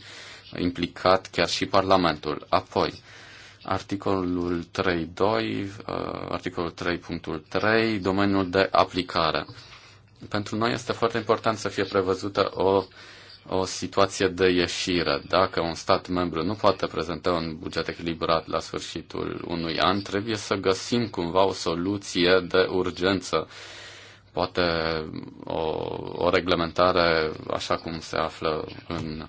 implicat chiar și Parlamentul. Apoi, articolul 3.2, uh, articolul 3.3, domeniul de aplicare. Pentru noi este foarte important să fie prevăzută o uh, o situație de ieșire. Dacă un stat membru nu poate prezenta un buget echilibrat la sfârșitul unui an, trebuie să găsim cumva o soluție de urgență. Poate o, o reglementare așa cum se află în,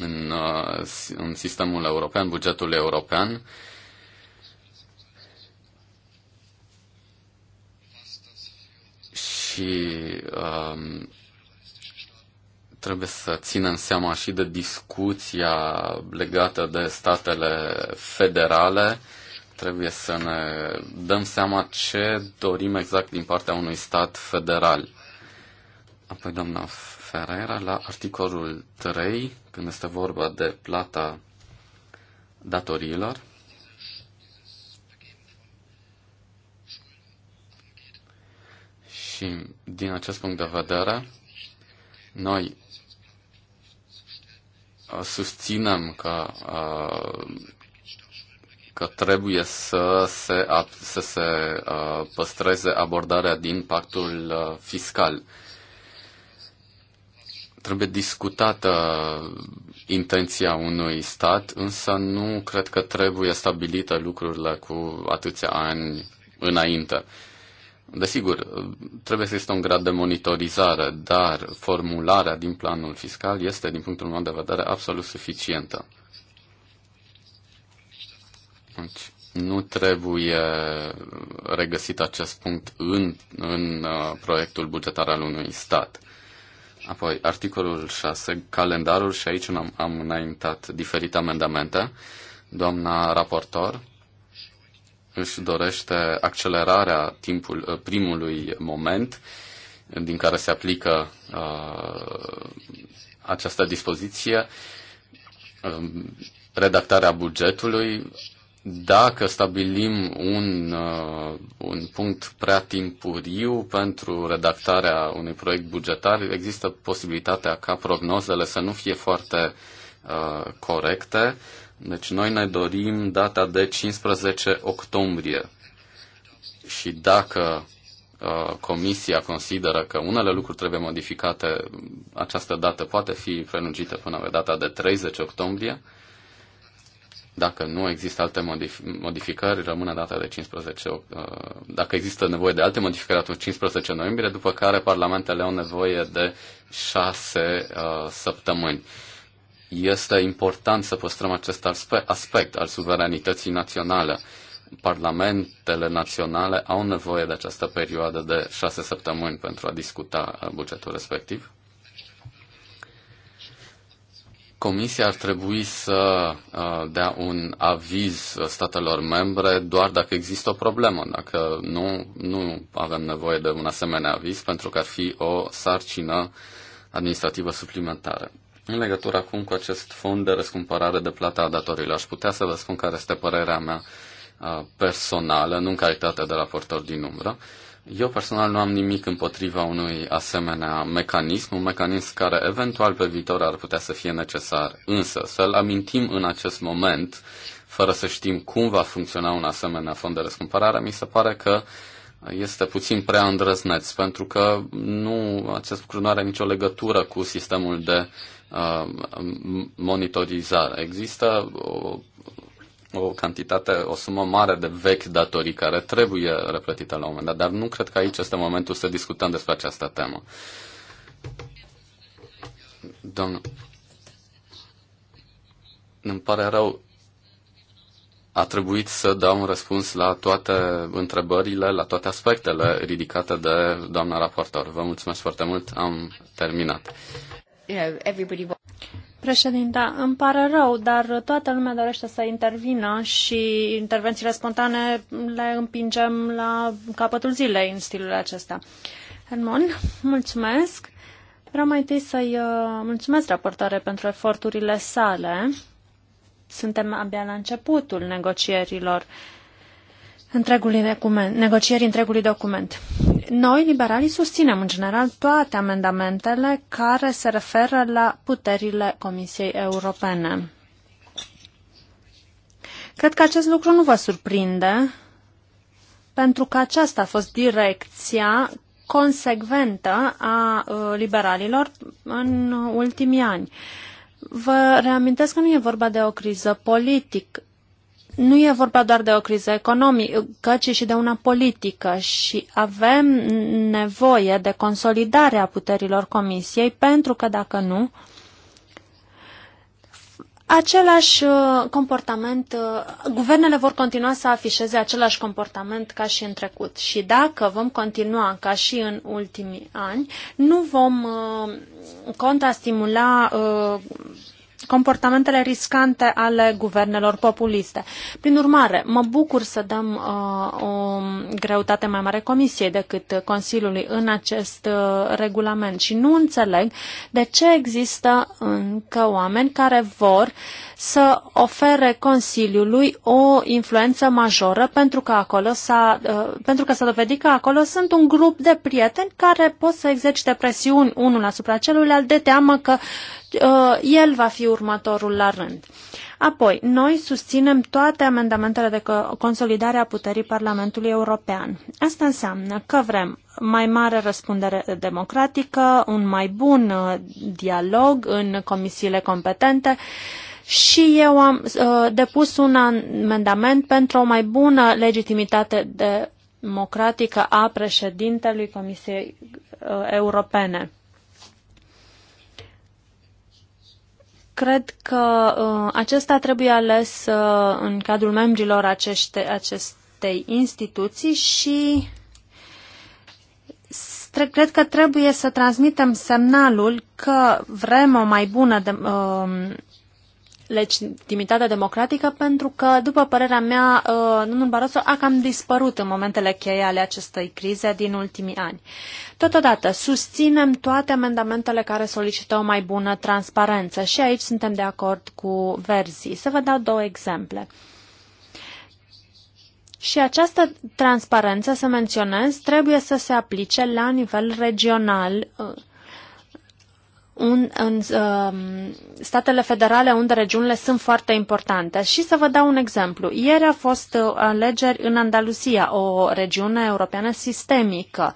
în, uh, în sistemul european, bugetul european, și um, trebuie să ținem seama și de discuția legată de statele federale. Trebuie să ne dăm seama ce dorim exact din partea unui stat federal. Apoi, doamna Ferreira, la articolul 3, când este vorba de plata datoriilor, și din acest punct de vedere, noi susținem că, că trebuie să se, să se păstreze abordarea din pactul fiscal. Trebuie discutată intenția unui stat, însă nu cred că trebuie stabilită lucrurile cu atâția ani înainte. Desigur, trebuie să există un grad de monitorizare, dar formularea din planul fiscal este, din punctul meu de vedere, absolut suficientă. Deci, nu trebuie regăsit acest punct în, în uh, proiectul bugetar al unui stat. Apoi, articolul 6, calendarul, și aici am, am înaintat diferite amendamente. Doamna raportor își dorește accelerarea timpul, uh, primului moment din care se aplică uh, această dispoziție, uh, redactarea bugetului. Dacă stabilim un, uh, un punct prea timpuriu pentru redactarea unui proiect bugetar, există posibilitatea ca prognozele să nu fie foarte uh, corecte, deci noi ne dorim data de 15 octombrie și dacă uh, Comisia consideră că unele lucruri trebuie modificate, această dată poate fi prelungită până pe data de 30 octombrie. Dacă nu există alte modificări, rămâne data de 15 uh, Dacă există nevoie de alte modificări, atunci 15 noiembrie, după care parlamentele au nevoie de 6 uh, săptămâni. Este important să păstrăm acest aspect al suveranității naționale. Parlamentele naționale au nevoie de această perioadă de șase săptămâni pentru a discuta uh, bugetul respectiv. Comisia ar trebui să uh, dea un aviz uh, statelor membre doar dacă există o problemă. Dacă nu, nu avem nevoie de un asemenea aviz pentru că ar fi o sarcină administrativă suplimentară. În legătură acum cu acest fond de răscumpărare de plata a datorilor, aș putea să vă spun care este părerea mea uh, personală, nu în calitate de raportor din umbră. Eu personal nu am nimic împotriva unui asemenea mecanism, un mecanism care eventual pe viitor ar putea să fie necesar, însă să-l amintim în acest moment, fără să știm cum va funcționa un asemenea fond de răscumpărare, mi se pare că este puțin prea îndrăzneț, pentru că nu, acest lucru nu are nicio legătură cu sistemul de uh, Um, monitorizare. Există o, o cantitate, o sumă mare de vechi datorii care trebuie replătite la un moment dat, dar nu cred că aici este momentul să discutăm despre această temă. Domnul, îmi pare rău, a trebuit să dau un răspuns la toate întrebările, la toate aspectele ridicate de doamna raportor. Vă mulțumesc foarte mult, am terminat you Președinta, îmi pare rău, dar toată lumea dorește să intervină și intervențiile spontane le împingem la capătul zilei în stilul acesta. Hermon, mulțumesc. Vreau mai întâi să-i uh, mulțumesc raportare pentru eforturile sale. Suntem abia la începutul negocierilor. Uh, întregului document, negocieri întregului document. Noi, liberalii, susținem în general toate amendamentele care se referă la puterile Comisiei Europene. Cred că acest lucru nu vă surprinde, pentru că aceasta a fost direcția consecventă a uh, liberalilor în ultimii ani. Vă reamintesc că nu e vorba de o criză politică nu e vorba doar de o criză economică, ci și de una politică și avem nevoie de consolidarea puterilor Comisiei, pentru că dacă nu, același uh, comportament, uh, guvernele vor continua să afișeze același comportament ca și în trecut și dacă vom continua ca și în ultimii ani, nu vom uh, contrastimula comportamentele riscante ale guvernelor populiste. Prin urmare, mă bucur să dăm uh, o greutate mai mare Comisiei decât Consiliului în acest uh, regulament și nu înțeleg de ce există încă oameni care vor uh, să ofere Consiliului o influență majoră pentru că, acolo s-a, uh, pentru că s-a dovedit că acolo sunt un grup de prieteni care pot să exercite presiuni unul asupra celuilalt de teamă că uh, el va fi următorul la rând. Apoi, noi susținem toate amendamentele de consolidare a puterii Parlamentului European. Asta înseamnă că vrem mai mare răspundere democratică, un mai bun uh, dialog în comisiile competente, uh, și eu am uh, depus un amendament pentru o mai bună legitimitate democratică a președintelui Comisiei uh, Europene. Cred că uh, acesta trebuie ales uh, în cadrul membrilor acește, acestei instituții și cred că trebuie să transmitem semnalul că vrem o mai bună de, uh, legitimitatea democratică pentru că, după părerea mea, uh, domnul Barroso a cam dispărut în momentele cheie ale acestei crize din ultimii ani. Totodată, susținem toate amendamentele care solicită o mai bună transparență și aici suntem de acord cu verzii. Să vă dau două exemple. Și această transparență, să menționez, trebuie să se aplice la nivel regional uh, un, în uh, statele federale unde regiunile sunt foarte importante. Și să vă dau un exemplu. Ieri a fost uh, alegeri în Andalusia, o regiune europeană sistemică.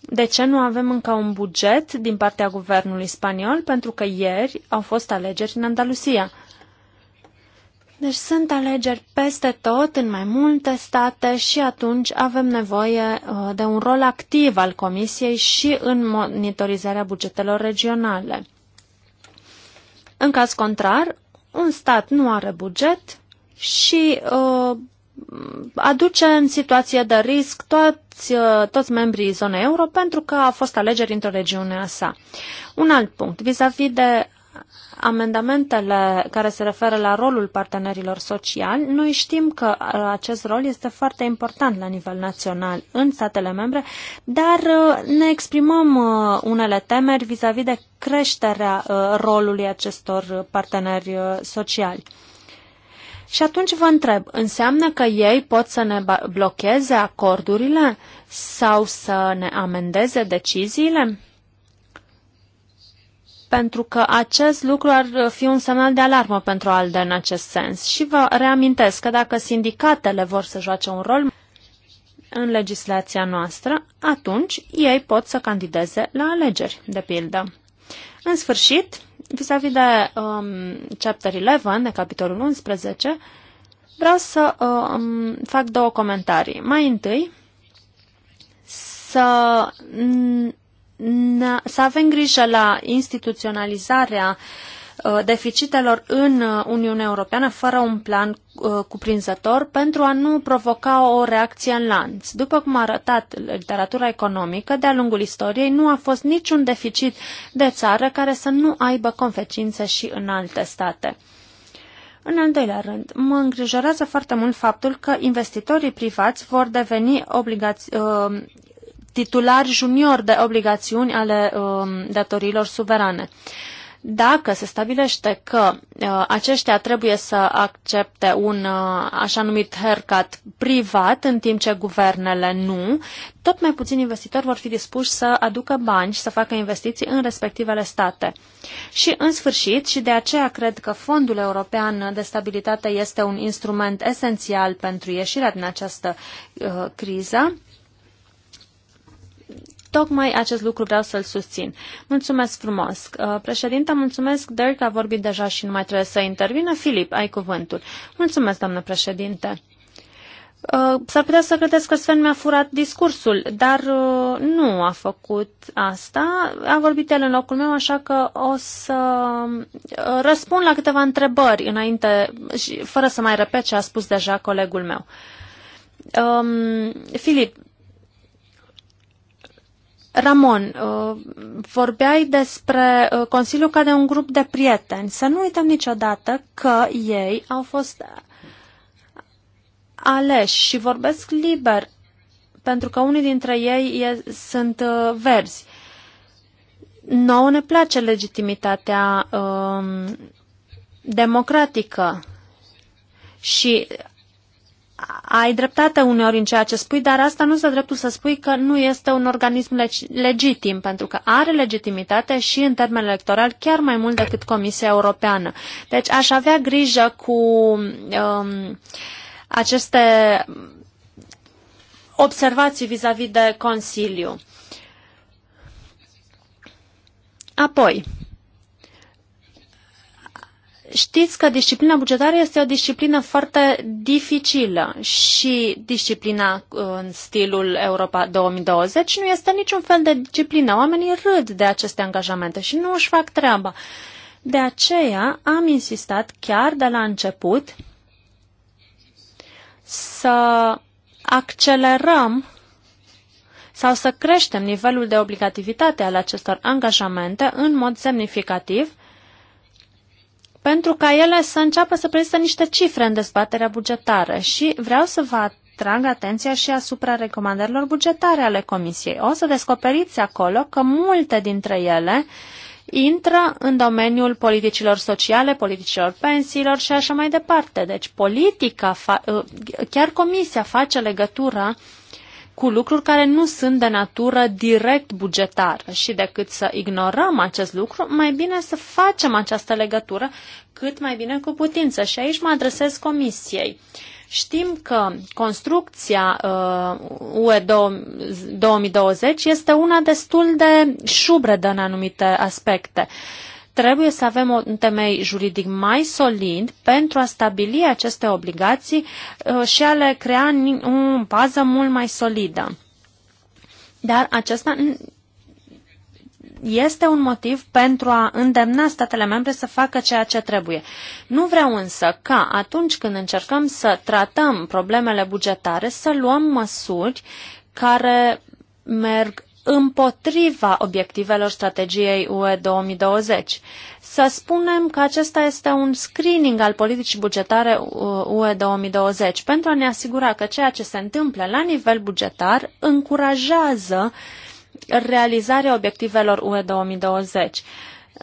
De ce nu avem încă un buget din partea guvernului spaniol? Pentru că ieri au fost alegeri în Andalusia. Deci sunt alegeri peste tot, în mai multe state și atunci avem nevoie uh, de un rol activ al Comisiei și în monitorizarea bugetelor regionale. În caz contrar, un stat nu are buget și uh, aduce în situație de risc toți, uh, toți membrii zonei euro pentru că a fost alegeri într-o regiune a sa. Un alt punct, vis-a-vis -vis de amendamentele care se referă la rolul partenerilor sociali, noi știm că uh, acest rol este foarte important la nivel național în statele membre, dar uh, ne exprimăm uh, unele temeri vis-a-vis -vis de creșterea rolului acestor parteneri sociali. Și atunci vă întreb, înseamnă că ei pot să ne blocheze acordurile sau să ne amendeze deciziile? pentru că acest lucru ar fi un semnal de alarmă pentru ALDE în acest sens. Și vă reamintesc că dacă sindicatele vor să joace un rol în legislația noastră, atunci ei pot să candideze la alegeri, de pildă. În sfârșit, vis-a-vis -vis de um, chapter 11, de capitolul 11, vreau să um, fac două comentarii. Mai întâi, să să avem grijă la instituționalizarea uh, deficitelor în uh, Uniunea Europeană fără un plan uh, cuprinzător pentru a nu provoca o reacție în lanț. După cum a arătat literatura economică, de-a lungul istoriei nu a fost niciun deficit de țară care să nu aibă confecințe și în alte state. În al doilea rând, mă îngrijorează foarte mult faptul că investitorii privați vor deveni obligați, titulari junior de obligațiuni ale um, datoriilor suverane. Dacă se stabilește că uh, aceștia trebuie să accepte un uh, așa numit haircut privat, în timp ce guvernele nu, tot mai puțini investitori vor fi dispuși să aducă bani și să facă investiții în respectivele state. Și, în sfârșit, și de aceea cred că Fondul European de Stabilitate este un instrument esențial pentru ieșirea din această uh, criză, tocmai acest lucru vreau să-l susțin. Mulțumesc frumos. Uh, președinte, mulțumesc. Dirk a vorbit deja și nu mai trebuie să intervină. Filip, ai cuvântul. Mulțumesc, doamnă președinte. Uh, s-ar putea să credeți că Sven mi-a furat discursul, dar uh, nu a făcut asta. A vorbit el în locul meu, așa că o să răspund la câteva întrebări înainte, fără să mai repet ce a spus deja colegul meu. Um, Filip, Ramon, uh, vorbeai despre uh, Consiliul ca de un grup de prieteni. Să nu uităm niciodată că ei au fost aleși și vorbesc liber, pentru că unii dintre ei e, sunt uh, verzi. Nouă ne place legitimitatea um, democratică și ai dreptate uneori în ceea ce spui, dar asta nu este dreptul să spui că nu este un organism leg- legitim, pentru că are legitimitate și în termen electoral chiar mai mult decât Comisia Europeană. Deci aș avea grijă cu um, aceste observații vis-a-vis -vis de Consiliu. Apoi, Știți că disciplina bugetară este o disciplină foarte dificilă și disciplina uh, în stilul Europa 2020 nu este niciun fel de disciplină. Oamenii râd de aceste angajamente și nu își fac treaba. De aceea am insistat chiar de la început să accelerăm sau să creștem nivelul de obligativitate al acestor angajamente în mod semnificativ pentru ca ele să înceapă să prezintă niște cifre în dezbaterea bugetară și vreau să vă atrag atenția și asupra recomandărilor bugetare ale Comisiei. O să descoperiți acolo că multe dintre ele intră în domeniul politicilor sociale, politicilor pensiilor și așa mai departe. Deci politica, chiar Comisia face legătura cu lucruri care nu sunt de natură direct bugetară și decât să ignorăm acest lucru, mai bine să facem această legătură cât mai bine cu putință. Și aici mă adresez comisiei. Știm că construcția uh, UE 2020 este una destul de șubredă în anumite aspecte. Uh, trebuie să avem un temei juridic mai solid pentru a stabili aceste obligații uh, și a le crea o bază mult mai solidă. Dar acesta este un motiv pentru a îndemna statele membre să facă ceea ce trebuie. Nu vreau însă ca atunci când încercăm să tratăm problemele bugetare să luăm măsuri care merg împotriva obiectivelor strategiei UE 2020. Să spunem că acesta este un screening al politicii bugetare UE 2020 pentru a ne asigura că ceea ce se întâmplă la nivel bugetar încurajează realizarea obiectivelor UE 2020.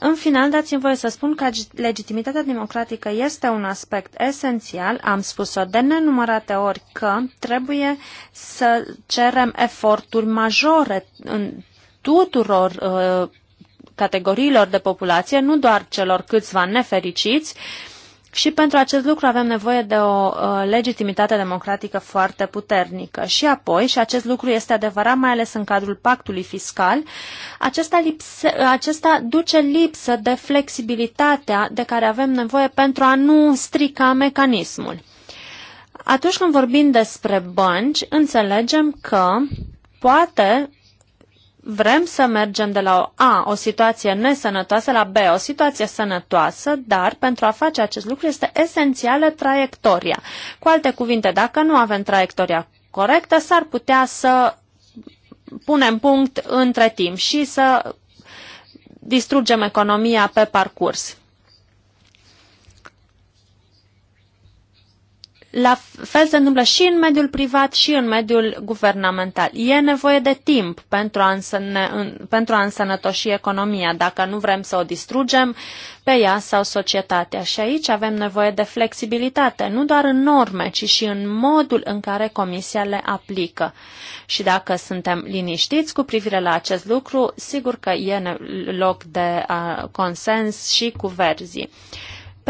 În final, dați-mi voie să spun că legitimitatea democratică este un aspect esențial. Am spus-o de nenumărate ori că trebuie să cerem eforturi majore în tuturor uh, categoriilor de populație, nu doar celor câțiva nefericiți, uh, și pentru acest lucru avem nevoie de o uh, legitimitate democratică foarte puternică. Și apoi, și acest lucru este adevărat mai ales în cadrul pactului fiscal, acesta, lipse, acesta duce lipsă de flexibilitatea de care avem nevoie pentru a nu strica mecanismul. Atunci când vorbim despre bănci, înțelegem că poate vrem să mergem de la o A, o situație nesănătoasă, la B, o situație sănătoasă, dar pentru a face acest lucru este esențială traiectoria. Cu alte cuvinte, dacă nu avem traiectoria corectă, s-ar putea să punem punct între timp și să distrugem economia pe parcurs. La fel se întâmplă și în mediul privat și în mediul guvernamental. E nevoie de timp pentru a, însăne, pentru a însănătoși economia, dacă nu vrem să o distrugem pe ea sau societatea. Și aici avem nevoie de flexibilitate, nu doar în norme, ci și în modul în care Comisia le aplică. Și dacă suntem liniștiți cu privire la acest lucru, sigur că e loc de uh, consens și cu verzii.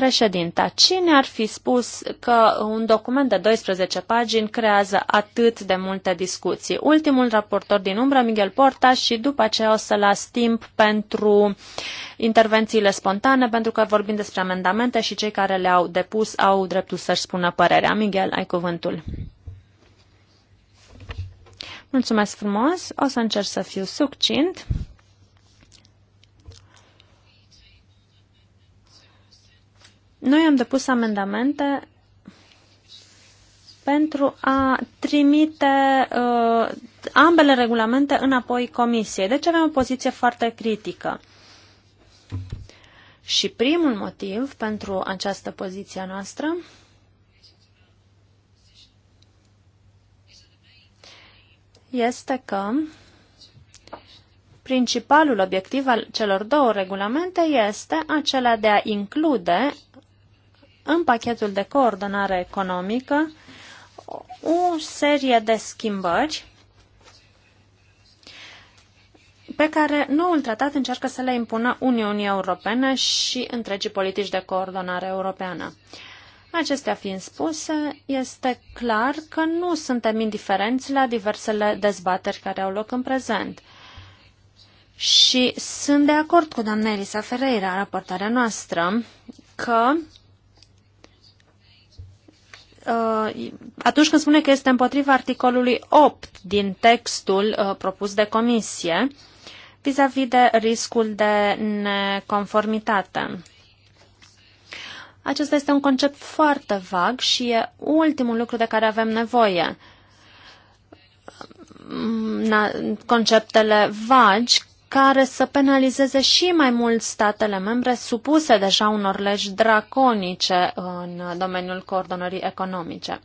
Președinta, cine ar fi spus că un document de 12 pagini creează atât de multe discuții? Ultimul raportor din umbră, Miguel Porta, și după aceea o să las timp pentru intervențiile spontane, pentru că vorbim despre amendamente și cei care le-au depus au dreptul să-și spună părerea. Miguel, ai cuvântul. Mulțumesc frumos, o să încerc să fiu succint. Noi am depus amendamente pentru a trimite uh, ambele regulamente înapoi Comisiei. Deci avem o poziție foarte critică. Și primul motiv pentru această poziție noastră este că principalul obiectiv al celor două regulamente este acela de a include în pachetul de coordonare economică o serie de schimbări pe care noul tratat încearcă să le impună Uniunii Europene și întregii politici de coordonare europeană. Acestea fiind spuse, este clar că nu suntem indiferenți la diversele dezbateri care au loc în prezent. Și sunt de acord cu doamna Elisa Ferreira, raportarea noastră, că Uh, atunci când spune că este împotriva articolului 8 din textul uh, propus de comisie vis-a-vis -vis de riscul de neconformitate. Acesta este un concept foarte vag și e ultimul lucru de care avem nevoie. Mm, conceptele vagi care să penalizeze și mai mult statele membre supuse deja unor legi draconice în domeniul coordonării economice.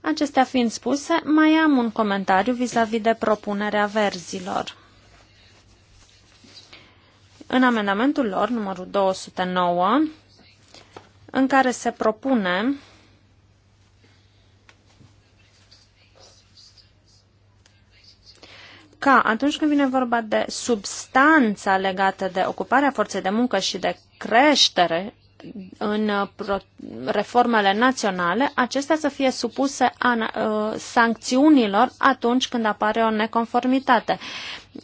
Acestea fiind spuse, mai am un comentariu vis-a-vis -vis de propunerea verzilor. În amendamentul lor, numărul 209, în care se propune ca atunci când vine vorba de substanța legată de ocuparea forței de muncă și de creștere în reformele naționale, acestea să fie supuse a uh, sancțiunilor atunci când apare o neconformitate.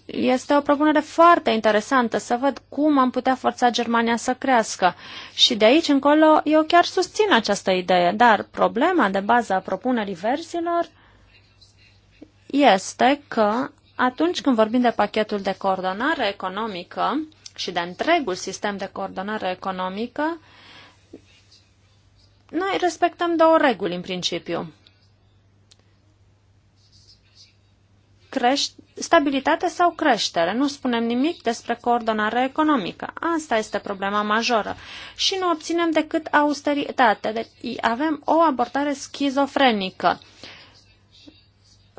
Este o propunere foarte interesantă să văd cum am putea forța Germania să crească. Și de aici încolo eu chiar susțin această idee, dar problema de bază a propunerii versilor este că atunci când vorbim de pachetul de coordonare economică și de întregul sistem de coordonare economică, noi respectăm două reguli în principiu. Creș- stabilitate sau creștere. Nu spunem nimic despre coordonare economică. Asta este problema majoră. Și nu obținem decât austeritate. Deci avem o abordare schizofrenică. Uh,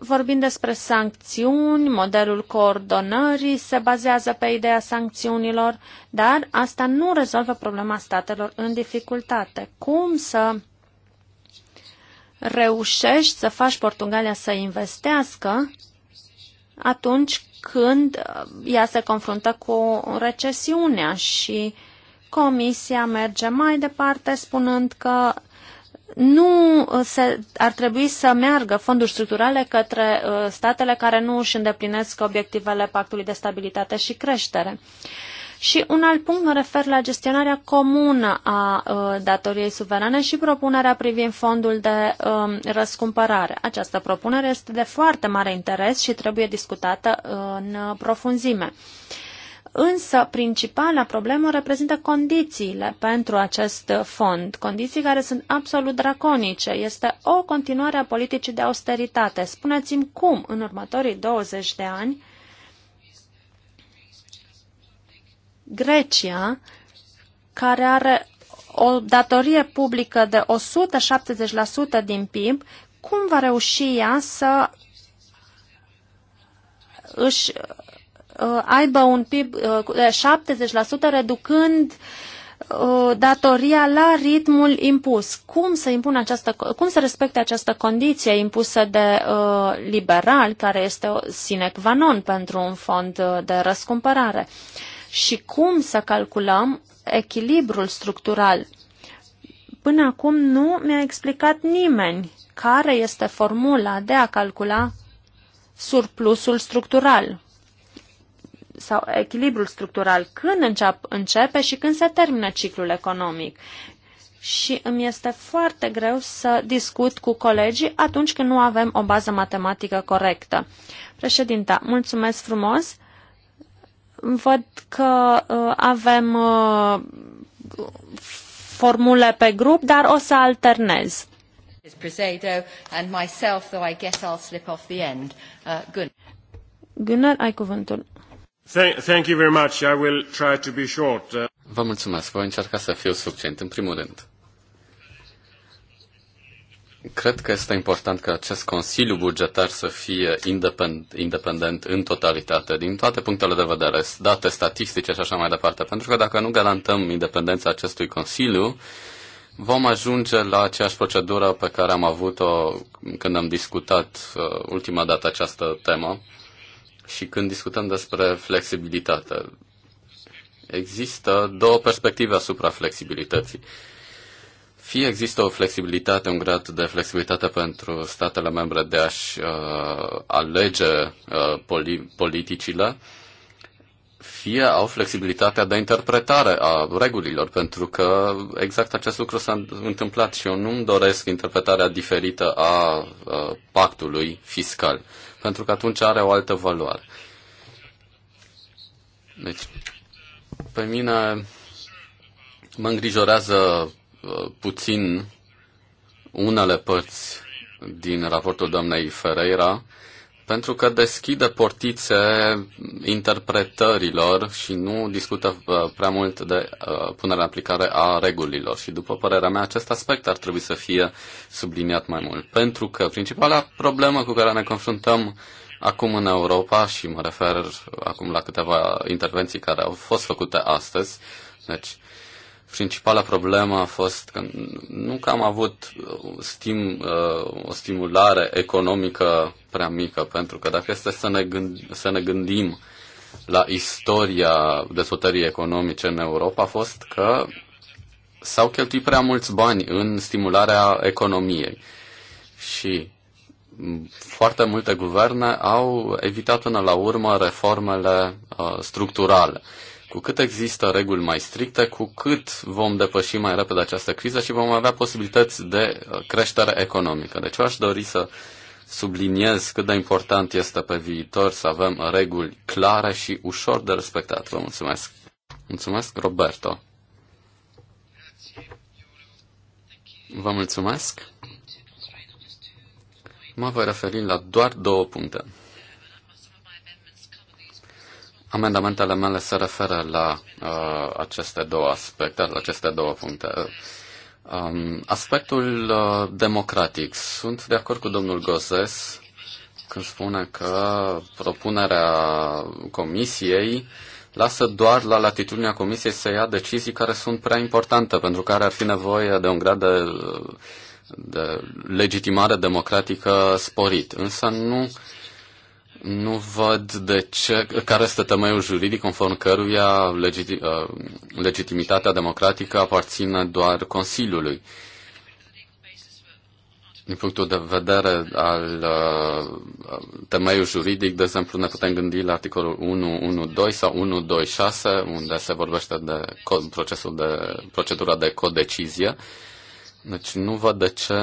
Vorbind despre sancțiuni, modelul coordonării se bazează pe ideea sancțiunilor, dar asta nu rezolvă problema statelor în dificultate. Cum să reușești să faci Portugalia să investească atunci când uh, ea se confruntă cu recesiunea și Comisia merge mai departe spunând că nu uh, se, ar trebui să meargă fonduri structurale către uh, statele care nu își îndeplinesc obiectivele Pactului de Stabilitate și Creștere. Și un alt punct mă refer la gestionarea comună a uh, datoriei suverane și propunerea privind fondul de uh, răscumpărare. Această propunere este de foarte mare interes și trebuie discutată uh, în profunzime. Uh, Însă, principala problemă reprezintă condițiile pentru acest fond, condiții care sunt absolut draconice. Este o continuare a politicii de austeritate. Spuneți-mi cum, în următorii 20 de ani, Grecia, care are o datorie publică de 170% din PIB, cum va reuși ea să își Uh, aibă un PIB uh, de 70% reducând uh, datoria la ritmul impus. Cum să, impun această, cum să respecte această condiție impusă de uh, liberal, care este o sine qua non pentru un fond de răscumpărare? Și cum să calculăm echilibrul structural? Până acum nu mi-a explicat nimeni care este formula de a calcula surplusul structural sau echilibrul structural, când înceap, începe și când se termină ciclul economic. Și îmi este foarte greu să discut cu colegii atunci când nu avem o bază matematică corectă. Președinta, mulțumesc frumos. Văd că uh, avem uh, formule pe grup, dar o să alternez. Uh, Gunnar, ai cuvântul. Thank you very much. I will try to be short. Uh. Vă mulțumesc. Voi încerca să fiu succint. În primul rând, Cred că este important ca acest Consiliu Bugetar să fie independent, independent în totalitate, din toate punctele de vedere, date statistice și așa mai departe. Pentru că dacă nu garantăm independența acestui Consiliu, vom ajunge la aceeași procedură pe care am avut-o când am discutat uh, ultima dată această temă și când discutăm despre flexibilitate. Există două perspective asupra flexibilității. Fie există o flexibilitate, un grad de flexibilitate pentru statele membre de a-și uh, alege uh, poli- politicile, fie au flexibilitatea de interpretare a regulilor, pentru că exact acest lucru s-a întâmplat și eu nu-mi doresc interpretarea diferită a uh, pactului fiscal pentru că atunci are o altă valoare. Deci, pe mine mă îngrijorează uh, puțin unele părți din raportul doamnei Ferreira, pentru că deschide portițe interpretărilor și nu discută uh, prea mult de uh, punerea în aplicare a regulilor. Și după părerea mea, acest aspect ar trebui să fie subliniat mai mult. Pentru că principala problemă cu care ne confruntăm acum în Europa, și mă refer acum la câteva intervenții care au fost făcute astăzi, deci principala problemă a fost că nu că am avut uh, stim, uh, o stimulare economică prea mică, pentru că dacă este să ne, gând, să ne gândim la istoria dezvoltării economice în Europa, a fost că s-au cheltuit prea mulți bani în stimularea economiei. Și foarte multe guverne au evitat până la urmă reformele uh, structurale. Uh, cu cât există reguli mai stricte, cu cât vom depăși mai repede această criză și vom avea posibilități de uh, creștere economică. Deci eu aș dori să subliniez cât de important este pe viitor să avem reguli clare și ușor de respectat. Vă mulțumesc. Mulțumesc, Roberto. Vă mulțumesc. Mă voi referi la doar două puncte. Amendamentele mele se referă la uh, aceste două aspecte, la aceste două puncte. Um, aspectul uh, democratic. Sunt de acord cu domnul Gozes când spune că propunerea comisiei lasă doar la latitudinea comisiei să ia decizii care sunt prea importante, pentru care ar fi nevoie de un grad de, de legitimare democratică sporit. Însă nu uh, nu văd de ce, care este temeiul juridic conform căruia legiti, uh, legitimitatea democratică aparține doar Consiliului. Din punctul de vedere al uh, temeiul juridic, de exemplu, ne putem gândi la articolul 112 sau 126, unde se vorbește de procesul de procedura de codecizie. Deci nu văd de ce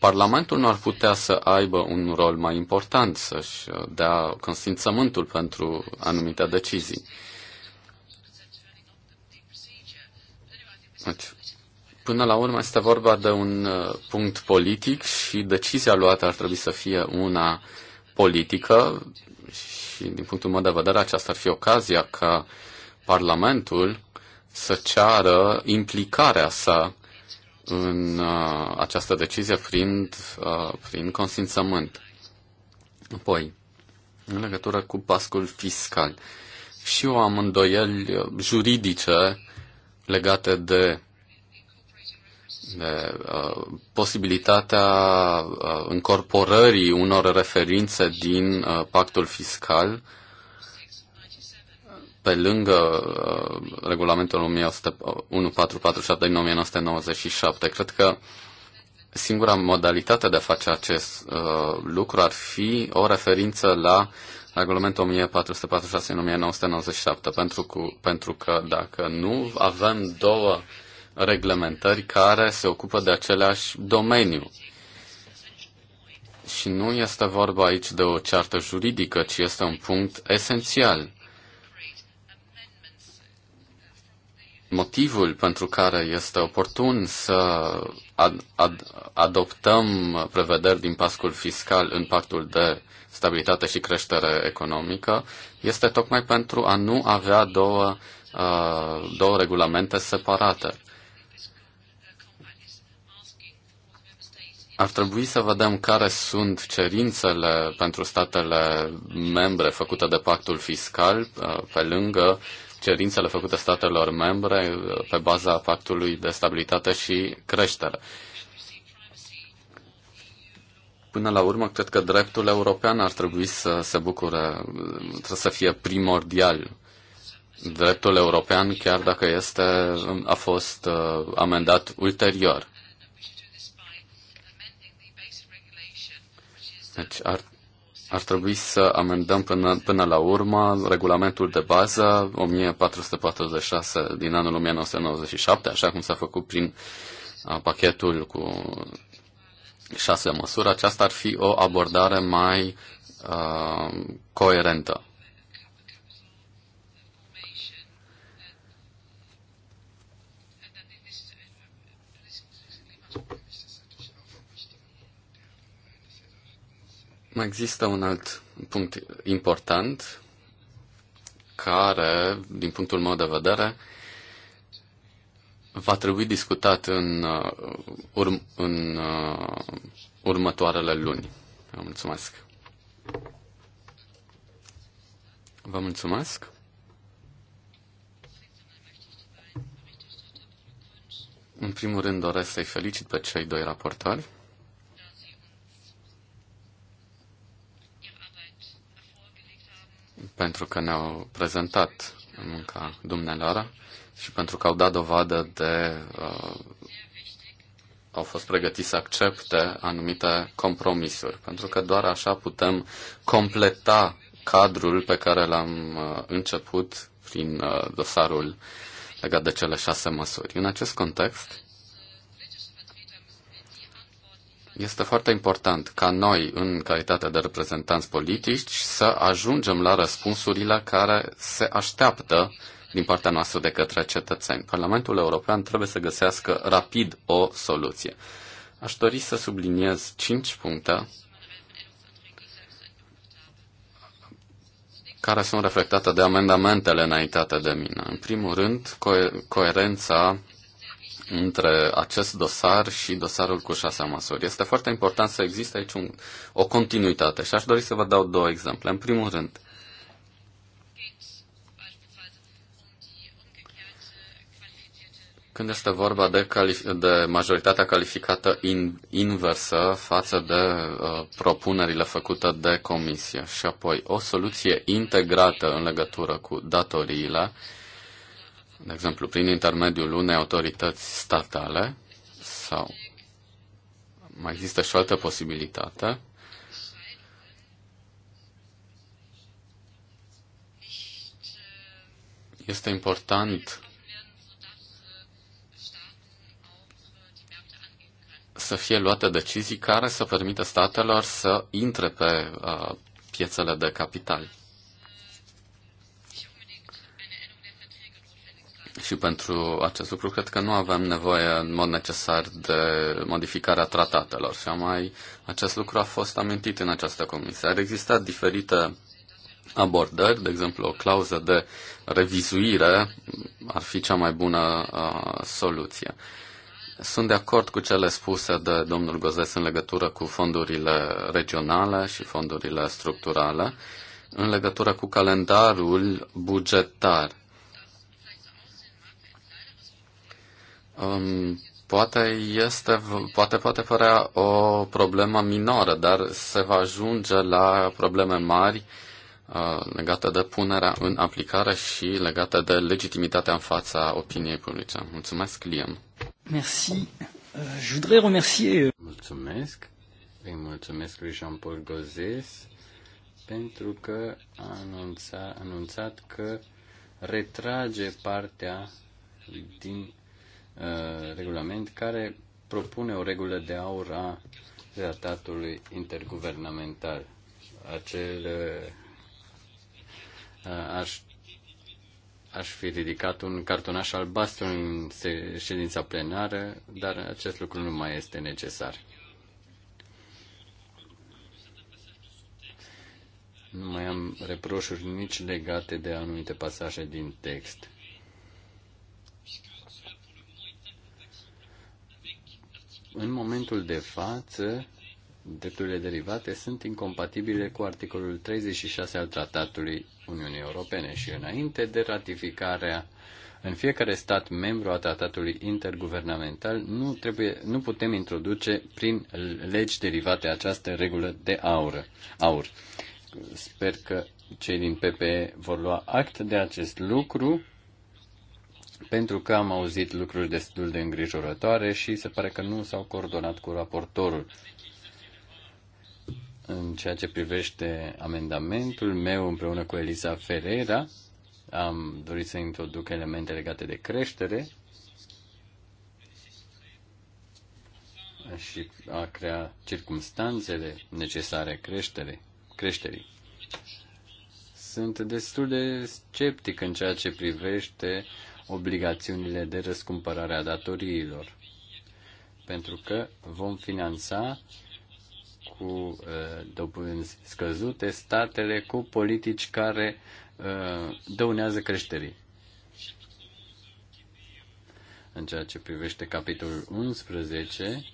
Parlamentul nu ar putea să aibă un rol mai important, să-și uh, dea consimțământul pentru anumite decizii. Deci, până la urmă este vorba de un uh, punct politic și decizia luată ar trebui să fie una politică și, din punctul meu de vedere, aceasta ar fi ocazia ca Parlamentul să ceară implicarea sa în uh, această decizie prin, uh, prin consimțământ. Apoi, în legătură cu pascul fiscal. Și eu am îndoieli juridice legate de, de uh, posibilitatea uh, încorporării unor referințe din uh, pactul fiscal uh, pe lângă uh, regulamentul 1447 din 1997. Cred că singura modalitate de a face acest uh, lucru ar fi o referință la regulamentul 1446 din 1997, pentru, cu, pentru că dacă nu, avem două reglementări care se ocupă de același domeniu. Și nu este vorba aici de o ceartă juridică, ci este un punct esențial. Motivul pentru care este oportun să ad- ad- adoptăm prevederi din pascul fiscal în pactul de stabilitate și creștere economică este tocmai pentru a nu avea două, uh, două regulamente separate. Ar trebui să vedem care sunt cerințele pentru statele membre făcute de pactul fiscal uh, pe lângă uh, cerințele făcute statelor membre uh, pe baza pactului de stabilitate și creștere. Până la urmă, cred că dreptul european ar trebui să se bucure, trebuie uh, să fie primordial. Dreptul european, chiar dacă este, um, a fost uh, amendat ulterior. Deci ar, ar trebui să amendăm până, până la urmă regulamentul de bază 1446 din anul 1997, așa cum s-a făcut prin pachetul cu șase măsuri. Aceasta ar fi o abordare mai uh, coerentă. Mai există un alt punct important care, din punctul meu de vedere, va trebui discutat în, uh, urm- în uh, următoarele luni. Vă mulțumesc. Vă mulțumesc. În primul rând doresc să-i felicit pe cei doi raportori. pentru că ne-au prezentat munca dumnealor și pentru că au dat dovadă de. Uh, au fost pregătiți să accepte anumite compromisuri, pentru că doar așa putem completa cadrul pe care l-am uh, început prin uh, dosarul legat de cele șase măsuri. În acest context, Este foarte important ca noi, în calitate de reprezentanți politici, să ajungem la răspunsurile care se așteaptă din partea noastră de către cetățeni. Parlamentul European trebuie să găsească rapid o soluție. Aș dori să subliniez cinci puncte care sunt reflectate de amendamentele înaintate de mine. În primul rând, co- coerența între acest dosar și dosarul cu șasea măsuri. Este foarte important să existe aici un, o continuitate și aș dori să vă dau două exemple. În primul rând, când este vorba de, de majoritatea calificată in, inversă față de uh, propunerile făcute de comisie și apoi o soluție integrată în legătură cu datoriile, uh, de exemplu, prin intermediul unei autorități statale sau mai există și o altă posibilitate, este important să fie luate decizii care să permită statelor să intre pe uh, piețele de capital. și pentru acest lucru cred că nu avem nevoie în mod necesar de modificarea tratatelor și mai acest lucru a fost amintit în această comisie. Ar exista diferite abordări, de exemplu o clauză de revizuire ar fi cea mai bună a, uh, soluție. Sunt de acord cu cele spuse de domnul Gozes în legătură cu fondurile regionale și fondurile structurale, în legătură cu calendarul bugetar. um, poate este, poate, poate părea o problemă minoră, dar se va ajunge la probleme mari uh, legate de punerea în aplicare și legate de legitimitatea în fața opiniei publice. Mulțumesc, Liam. Merci. Euh, je voudrais remercier... Euh, mulțumesc. Îi mulțumesc lui Jean-Paul Gozes pentru că a anunțat, anunțat că retrage partea din Uh, regulament care propune o regulă de aur a tratatului interguvernamental. Acel uh, uh, aș, aș fi ridicat un cartonaș albastru în ședința plenară, dar acest lucru nu mai este necesar. Nu mai am reproșuri nici legate de anumite pasaje din text. În momentul de față, drepturile derivate sunt incompatibile cu articolul 36 al Tratatului Uniunii Europene și înainte de ratificarea în fiecare stat membru a tratatului interguvernamental nu, trebuie, nu putem introduce prin legi derivate această regulă de aur. aur. Sper că cei din PPE vor lua act de acest lucru pentru că am auzit lucruri destul de îngrijorătoare și se pare că nu s-au coordonat cu raportorul. În ceea ce privește amendamentul meu împreună cu Elisa Ferreira, am dorit să introduc elemente legate de creștere și a crea circumstanțele necesare creștere, creșterii. Sunt destul de sceptic în ceea ce privește uh, obligațiunile de răscumpărare a datoriilor, pentru că vom finanța cu uh, dobânzi scăzute statele cu politici care uh, dăunează creșterii. În ceea ce privește capitolul 11,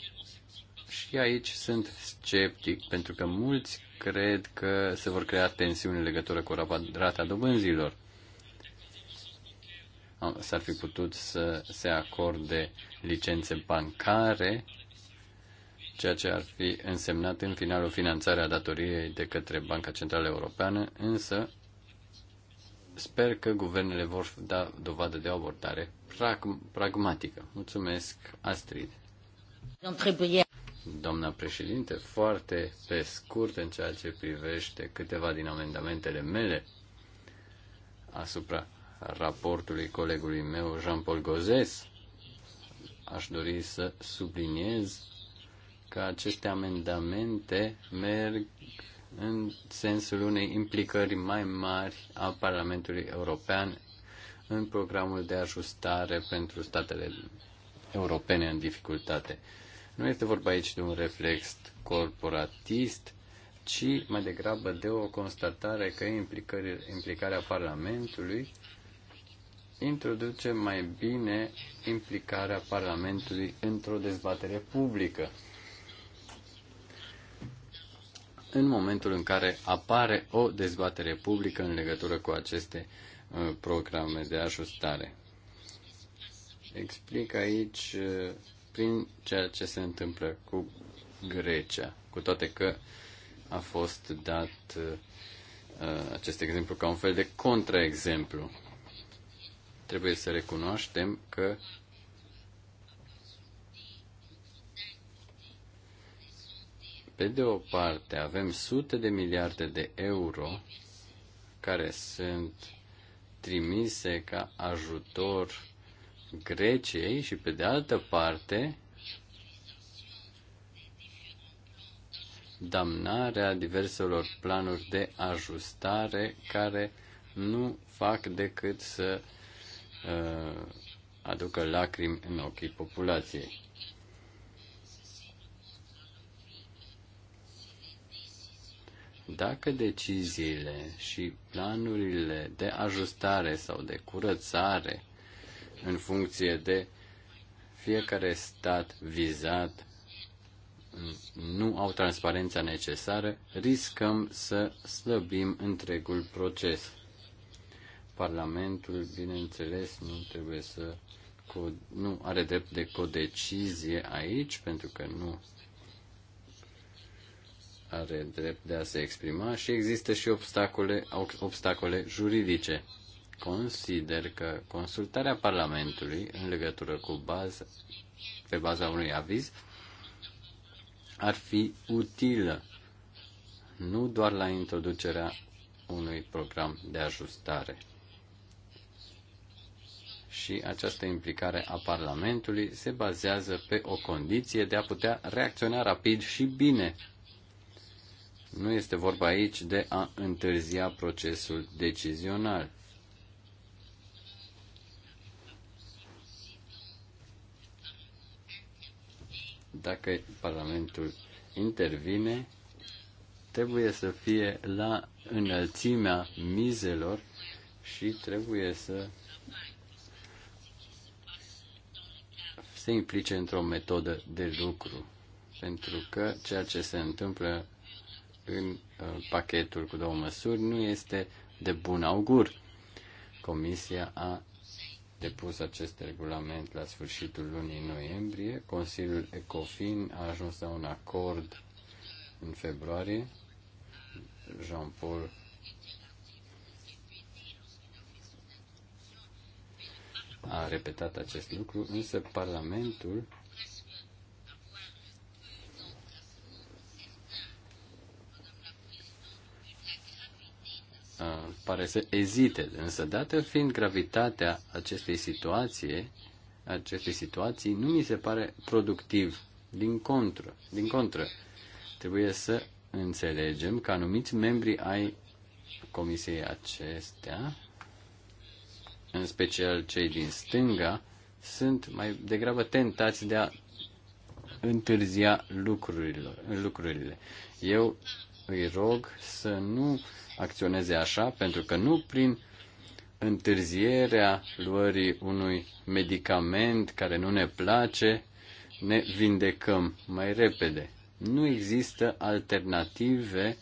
și aici sunt sceptic, pentru că mulți cred că se vor crea tensiuni în legătură cu rata dobânzilor s-ar fi putut să se acorde licențe bancare, ceea ce ar fi însemnat în final o finanțare a datoriei de către Banca Centrală Europeană, însă sper că guvernele vor da dovadă de o abordare pragmatică. Mulțumesc, Astrid. Doamna președinte, foarte pe scurt în ceea ce privește câteva din amendamentele mele asupra raportului colegului meu, Jean-Paul Gozes, aș dori să subliniez că aceste amendamente merg în sensul unei implicări mai mari a Parlamentului European în programul de ajustare pentru statele europene în dificultate. Nu este vorba aici de un reflex corporatist, ci mai degrabă de o constatare că implicarea Parlamentului introduce mai bine implicarea Parlamentului într-o dezbatere publică. În momentul în care apare o dezbatere publică în legătură cu aceste uh, programe de ajustare. Explic aici uh, prin ceea ce se întâmplă cu Grecia, cu toate că a fost dat uh, uh acest exemplu ca un fel de contraexemplu trebuie să recunoaștem că pe de o parte avem sute de miliarde de euro care sunt trimise ca ajutor Greciei și pe de altă parte damnarea diverselor planuri de ajustare care nu fac decât să uh, uh, aducă lacrimi în ochii populației. Dacă deciziile și planurile de ajustare sau de curățare în funcție de fiecare stat vizat nu au transparența necesară, riscăm să slăbim întregul proces. Parlamentul, bineînțeles, nu trebuie să nu are drept de codecizie aici, pentru că nu are drept de a se exprima și există și obstacole, obstacole juridice. Consider că consultarea Parlamentului în legătură cu bază, pe baza unui aviz ar fi utilă nu doar la introducerea unui program de ajustare și această implicare a Parlamentului se bazează pe o condiție de a putea reacționa rapid și bine. Nu este vorba aici de a întârzia procesul decizional. Dacă Parlamentul intervine, trebuie să fie la înălțimea mizelor și trebuie să se implice într-o metodă de lucru, pentru că ceea ce se întâmplă în uh, pachetul cu două măsuri nu este de bun augur. Comisia a depus acest regulament la sfârșitul lunii noiembrie. Consiliul ECOFIN a ajuns la un acord în februarie. Jean-Paul a repetat acest lucru, însă Parlamentul pare să ezite, însă dată fiind gravitatea acestei situații, acestei situații, nu mi se pare productiv. Din contră, din contră, trebuie să înțelegem că anumiți membri ai comisiei acestea în special cei din stânga, sunt mai degrabă tentați de a întârzia lucrurile. Eu îi rog să nu acționeze așa, pentru că nu prin întârzierea luării unui medicament care nu ne place, ne vindecăm mai repede. Nu există alternative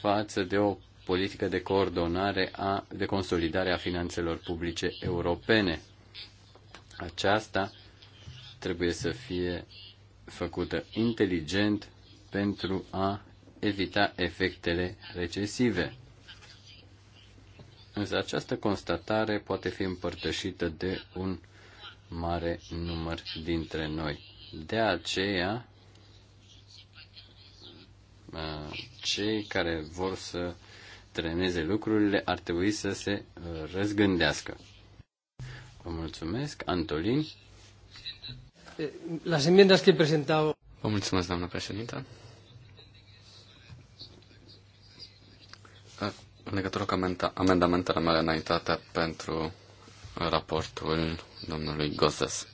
față de o politică de coordonare a, de consolidare a finanțelor publice europene. Aceasta trebuie să fie făcută inteligent pentru a evita efectele recesive. Însă această constatare poate fi împărtășită de un mare număr dintre noi. De aceea, uh, cei care vor să treneze lucrurile, ar trebui să se uh, răzgândească. Vă mulțumesc, Antolin. Las enmiendas que he presentado. Vă mulțumesc, doamna președintă. În legătură cu amendamentele mele înaintate pentru raportul domnului Gozes.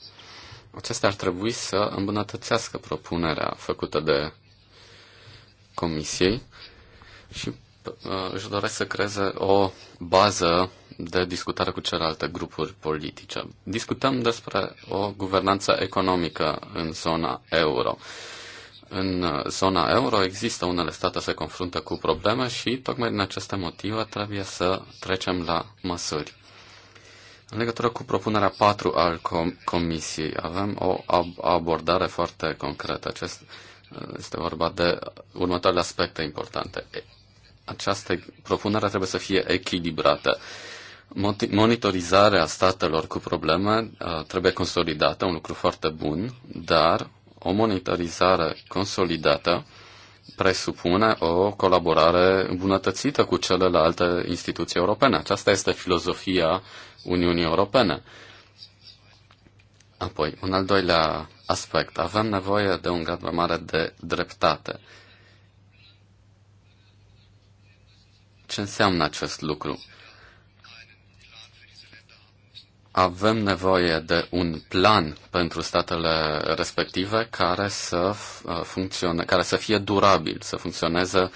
Acestea ar trebui să îmbunătățească propunerea făcută de comisiei și își doresc să creeze o bază de discutare cu celelalte grupuri politice. Discutăm despre o guvernanță economică în zona euro. În zona euro există unele state se confruntă cu probleme și tocmai din aceste motive trebuie să trecem la măsuri. În legătură cu propunerea 4 al com- Comisiei, avem o abordare foarte concretă. Acest, este vorba de următoarele aspecte importante această propunere trebuie să fie echilibrată. Monitorizarea statelor cu probleme uh, trebuie consolidată, un lucru foarte bun, dar o monitorizare consolidată presupune o colaborare îmbunătățită cu celelalte instituții europene. Aceasta este filozofia Uniunii Europene. Apoi, un al doilea aspect. Avem nevoie de un grad mai mare de dreptate. Ce înseamnă acest lucru? Avem nevoie de un plan pentru statele respective care să, uh, funcțione, care să fie durabil, să funcționeze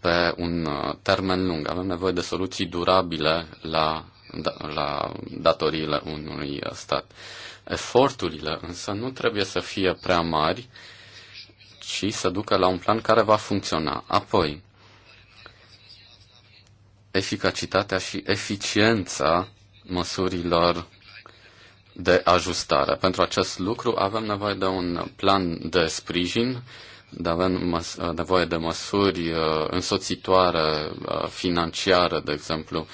pe un uh, termen lung. Avem nevoie de soluții durabile la, da, la datoriile unui uh, stat. Eforturile însă nu trebuie să fie prea mari, ci să ducă la un plan care va funcționa. Apoi, eficacitatea și eficiența măsurilor de ajustare. Pentru acest lucru avem nevoie de un plan de sprijin, de avem nevoie de măsuri uh, însoțitoare uh, financiare, de exemplu,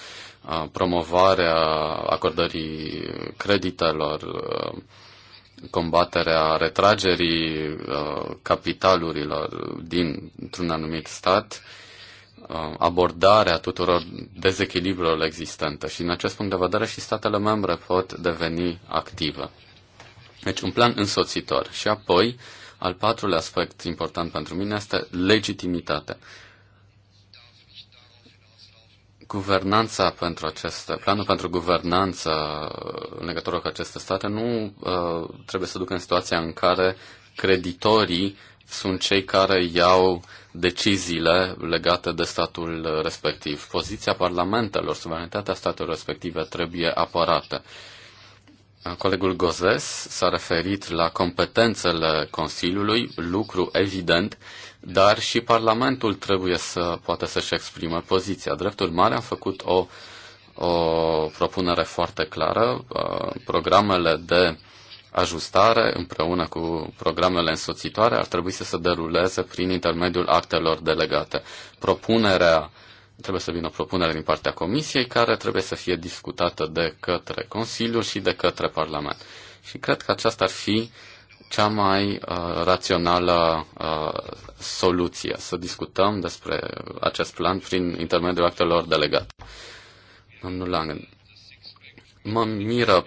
uh, promovarea acordării creditelor, combaterea retragerii capitalurilor dintr-un anumit stat, Uh, abordarea tuturor dezechilibrelor existente și în acest punct de vedere și statele membre pot deveni active. Deci un plan însoțitor. Și apoi, al patrulea aspect important pentru mine este legitimitatea. Guvernanța pentru aceste, planul pentru guvernanță în legătură cu aceste state nu uh, trebuie să ducă în situația în care creditorii sunt cei care iau uh, deciziile legate de statul respectiv. Poziția parlamentelor, suveranitatea statelor respective trebuie apărată. Colegul Gozes s-a referit la competențele Consiliului, lucru evident, dar și Parlamentul trebuie să poată să-și exprime poziția. Dreptul mare am făcut o, o propunere foarte clară. Programele de ajustare împreună cu programele însoțitoare ar trebui să se deruleze prin intermediul actelor delegate. Propunerea trebuie să vină o propunere din partea Comisiei care trebuie să fie discutată de către Consiliu și de către Parlament. Și cred că aceasta ar fi cea mai uh, rațională uh, soluție, să discutăm despre acest plan prin intermediul actelor delegate. Domnul Langen, mă miră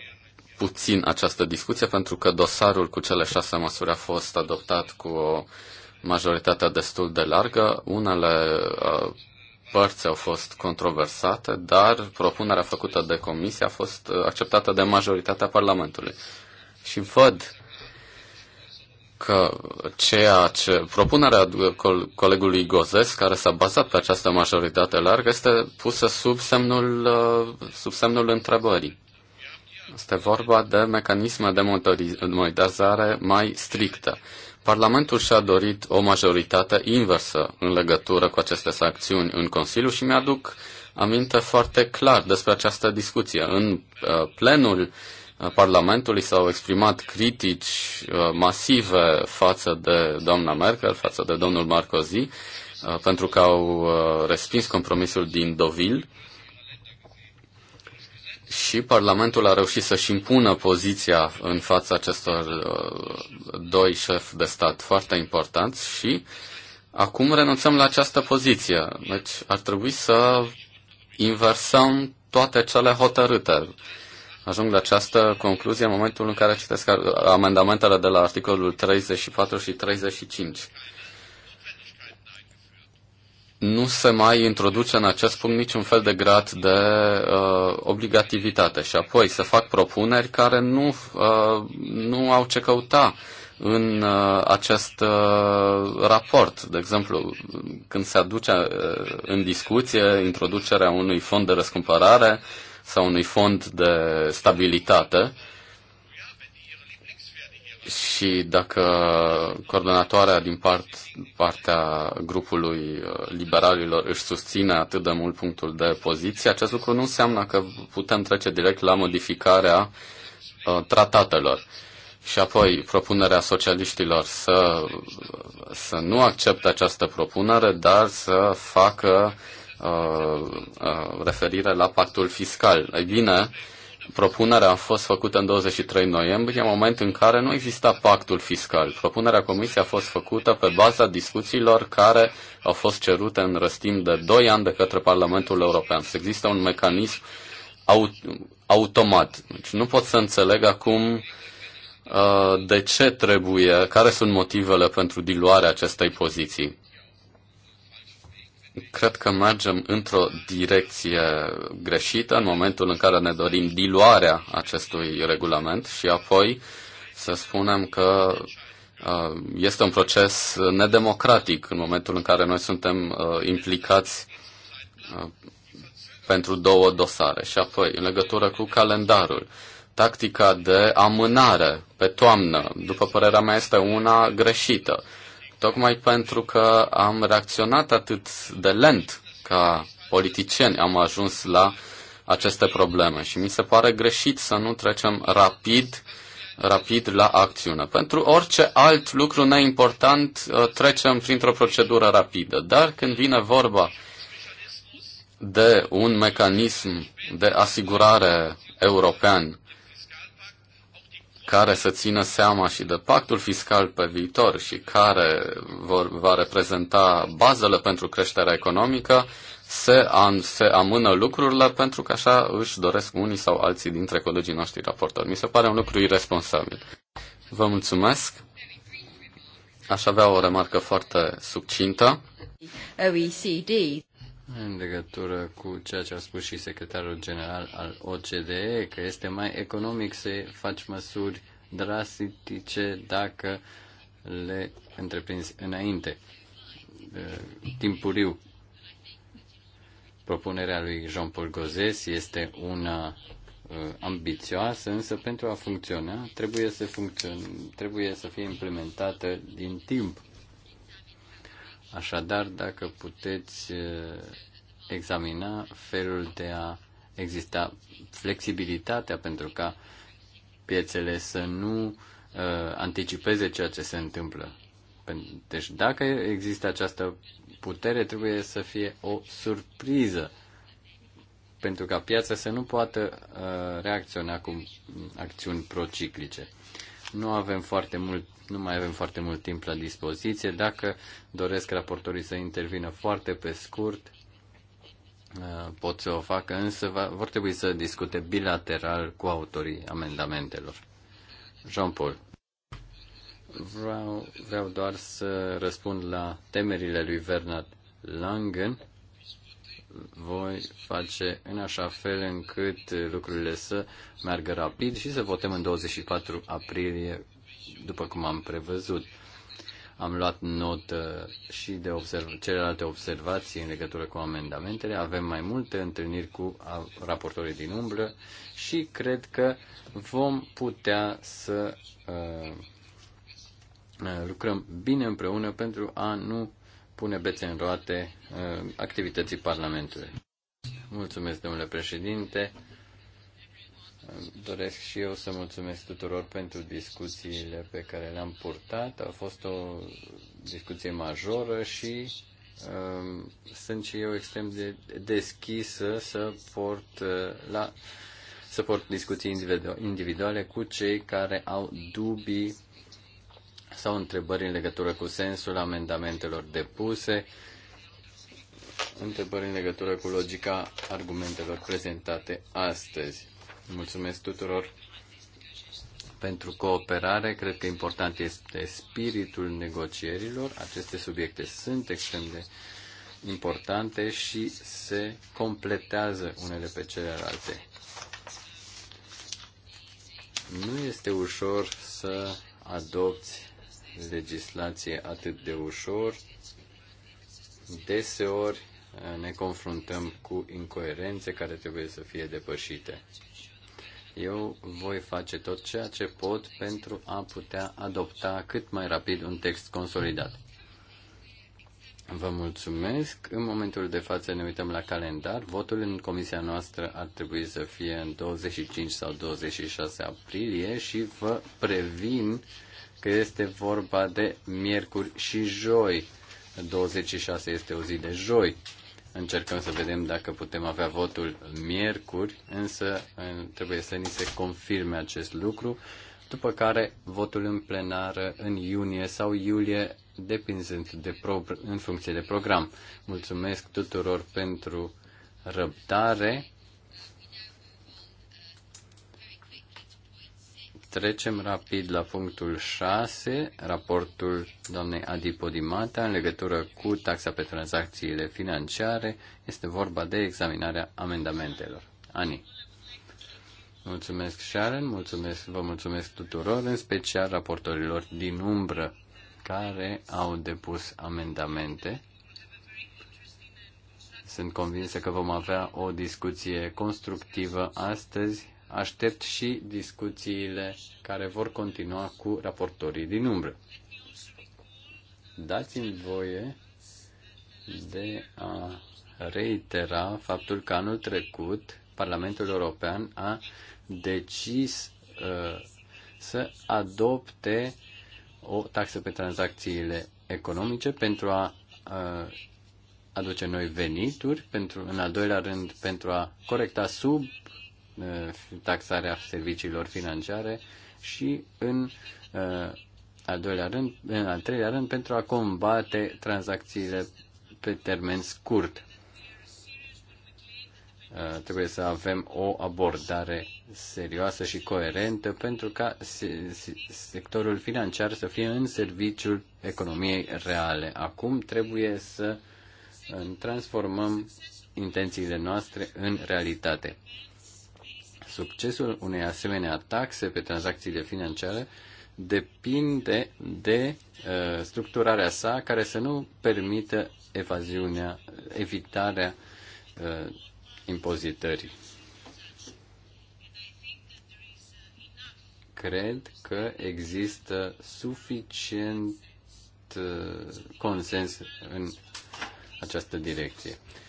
puțin această discuție, pentru că dosarul cu cele șase măsuri a fost adoptat cu o majoritate destul de largă. Unele uh, părți au fost controversate, dar propunerea făcută de comisie a fost uh, acceptată de majoritatea Parlamentului. Și văd că ceea ce propunerea colegului Gozes, care s-a bazat pe această majoritate largă, este pusă sub semnul, uh, sub semnul întrebării. Este vorba de mecanisme de monitorizare mai strictă. Parlamentul și-a dorit o majoritate inversă în legătură cu aceste sancțiuni în Consiliu și mi-aduc aminte foarte clar despre această discuție. În uh, plenul uh, Parlamentului s-au exprimat critici uh, masive față de doamna Merkel, față de domnul Marcozy, pentru că au respins compromisul din Deauville și Parlamentul a reușit să-și impună poziția în fața acestor uh, doi șefi de stat foarte importanți și acum renunțăm la această poziție. Deci ar trebui să inversăm toate cele hotărâte. Ajung la această concluzie în momentul în care citesc amendamentele de la articolul 34 și 35 nu se mai introduce în acest punct niciun fel de grad de uh, obligativitate și apoi se fac propuneri care nu, uh, nu au ce căuta în uh, acest uh, raport. De exemplu, când se aduce uh, în discuție introducerea unui fond de răscumpărare sau unui fond de stabilitate, uh, și dacă coordonatoarea din part, partea grupului uh, liberalilor își susține atât de mult punctul de poziție, acest lucru nu înseamnă că putem trece direct la modificarea uh, tratatelor. Și apoi propunerea socialiștilor să, să nu accepte această propunere, dar să facă uh, uh, referire la pactul fiscal. Ei bine, uh, Propunerea a fost făcută în 23 noiembrie, în moment în care nu exista pactul fiscal. Propunerea comisiei a fost făcută pe baza discuțiilor care au fost cerute în răstim de 2 ani de către Parlamentul European. Există un mecanism aut- automat. Deci nu pot să înțeleg acum uh, de ce trebuie, care sunt motivele pentru diluarea acestei poziții cred că mergem într-o direcție greșită în momentul în care ne dorim diluarea acestui regulament și apoi să spunem că uh, este un proces nedemocratic în momentul în care noi suntem uh, implicați uh, pentru două dosare. Și apoi, în legătură cu calendarul, tactica de amânare pe toamnă, după părerea mea, este una greșită tocmai pentru că am reacționat atât de lent ca politicieni am ajuns la aceste probleme și mi se pare greșit să nu trecem rapid rapid la acțiune. Pentru orice alt lucru neimportant uh, trecem printr-o procedură rapidă, dar când vine vorba de un mecanism de asigurare european care să țină seama și de pactul fiscal pe viitor și care vor, va reprezenta bazele pentru creșterea economică, se, an, se amână lucrurile pentru că așa își doresc unii sau alții dintre colegii noștri raportori. Mi se pare un lucru irresponsabil. Vă mulțumesc. Aș avea o remarcă foarte succintă. OECD în legătură cu ceea ce a spus și secretarul general al OCDE, că este mai economic să faci măsuri drastice dacă le întreprinzi înainte, timpuriu. Propunerea lui Jean-Paul Gozes este una ambițioasă, însă pentru a funcționa trebuie să, funcțion- trebuie să fie implementată din timp Așadar, dacă puteți uh, examina felul de a exista flexibilitatea pentru ca piețele să nu uh, anticipeze ceea ce se întâmplă. Deci dacă există această putere, trebuie să fie o surpriză pentru ca piața să nu poată uh, reacționa cu acțiuni prociclice. Nu avem foarte mult nu mai avem foarte mult timp la dispoziție. Dacă doresc raportorii să intervină foarte pe scurt, uh, pot să o facă, însă va, vor trebui să discute bilateral cu autorii amendamentelor. Jean-Paul. Vreau, vreau doar să răspund la temerile lui Bernard Langen. Voi face în așa fel încât lucrurile să meargă rapid și să votăm în 24 aprilie după cum am prevăzut. Am luat notă și de observ- celelalte observații în legătură cu amendamentele. Avem mai multe întâlniri cu raportorii din umbră și cred că vom putea să uh, lucrăm bine împreună pentru a nu pune bețe în roate uh, activității Parlamentului. Mulțumesc, domnule președinte. Doresc și eu să mulțumesc tuturor pentru discuțiile pe care le-am purtat. A fost o discuție majoră și um, sunt și eu extrem de deschisă să port uh, la să port discuții individuale cu cei care au dubii sau întrebări în legătură cu sensul amendamentelor depuse, întrebări în legătură cu logica argumentelor prezentate astăzi. Mulțumesc tuturor pentru cooperare. Cred că important este spiritul negocierilor. Aceste subiecte sunt extrem de importante și se completează unele pe celelalte. Nu este ușor să adopți legislație atât de ușor. Deseori ne confruntăm cu incoerențe care trebuie să fie depășite eu voi face tot ceea ce pot pentru a putea adopta cât mai rapid un text consolidat. Vă mulțumesc. În momentul de față ne uităm la calendar. Votul în comisia noastră ar trebui să fie în 25 sau 26 aprilie și vă previn că este vorba de miercuri și joi. 26 este o zi de joi. Încercăm să vedem dacă putem avea votul miercuri, însă eh, trebuie să ni se confirme acest lucru, după care votul în plenară în iunie sau iulie, depinzând de pro- în funcție de program. Mulțumesc tuturor pentru răbdare Trecem rapid la punctul 6, raportul doamnei Adipodimata în legătură cu taxa pe tranzacțiile financiare. Este vorba de examinarea amendamentelor. Ani. Mulțumesc, Sharon, mulțumesc, vă mulțumesc tuturor, în special raportorilor din umbră care au depus amendamente. Sunt convinsă că vom avea o discuție constructivă astăzi aștept și discuțiile care vor continua cu raportorii din umbră. Dați-mi voie de a reitera faptul că anul trecut Parlamentul European a decis uh, să adopte o taxă pe tranzacțiile economice pentru a uh, aduce noi venituri, pentru, în al doilea rând pentru a corecta sub Uh, taxarea serviciilor financiare și în uh, al, doilea rând, în al treilea rând pentru a combate tranzacțiile pe termen scurt. Uh, trebuie să avem o abordare serioasă și coerentă pentru ca sectorul financiar să fie în serviciul economiei reale. Acum trebuie să transformăm intențiile noastre în realitate. Succesul unei asemenea taxe pe tranzacțiile financiare depinde de uh, structurarea sa care să nu permită evaziunea, evitarea uh, impozitării. Cred că există suficient uh, consens în această direcție. Uh,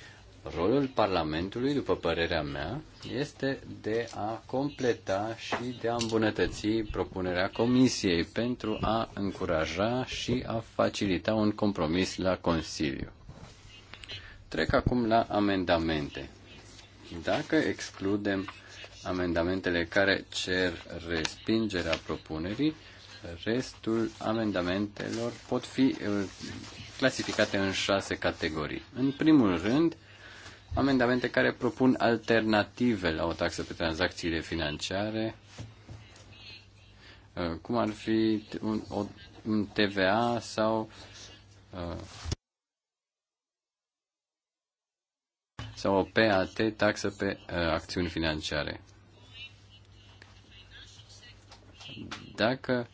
Rolul Parlamentului, după părerea mea, este de a completa și de a îmbunătăți propunerea Comisiei pentru a încuraja și a facilita un compromis la Consiliu. Trec acum la amendamente. Dacă excludem amendamentele care cer respingerea propunerii, restul amendamentelor pot fi uh, clasificate în șase categorii. În primul rând, amendamente care propun alternative la o taxă pe tranzacțiile financiare, uh, cum ar fi un, o, un TVA sau uh, sau o PAT, taxă pe uh, acțiuni financiare. Dacă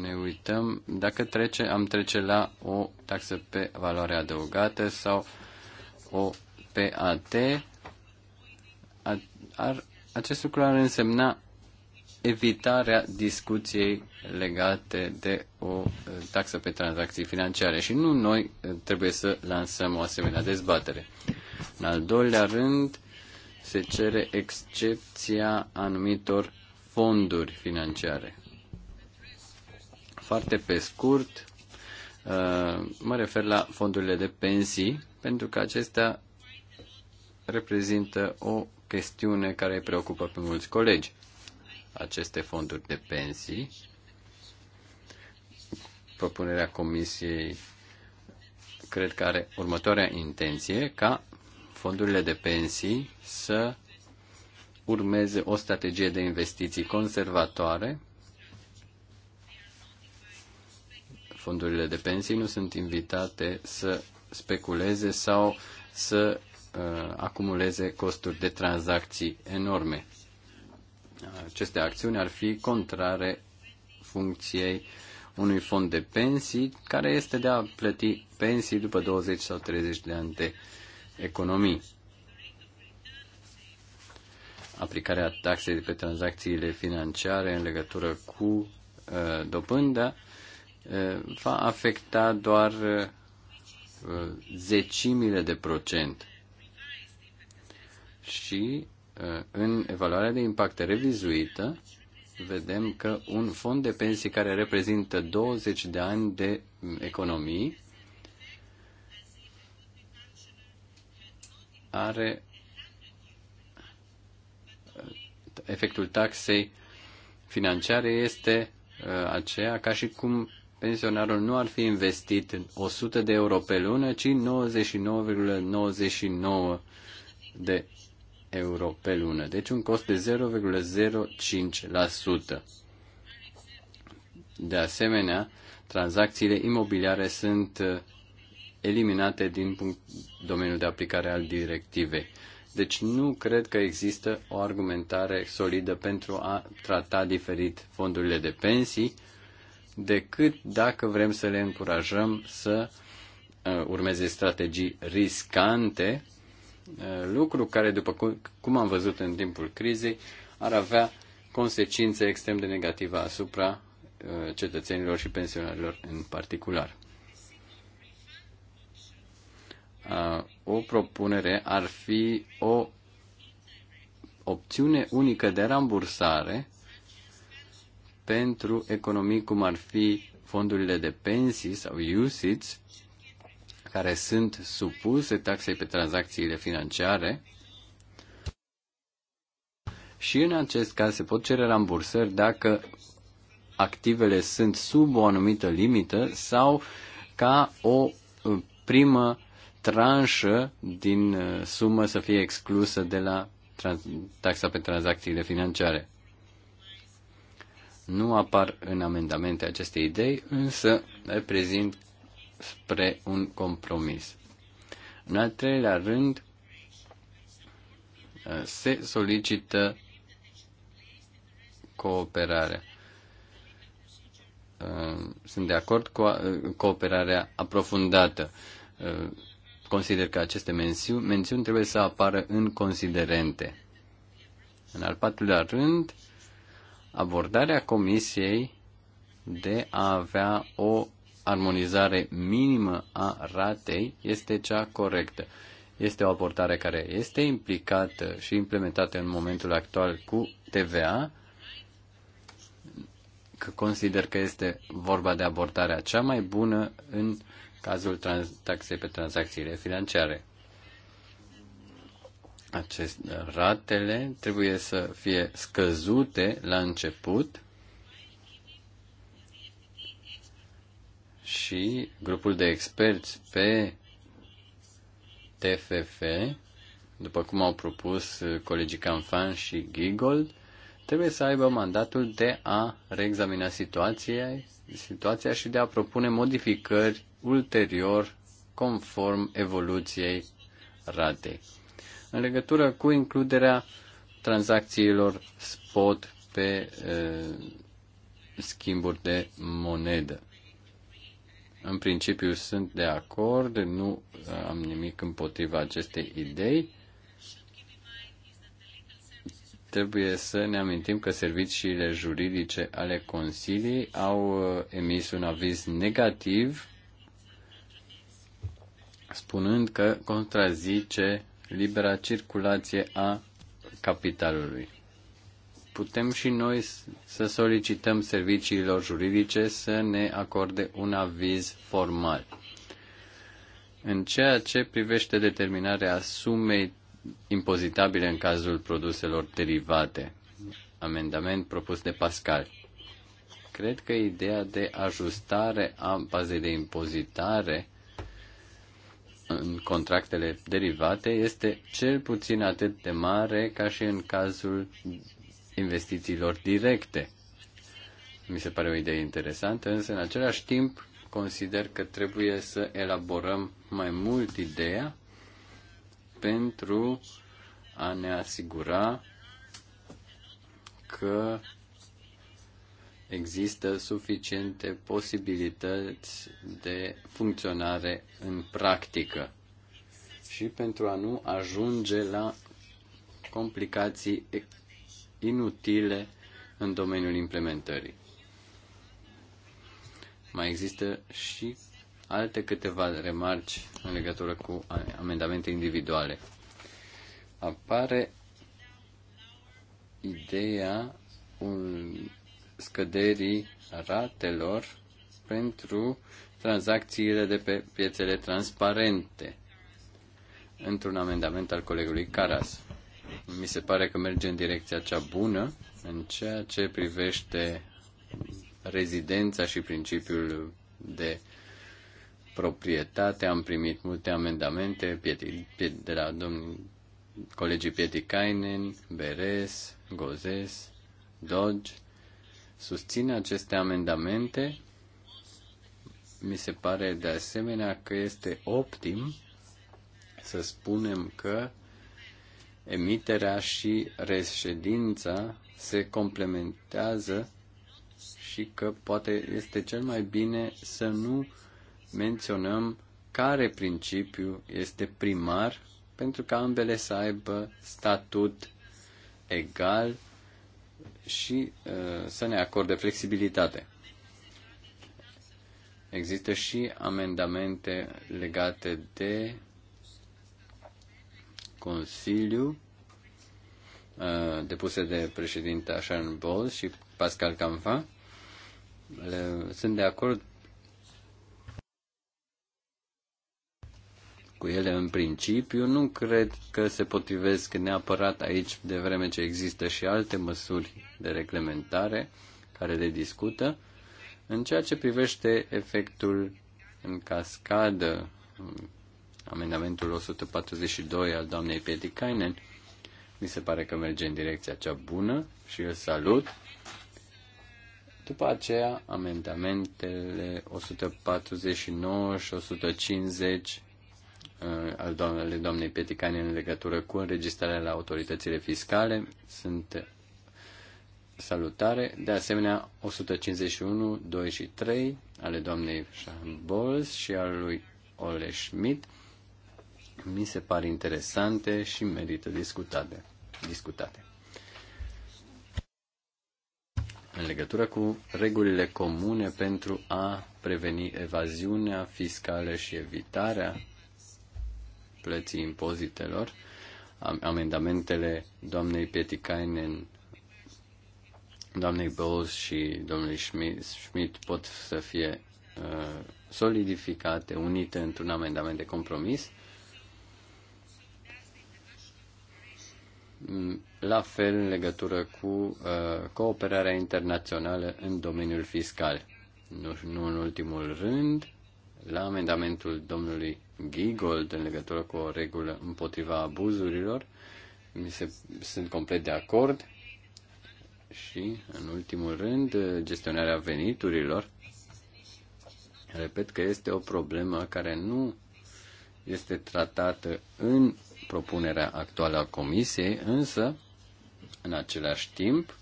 ne uităm, dacă trece, am trece la o taxă pe valoare adăugată sau o pe AT, ar, acest lucru ar însemna evitarea discuției legate de o taxă pe tranzacții financiare și nu noi trebuie să lansăm o asemenea dezbatere. În al doilea rând, se cere excepția anumitor fonduri financiare. Foarte pe scurt, mă refer la fondurile de pensii, pentru că acestea reprezintă o chestiune care îi preocupă pe mulți colegi. Aceste fonduri de pensii, propunerea Comisiei, cred că are următoarea intenție ca fondurile de pensii să urmeze o strategie de investiții conservatoare. Fondurile de pensii nu sunt invitate să speculeze sau să Uh, acumuleze costuri de tranzacții enorme. Aceste acțiuni ar fi contrare funcției unui fond de pensii care este de a plăti pensii după 20 sau 30 de ani de economii. Aplicarea taxei pe tranzacțiile financiare în legătură cu uh, dobânda uh, va afecta doar uh, zecimile de procent și uh, în evaluarea de impact revizuită vedem că un fond de pensii care reprezintă 20 de ani de economii are uh, efectul taxei financiare este uh, aceea ca și cum pensionarul nu ar fi investit 100 de euro pe lună, ci 99,99 ,99 de euro pe lună, deci un cost de 0,05%. De asemenea, tranzacțiile imobiliare sunt uh, eliminate din punct, domeniul de aplicare al directivei. Deci nu cred că există o argumentare solidă pentru a trata diferit fondurile de pensii, decât dacă vrem să le încurajăm să uh, urmeze strategii riscante lucru care, după cum am văzut în timpul crizei, ar avea consecințe extrem de negative asupra uh, cetățenilor și pensionarilor în particular. Uh, o propunere ar fi o opțiune unică de rambursare pentru economii cum ar fi fondurile de pensii sau USITS care sunt supuse taxei pe tranzacțiile financiare și în acest caz se pot cere rambursări dacă activele sunt sub o anumită limită sau ca o uh, primă tranșă din uh, sumă să fie exclusă de la taxa pe tranzacțiile financiare. Nu apar în amendamente aceste idei, însă reprezint spre un compromis. În al treilea rând, se solicită cooperarea. Sunt de acord cu cooperarea aprofundată. Consider că aceste mențiuni, mențiuni trebuie să apară în considerente. În al patrulea rând, abordarea Comisiei de a avea o armonizare minimă a ratei este cea corectă. Este o aportare care este implicată și implementată în momentul actual cu TVA, că consider că este vorba de abordarea cea mai bună în cazul taxei pe tranzacțiile financiare. Aceste ratele trebuie să fie scăzute la început și grupul de experți pe TFF, după cum au propus colegii Canfan și Gigold, trebuie să aibă mandatul de a reexamina situația, situația și de a propune modificări ulterior conform evoluției ratei. În legătură cu includerea tranzacțiilor spot pe e, eh, schimburi de monedă. În principiu sunt de acord, nu am nimic împotriva acestei idei. Trebuie să ne amintim că serviciile juridice ale Consilii au uh, emis un aviz negativ spunând că contrazice libera circulație a capitalului putem și noi să solicităm serviciilor juridice să ne acorde un aviz formal. În ceea ce privește determinarea sumei impozitabile în cazul produselor derivate, amendament propus de Pascal. Cred că ideea de ajustare a bazei de impozitare în contractele derivate este cel puțin atât de mare ca și în cazul investițiilor directe. Mi se pare o idee interesantă, însă în același timp consider că trebuie să elaborăm mai mult ideea pentru a ne asigura că există suficiente posibilități de funcționare în practică și pentru a nu ajunge la complicații inutile în domeniul implementării. Mai există și alte câteva remarci în legătură cu amendamente individuale. Apare ideea un scăderii ratelor pentru tranzacțiile de pe piețele transparente într-un amendament al colegului Caras mi se pare că merge în direcția cea bună în ceea ce privește rezidența și principiul de proprietate. Am primit multe amendamente de la domnul colegii Pietikainen, Beres, Gozes, Dodge. Susțin aceste amendamente. Mi se pare de asemenea că este optim să spunem că emiterea și reședința se complementează și că poate este cel mai bine să nu menționăm care principiu este primar pentru ca ambele să aibă statut egal și uh, să ne acorde flexibilitate. Există și amendamente legate de Consiliu uh, depuse de președinte Sharon Bowles și Pascal Canfa. Sunt de acord cu ele în principiu. Nu cred că se potrivesc neapărat aici, de vreme ce există și alte măsuri de reglementare care le discută. În ceea ce privește efectul în cascadă Amendamentul 142 al doamnei Pietikainen mi se pare că merge în direcția cea bună și îl salut. După aceea, amendamentele 149 și 150 uh, al doamnei, doamnei Pieticani în legătură cu înregistrarea la autoritățile fiscale sunt uh, salutare. De asemenea, 151, 2 și 3 ale doamnei Shahan Bowles și al lui Ole Schmidt mi se par interesante și merită discutate. discutate. În legătură cu regulile comune pentru a preveni evaziunea fiscală și evitarea plății impozitelor, amendamentele doamnei Pietikainen, doamnei Bowles și domnului Schmidt, Schmidt pot să fie uh, solidificate, unite într-un amendament de compromis la fel în legătură cu uh, cooperarea internațională în domeniul fiscal. Nu, nu în ultimul rând, la amendamentul domnului Gigold în legătură cu o regulă împotriva abuzurilor, mi se, sunt complet de acord și, în ultimul rând, gestionarea veniturilor. Repet că este o problemă care nu este tratată în propunerea actuală a Comisiei, însă, în același timp,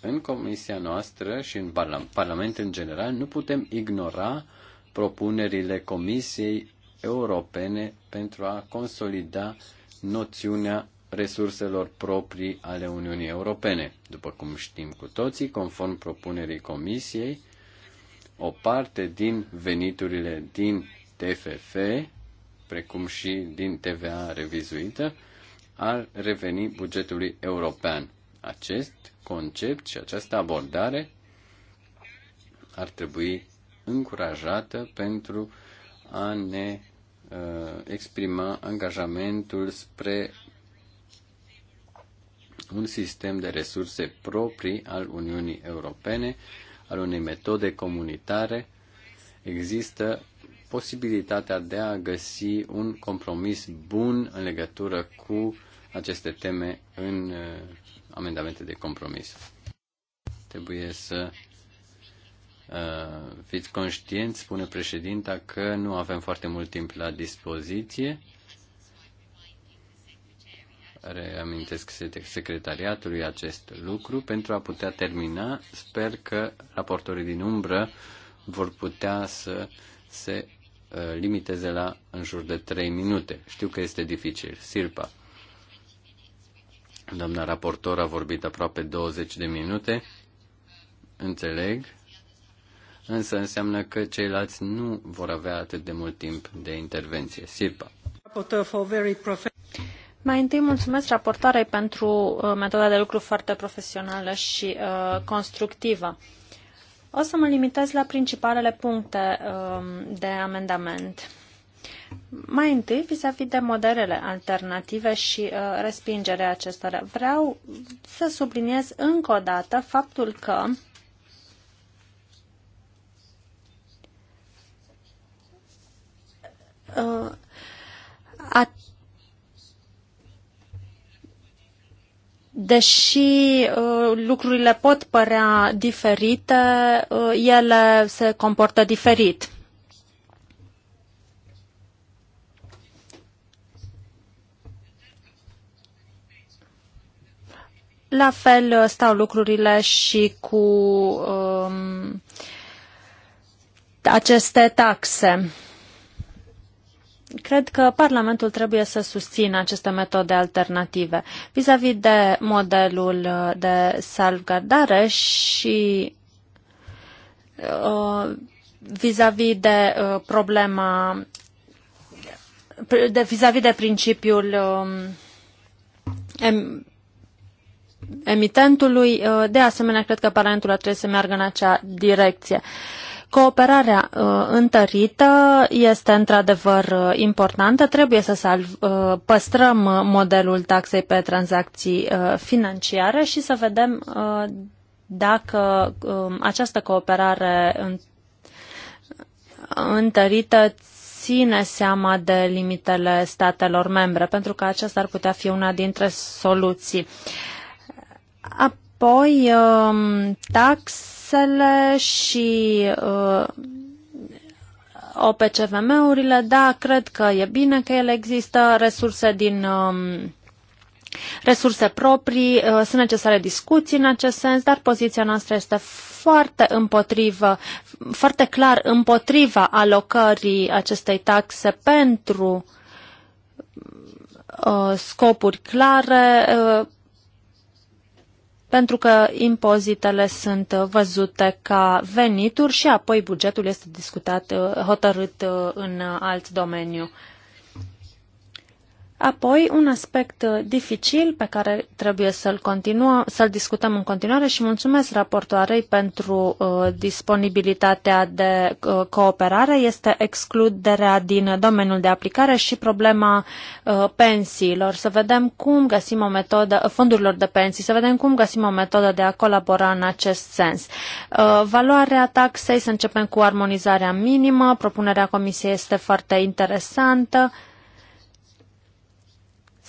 în Comisia noastră și în Parlament în general, nu putem ignora propunerile Comisiei Europene pentru a consolida noțiunea resurselor proprii ale Uniunii Europene. După cum știm cu toții, conform propunerii Comisiei, o parte din veniturile din TFF precum și din TVA revizuită, ar reveni bugetului european. Acest concept și această abordare ar trebui încurajată pentru a ne uh, exprima angajamentul spre un sistem de resurse proprii al Uniunii Europene, al unei metode comunitare. Există posibilitatea de a găsi un compromis bun în legătură cu aceste teme în uh, amendamente de compromis. Trebuie să uh, fiți conștienți, spune președinta, că nu avem foarte mult timp la dispoziție. Reamintesc secretariatului acest lucru pentru a putea termina. Sper că raportorii din umbră vor putea să se Uh, limiteze la în jur de 3 minute. Știu că este dificil. Sirpa. Doamna raportor a vorbit aproape 20 de minute. Înțeleg. Însă înseamnă că ceilalți nu vor avea atât de mult timp de intervenție. Sirpa. Mai întâi mulțumesc raportoarei pentru uh, metoda de lucru foarte profesională și uh, constructivă. Uh, o să mă limitez la principalele puncte um, de amendament. Mai întâi, vis-a-vis -vis de modelele alternative și uh, respingerea acestora, vreau să subliniez încă o dată faptul că uh, deși uh, lucrurile pot părea diferite, uh, ele se comportă diferit. La fel uh, stau lucrurile și cu um, aceste taxe. Cred că Parlamentul trebuie să susțină aceste metode alternative. Vis-a-vis -vis de modelul de salvgardare și uh, vis-a-vis uh, -vis de uh, problema, de, vis-a-vis -vis de principiul um, uh, emitentului, de asemenea, cred că Parlamentul ar trebui să meargă în acea direcție. Uh, Cooperarea uh, întărită este într-adevăr uh, importantă. Trebuie să salv, uh, păstrăm uh, modelul taxei pe tranzacții uh, financiare și să vedem uh, dacă uh, această cooperare în, întărită ține seama de limitele statelor membre, pentru că aceasta ar putea fi una dintre soluții. Apoi, uh, tax taxele și uh, OPCVM-urile, da, cred că e bine că ele există, resurse din um, resurse proprii, uh, sunt necesare discuții în acest sens, dar poziția noastră este foarte împotrivă, foarte clar împotriva alocării acestei taxe pentru uh, scopuri clare, uh, pentru că impozitele sunt văzute ca venituri și apoi bugetul este discutat, hotărât în alt domeniu. Apoi, un aspect uh, dificil pe care trebuie să-l, să-l discutăm în continuare și mulțumesc raportoarei pentru uh, disponibilitatea de uh, cooperare este excluderea din domeniul de aplicare și problema uh, pensiilor. Să vedem cum găsim o metodă, fondurilor de pensii, să vedem cum găsim o metodă de a colabora în acest sens. Uh, valoarea taxei, să începem cu armonizarea minimă, propunerea comisiei este foarte interesantă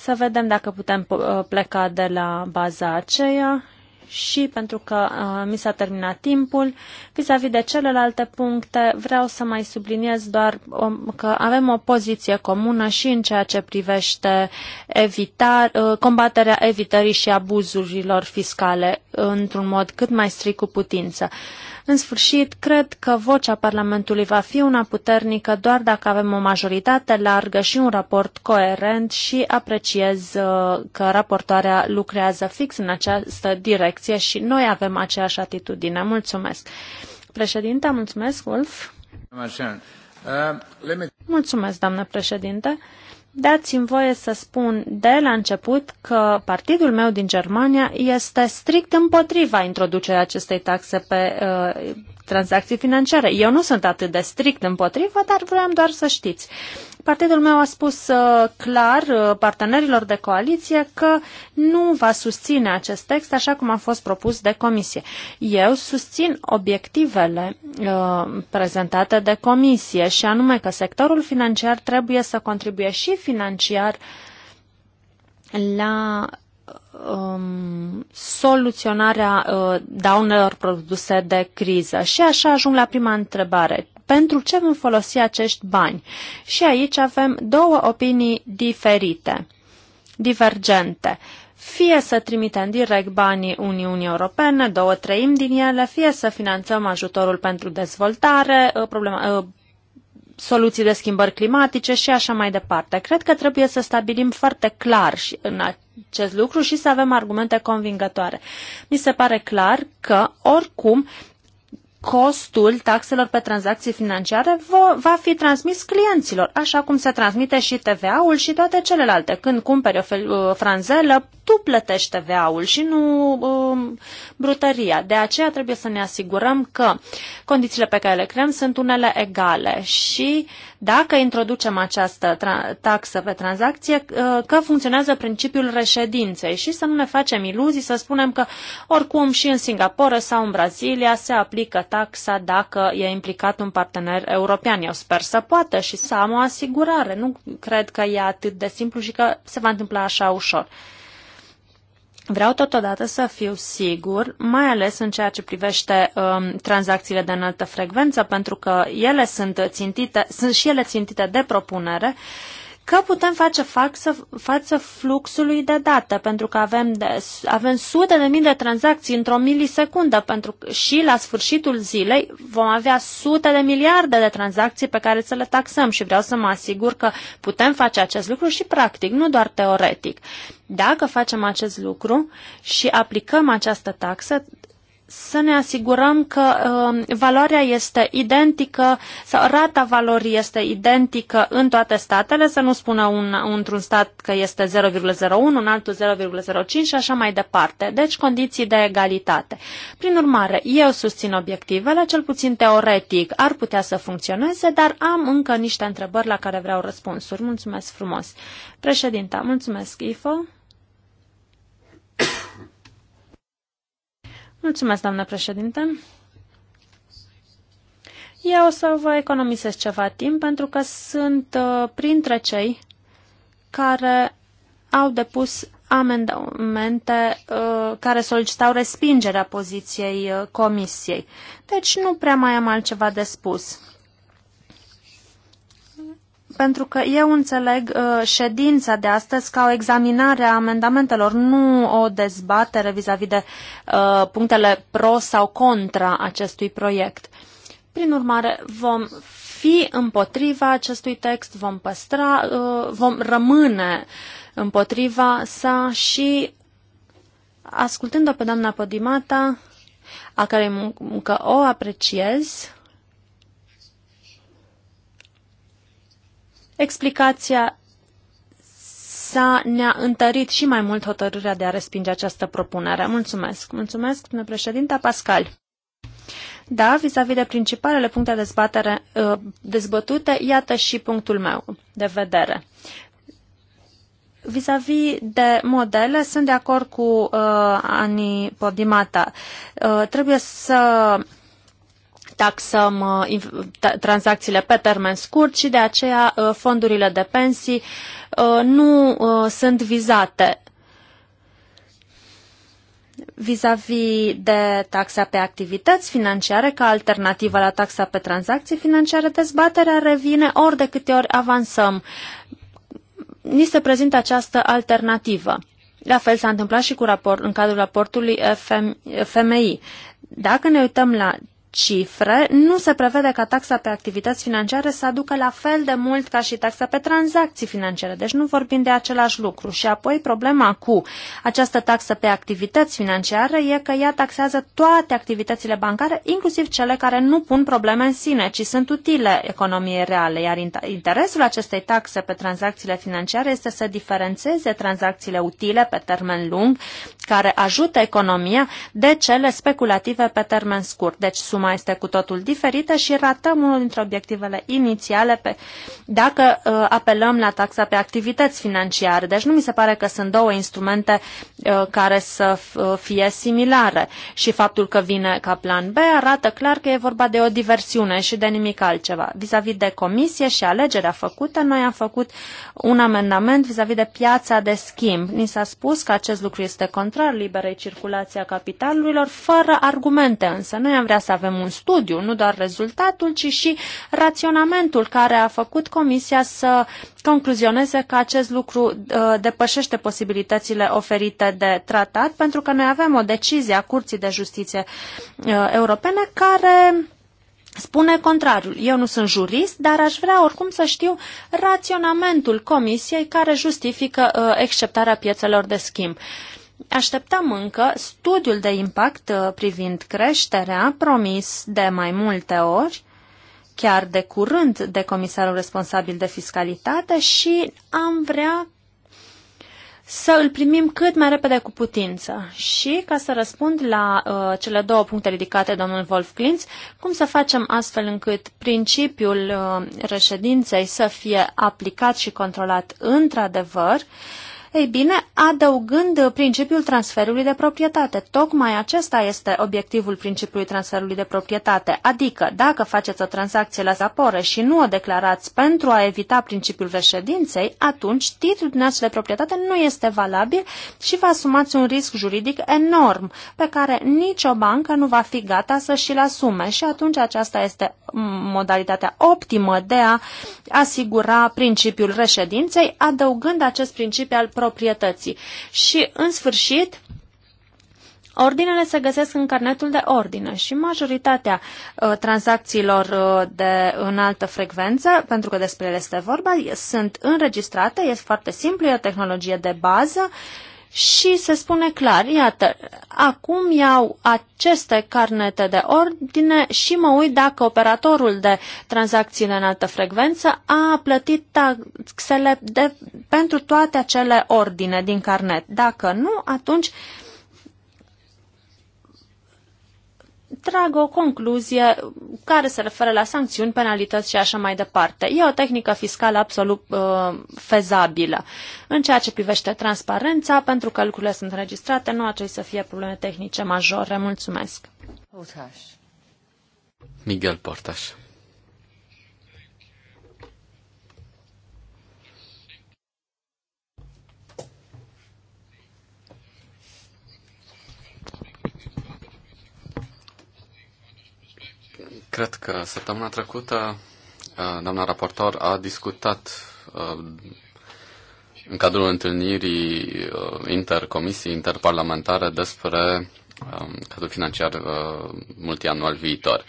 să vedem dacă putem uh, pleca de la baza aceea și pentru că uh, mi s-a terminat timpul, vis-a-vis -vis de celelalte puncte, vreau să mai subliniez doar o, um, că avem o poziție comună și în ceea ce privește evitar, uh, combaterea evitării și abuzurilor fiscale într-un mod cât mai strict cu putință. Uh, în sfârșit, cred că vocea Parlamentului va fi una puternică doar dacă avem o majoritate largă și un raport coerent și apreciez uh, că raportoarea lucrează fix în această direcție și noi avem aceeași atitudine. Mulțumesc. Președinte, mulțumesc, Wolf. Mulțumesc, doamnă președinte. Dați-mi voie să spun de la început că partidul meu din Germania este strict împotriva introducerea acestei taxe pe uh, tranzacții financiare. Eu nu sunt atât de strict împotriva, dar vreau doar să știți. Partidul meu a spus uh, clar uh, partenerilor de coaliție că nu va susține acest text așa cum a fost propus de comisie. Eu susțin obiectivele uh, prezentate de comisie și anume că sectorul financiar trebuie să contribuie și financiar la um, soluționarea uh, daunelor produse de criză. Și așa ajung la prima întrebare. Pentru ce vom folosi acești bani? Și aici avem două opinii diferite, divergente fie să trimitem direct banii Uniunii Europene, două treimi din ele, fie să finanțăm ajutorul pentru dezvoltare, uh, problema, uh, soluții de schimbări climatice și așa mai departe. Cred că trebuie să stabilim foarte clar și în acest lucru și să avem argumente convingătoare. Mi se pare clar că, oricum, costul taxelor pe tranzacții financiare va fi transmis clienților, așa cum se transmite și TVA-ul și toate celelalte. Când cumperi o franzelă, tu plătești TVA-ul și nu um, brutăria. De aceea trebuie să ne asigurăm că condițiile pe care le creăm sunt unele egale și dacă introducem această taxă pe tranzacție, uh, că funcționează principiul reședinței și să nu ne facem iluzii să spunem că oricum și în Singapore sau în Brazilia se aplică taxa dacă e implicat un partener european. Eu sper să poată și să am o asigurare. Nu cred că e atât de simplu și că se va întâmpla așa ușor. Vreau totodată să fiu sigur, mai ales în ceea ce privește um, tranzacțiile de înaltă frecvență, pentru că ele sunt țintite, sunt și ele țintite de propunere. Uh, că putem face față, față fluxului de date, pentru că avem, de, avem sute de mii de tranzacții într-o milisecundă pentru, și la sfârșitul zilei vom avea sute de miliarde de tranzacții pe care să le taxăm și vreau să mă asigur că putem face acest lucru și practic, nu doar teoretic. Dacă facem acest lucru și aplicăm această taxă, să ne asigurăm că uh, valoarea este identică sau rata valorii este identică în toate statele, să nu spună un, într-un stat că este 0,01, în altul 0,05 și așa mai departe. Deci condiții de egalitate. Prin urmare, eu susțin obiectivele, cel puțin teoretic ar putea să funcționeze, dar am încă niște întrebări la care vreau răspunsuri. Mulțumesc frumos. Președinta, mulțumesc, IFO. Mulțumesc, doamnă președinte. Eu o să vă economisesc ceva timp pentru că sunt uh, printre cei care au depus amendamente uh, care solicitau respingerea poziției uh, comisiei. Deci nu prea mai am altceva de spus pentru că eu înțeleg uh, ședința de astăzi ca o examinare a amendamentelor, nu o dezbatere vis-a-vis -vis de uh, punctele pro sau contra acestui proiect. Prin urmare, vom fi împotriva acestui text, vom păstra, uh, vom rămâne împotriva sa și ascultând-o pe doamna Podimata, a cărei muncă o apreciez, Explicația s-a ne-a întărit și mai mult hotărârea de a respinge această propunere. Mulțumesc. Mulțumesc, domnule președinte Pascal. Da, vis-a-vis -vis de principalele puncte dezbatere, uh, dezbătute, iată și punctul meu de vedere. Vis-a-vis -vis de modele, sunt de acord cu uh, Ani Podimata. Uh, trebuie să taxăm uh, tranzacțiile pe termen scurt și de aceea uh, fondurile de pensii uh, nu sunt vizate vis-a-vis -vis de taxa pe activități financiare ca alternativă la taxa pe tranzacții financiare, dezbaterea revine ori de câte ori avansăm. Ni se prezintă această alternativă. La fel s-a întâmplat și cu raport, în cadrul raportului FMI. Dacă ne uităm la cifre, nu se prevede ca taxa pe activități financiare să aducă la fel de mult ca și taxa pe tranzacții financiare, deci nu vorbim de același lucru. Și apoi problema cu această taxă pe activități financiare e că ea taxează toate activitățile bancare, inclusiv cele care nu pun probleme în sine, ci sunt utile economiei reale, iar interesul acestei taxe pe tranzacțiile financiare este să diferențeze tranzacțiile utile pe termen lung, care ajută economia, de cele speculative pe termen scurt. Deci suma problema este cu totul diferită și ratăm unul dintre obiectivele inițiale pe, dacă uh, apelăm la taxa pe activități financiare. Deci nu mi se pare că sunt două instrumente uh, care să uh, fie similare și faptul că vine ca plan B arată clar că e vorba de o diversiune și de nimic altceva. Vis-a-vis -vis de comisie și alegerea făcută, noi am făcut un amendament vis-a-vis -vis de piața de schimb. Ni s-a spus că acest lucru este contrar liberei circulații a capitalurilor, fără argumente însă. Noi am vrea să avem un studiu, nu doar rezultatul, ci și raționamentul care a făcut Comisia să concluzioneze că acest lucru uh, depășește posibilitățile oferite de tratat, pentru că noi avem o decizie a Curții de Justiție uh, Europene care spune contrariul. Eu nu sunt jurist, dar aș vrea oricum să știu raționamentul comisiei care justifică uh, exceptarea piețelor de schimb. Uh, Așteptăm încă studiul de impact uh, privind creșterea promis de mai multe ori, chiar de curând de comisarul responsabil de fiscalitate și am vrea să îl primim cât mai repede cu putință. Și ca să răspund la uh, cele două puncte ridicate, domnul Wolf Klintz, cum să facem astfel încât principiul uh, reședinței să fie aplicat și controlat într-adevăr, uh, ei bine, adăugând principiul transferului de proprietate. Tocmai acesta este obiectivul principiului transferului de proprietate, adică dacă faceți o tranzacție la zapore și nu o declarați pentru a evita principiul reședinței, atunci titlul dumneavoastră de proprietate nu este valabil și vă asumați un risc juridic enorm pe care nicio bancă nu va fi gata să și-l asume și atunci aceasta este modalitatea optimă de a asigura principiul reședinței, adăugând acest principiu al proprietății proprietății. Și, în sfârșit, Ordinele se găsesc în carnetul de ordine și majoritatea uh, tranzacțiilor uh, de înaltă frecvență, pentru că despre ele este vorba, sunt înregistrate, este foarte simplu, e o tehnologie de bază și se spune clar, iată, acum iau aceste carnete de ordine și mă uit dacă operatorul de tranzacțiile în altă frecvență a plătit taxele de, pentru toate acele ordine din carnet. Dacă nu, atunci uh, Trag o concluzie care se referă la sancțiuni, penalități și așa mai departe. E o tehnică fiscală absolut uh, fezabilă. În ceea ce privește transparența, pentru că lucrurile sunt înregistrate, nu ar trebui să fie probleme tehnice majore. Mulțumesc! Miguel Portaș. Cred că săptămâna trecută uh, doamna raportor a discutat uh, în cadrul întâlnirii uh, intercomisii interparlamentare despre um, cadrul financiar multianual viitor.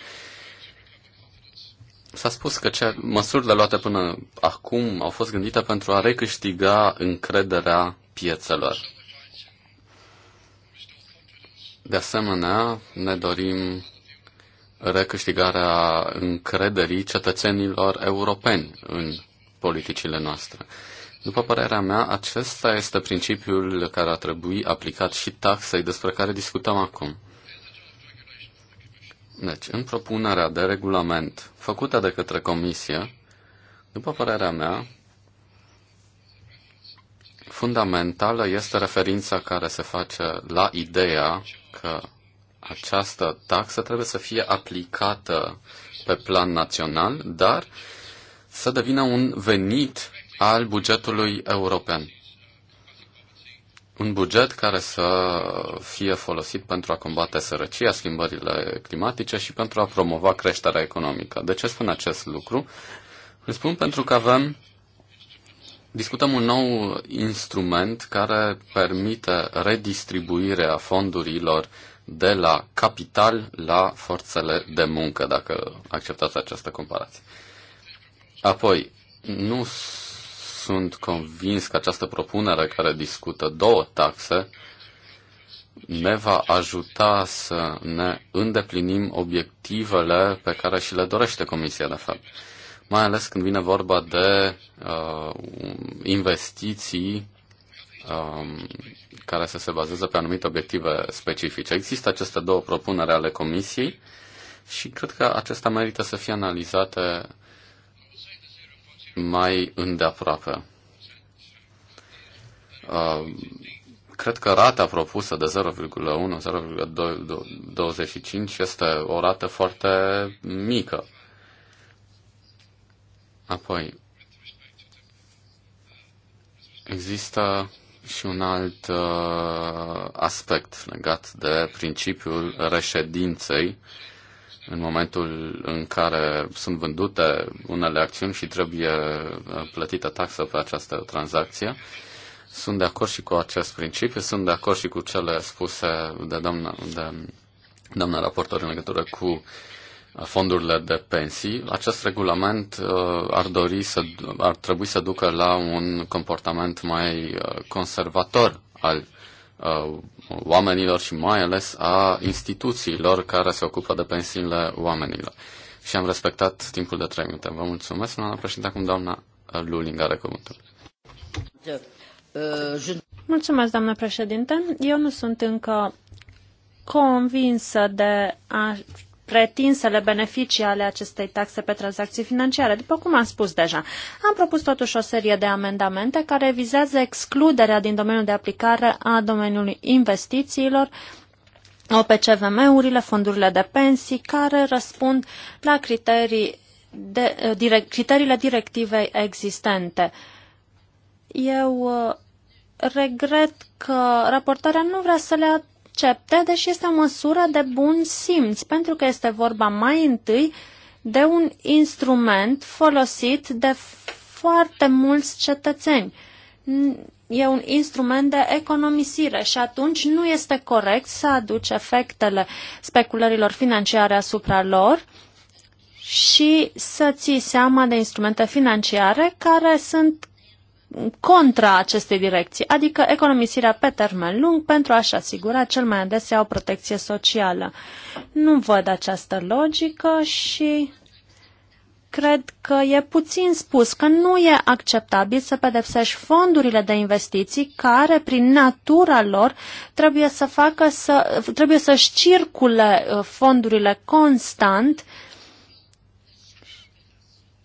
S-a spus că ce, măsurile luate până acum au fost gândite pentru a recâștiga încrederea piețelor. De asemenea, ne dorim recâștigarea încrederii cetățenilor europeni în politicile noastre. După părerea mea, acesta este principiul care a trebui aplicat și taxei despre care discutăm acum. Deci, în propunerea de regulament făcută de către Comisie, după părerea mea, fundamentală este referința care se face la ideea că această taxă trebuie să fie aplicată pe plan național, dar să devină un venit al bugetului european. Un buget care să fie folosit pentru a combate sărăcia, schimbările climatice și pentru a promova creșterea economică. De ce spun acest lucru? Îl spun pentru că avem Discutăm un nou instrument care permite redistribuirea fondurilor de la capital la forțele de muncă, dacă acceptați această comparație. Apoi, nu sunt convins că această propunere care discută două taxe ne va ajuta să ne îndeplinim obiectivele pe care și le dorește Comisia, de fapt. Mai ales când vine vorba de uh, investiții um, care să se bazeze pe anumite obiective specifice. Există aceste două propuneri ale Comisiei și cred că acestea merită să fie analizate mai îndeaproape. Um, cred că rata propusă de 0,1-0,25 este o rată foarte mică. Apoi, există și un alt uh, aspect legat de principiul reședinței în momentul în care sunt vândute unele acțiuni și trebuie uh, plătită taxă pe această tranzacție. Sunt de acord și cu acest principiu, sunt de acord și cu cele spuse de doamna, de doamna raportor în legătură cu fondurile de pensii, acest regulament uh, ar, dori să, ar trebui să ducă la un comportament mai uh, conservator al uh, oamenilor și mai ales a instituțiilor care se ocupă de pensiile oamenilor. Și am respectat timpul de 3 minute. Vă mulțumesc, doamna președinte, acum doamna Luling are cuvântul. Mulțumesc, doamna președinte. Eu nu sunt încă convinsă de a pretinsele beneficii ale acestei taxe pe tranzacții financiare, după cum am spus deja. Am propus totuși o serie de amendamente care vizează excluderea din domeniul de aplicare a domeniului investițiilor, OPCVM-urile, fondurile de pensii, care răspund la criterii de, direct, criteriile directivei existente. Eu uh, regret că raportarea nu vrea să le accepte, deși este o măsură de bun simț, pentru că este vorba mai întâi de un instrument folosit de foarte mulți cetățeni. E un instrument de economisire și atunci nu este corect să aduci efectele speculărilor financiare asupra lor și să ții seama de instrumente financiare care sunt contra acestei direcții, adică economisirea pe termen lung pentru a-și asigura cel mai adesea o protecție socială. Nu văd această logică și cred că e puțin spus că nu e acceptabil să pedepsești fondurile de investiții care, prin natura lor, trebuie să facă să, trebuie să-și circule uh, fondurile constant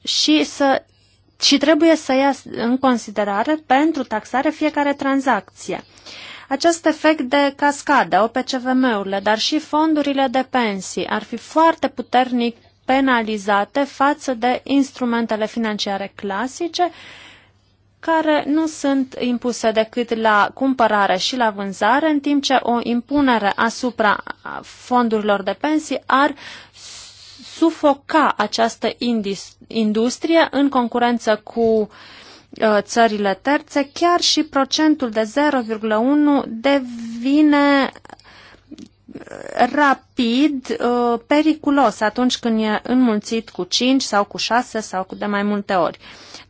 și să și trebuie să ia în considerare pentru taxare fiecare tranzacție. Acest efect de cascadă, OPCVM-urile, dar și fondurile de pensii ar fi foarte puternic penalizate față de instrumentele financiare clasice, care nu sunt impuse decât la cumpărare și la vânzare, în timp ce o impunere asupra fondurilor de pensii ar sufoca această industrie în concurență cu uh, țările terțe, chiar și procentul de 0,1 devine uh, rapid uh, periculos atunci când e înmulțit cu 5 sau cu 6 sau cu de mai multe ori.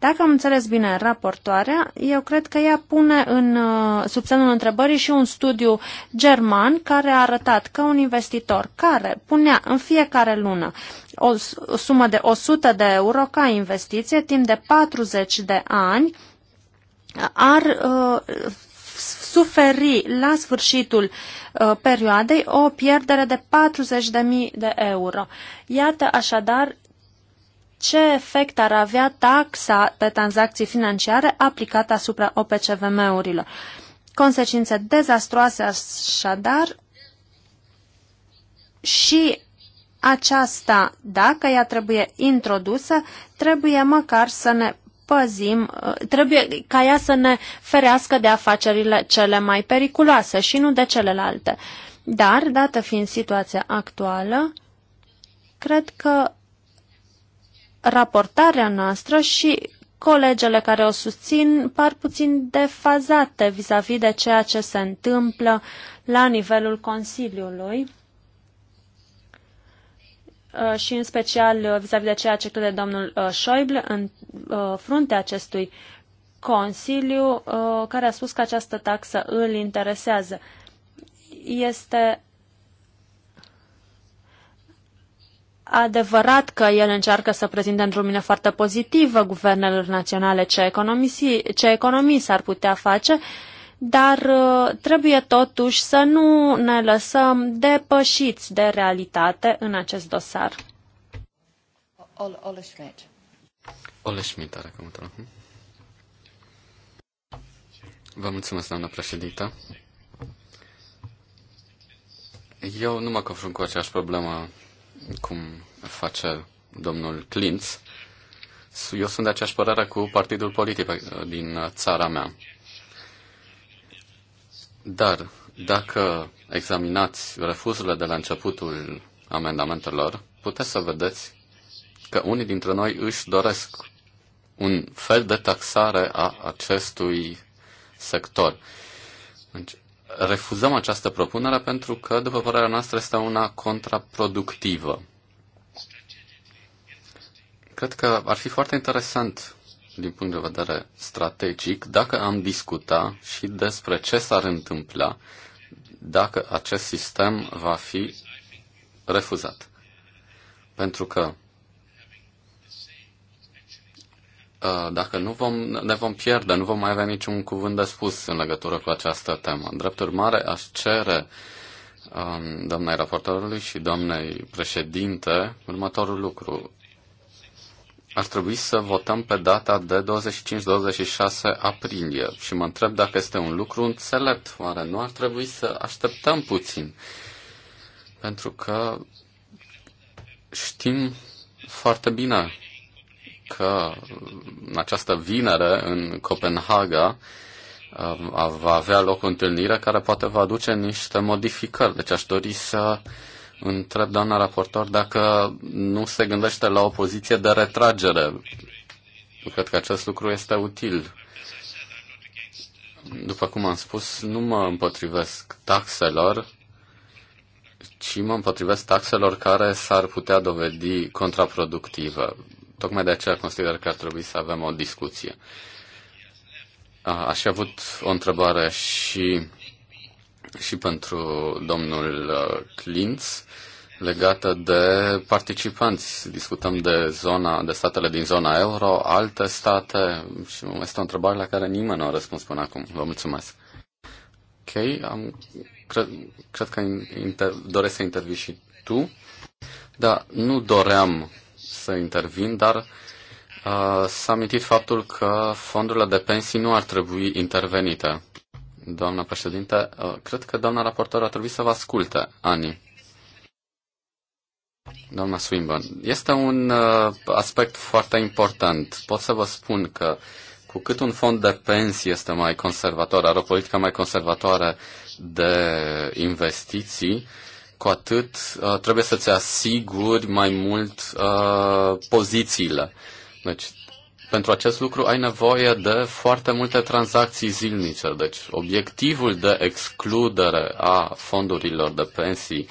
Dacă am înțeles bine raportoarea, eu cred că ea pune în, uh, sub semnul întrebării și un studiu german care a arătat că un investitor care punea în fiecare lună o sumă de 100 de euro ca investiție timp de 40 de ani ar uh, suferi la sfârșitul uh, perioadei o pierdere de 40.000 de euro. Iată așadar ce efect ar avea taxa pe tranzacții financiare aplicată asupra OPCVM-urilor. Consecințe dezastroase așadar și aceasta, dacă ea trebuie introdusă, trebuie măcar să ne păzim, trebuie ca ea să ne ferească de afacerile cele mai periculoase și nu de celelalte. Dar, dată fiind situația actuală, cred că raportarea noastră și colegele care o susțin par puțin defazate vis-a-vis -vis de ceea ce se întâmplă la nivelul Consiliului uh, și în special vis-a-vis -vis de ceea ce crede domnul uh, Schäuble în uh, fruntea acestui Consiliu, care a spus că această taxă îl interesează. Este adevărat că el încearcă să prezinte într-o mine foarte pozitivă guvernelor naționale ce economii, ce economii s-ar putea face, dar uh, trebuie totuși să nu ne lăsăm depășiți de realitate în acest dosar. Ole Schmidt. Ole Schmidt are Vă mulțumesc, doamna președintă. Eu nu mă confrunt cu aceeași problemă cum face domnul Clintz, eu sunt de aceeași părere cu partidul politic uh, din țara mea. Dar dacă examinați refuzurile de la începutul amendamentelor, puteți să vedeți că unii dintre noi își doresc un fel de taxare a acestui sector. Deci, refuzăm această propunere pentru că, după părerea noastră, este una contraproductivă. Cred că ar fi foarte interesant din punct de vedere strategic, dacă am discuta și despre ce s-ar întâmpla dacă acest sistem va fi refuzat. Pentru că Uh, dacă nu vom, ne vom pierde, nu vom mai avea niciun cuvânt de spus în legătură cu această temă. În drept urmare, aș cere um, doamnei raportorului și doamnei președinte următorul lucru. Ar trebui să votăm pe data de 25-26 aprilie și mă întreb dacă este un lucru înțelept. Oare nu ar trebui să așteptăm puțin? Pentru că știm foarte bine că în această vinere în Copenhaga uh, va avea loc o întâlnire care poate va aduce niște modificări. Deci aș dori să întreb doamna raportor dacă nu se gândește la o poziție de retragere. Cred că acest lucru este util. După cum am spus, nu mă împotrivesc taxelor, ci mă împotrivesc taxelor care s-ar putea dovedi contraproductive. Tocmai de aceea consider că ar trebui să avem o discuție. Aș fi avut o întrebare și, și pentru domnul uh, Clintz legată de participanți. Discutăm de, zona, de statele din zona euro, alte state și este o întrebare la care nimeni nu a răspuns până acum. Vă mulțumesc. Ok, am, cred, cred că inter, doresc să intervii și tu. Da, nu doream să intervin, dar uh, s-a amintit faptul că fondurile de pensii nu ar trebui intervenite. Doamna președinte, uh, cred că doamna raportor ar trebui să vă asculte, Ani. Doamna Swinburne, este un uh, aspect foarte important. Pot să vă spun că cu cât un fond de pensii este mai conservator, are o politică mai conservatoare de investiții, cu atât uh, trebuie să-ți asiguri mai mult uh, pozițiile. Deci, pentru acest lucru ai nevoie de foarte multe tranzacții zilnice. Deci, obiectivul de excludere a fondurilor de pensii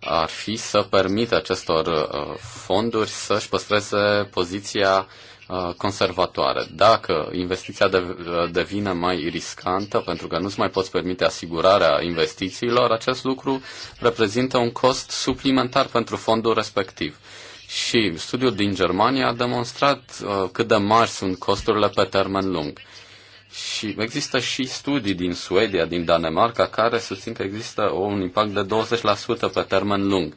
ar fi să permită acestor uh, fonduri să-și păstreze poziția uh, Uh, conservatoare. Dacă investiția uh, devine mai riscantă pentru că nu-ți mai poți permite asigurarea investițiilor, acest lucru reprezintă un cost suplimentar pentru fondul respectiv. Și studiul din Germania a demonstrat uh, cât de mari sunt costurile pe termen lung. Și există și studii din Suedia, din Danemarca, care susțin că există un impact de 20% pe termen lung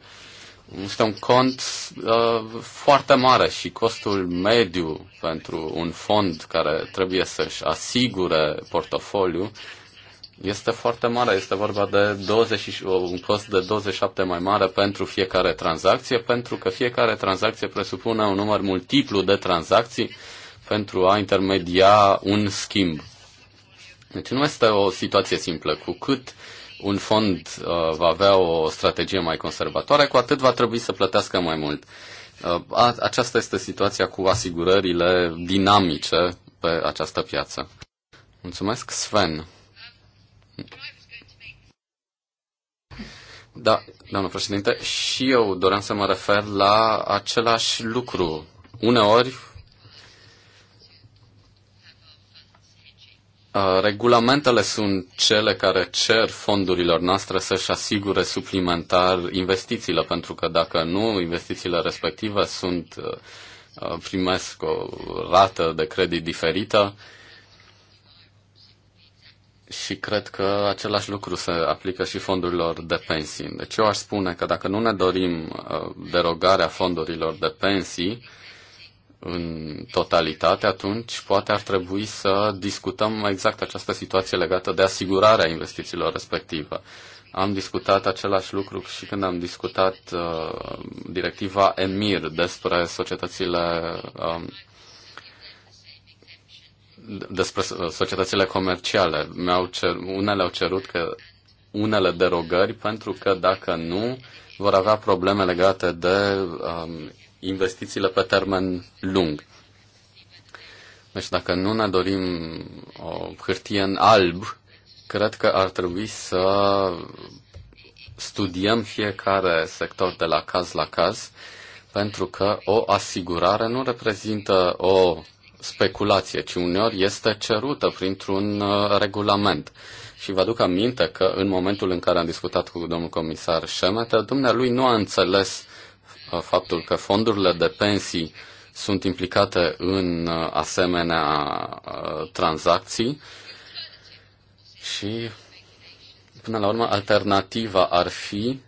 este un cont uh, foarte mare și costul mediu pentru un fond care trebuie să-și asigure portofoliu este foarte mare. Este vorba de 20, un cost de 27 mai mare pentru fiecare tranzacție, pentru că fiecare tranzacție presupune un număr multiplu de tranzacții pentru a intermedia un schimb. Deci nu este o situație simplă. Cu cât uh, un fond uh, va avea o strategie mai conservatoare, cu atât va trebui să plătească mai mult. Uh, a, aceasta este situația cu asigurările dinamice pe această piață. Mulțumesc, Sven. Da, doamnă președinte, și eu doream să mă refer la același lucru. Uneori, Uh, regulamentele sunt cele care cer fondurilor noastre să-și asigure suplimentar investițiile, pentru că dacă nu, investițiile respective sunt, uh, uh, primesc o rată de credit diferită și cred că același lucru se aplică și fondurilor de pensii. Deci eu aș spune că dacă nu ne dorim derogarea fondurilor de pensii, în totalitate, atunci poate ar trebui să discutăm exact această situație legată de asigurarea investițiilor respective. Am discutat același lucru și când am discutat uh, directiva EMIR despre societățile um, despre societățile comerciale. Mi-au cer, unele au cerut că unele derogări pentru că dacă nu vor avea probleme legate de um, investițiile pe termen lung. Deci dacă nu ne dorim o hârtie în alb, cred că ar trebui să studiem fiecare sector de la caz la caz, pentru că o asigurare nu reprezintă o speculație, ci uneori este cerută printr-un uh, regulament. Și vă aduc aminte că în momentul în care am discutat cu domnul comisar Șemete, dumnealui nu a înțeles Uh, faptul că fondurile de pensii sunt implicate în uh, asemenea uh, tranzacții și, până la urmă, alternativa ar fi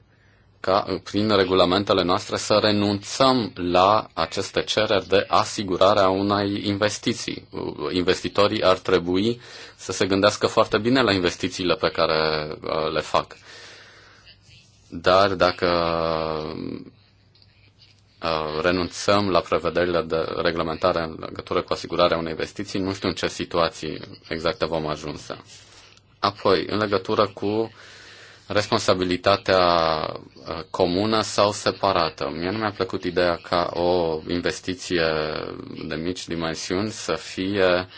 ca prin regulamentele noastre să renunțăm la aceste cereri de asigurare a unei investiții. Investitorii ar trebui să se gândească foarte bine la investițiile pe care le fac. Dar dacă Uh, renunțăm la prevederile de reglementare în legătură cu asigurarea unei investiții, nu știu în ce situații exacte vom ajunge. Apoi, în legătură cu responsabilitatea uh, comună sau separată. Mie nu mi-a plăcut ideea ca o investiție de mici dimensiuni să fie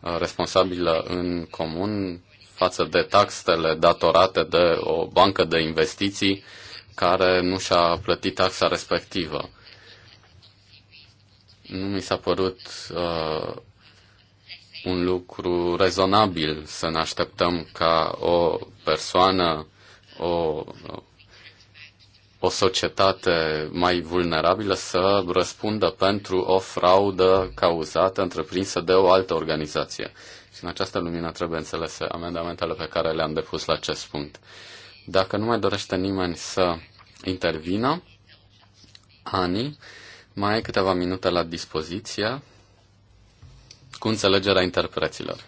uh, responsabilă în comun față de taxele datorate de o bancă de investiții care nu și-a plătit taxa respectivă nu mi s-a părut uh, un lucru rezonabil să ne așteptăm ca o persoană, o, o societate mai vulnerabilă să răspundă pentru o fraudă cauzată, întreprinsă de o altă organizație. Și în această lumină trebuie înțelese amendamentele pe care le-am depus la acest punct. Dacă nu mai dorește nimeni să intervină, Ani, mai ai câteva minute la dispoziție cu înțelegerea interpreților.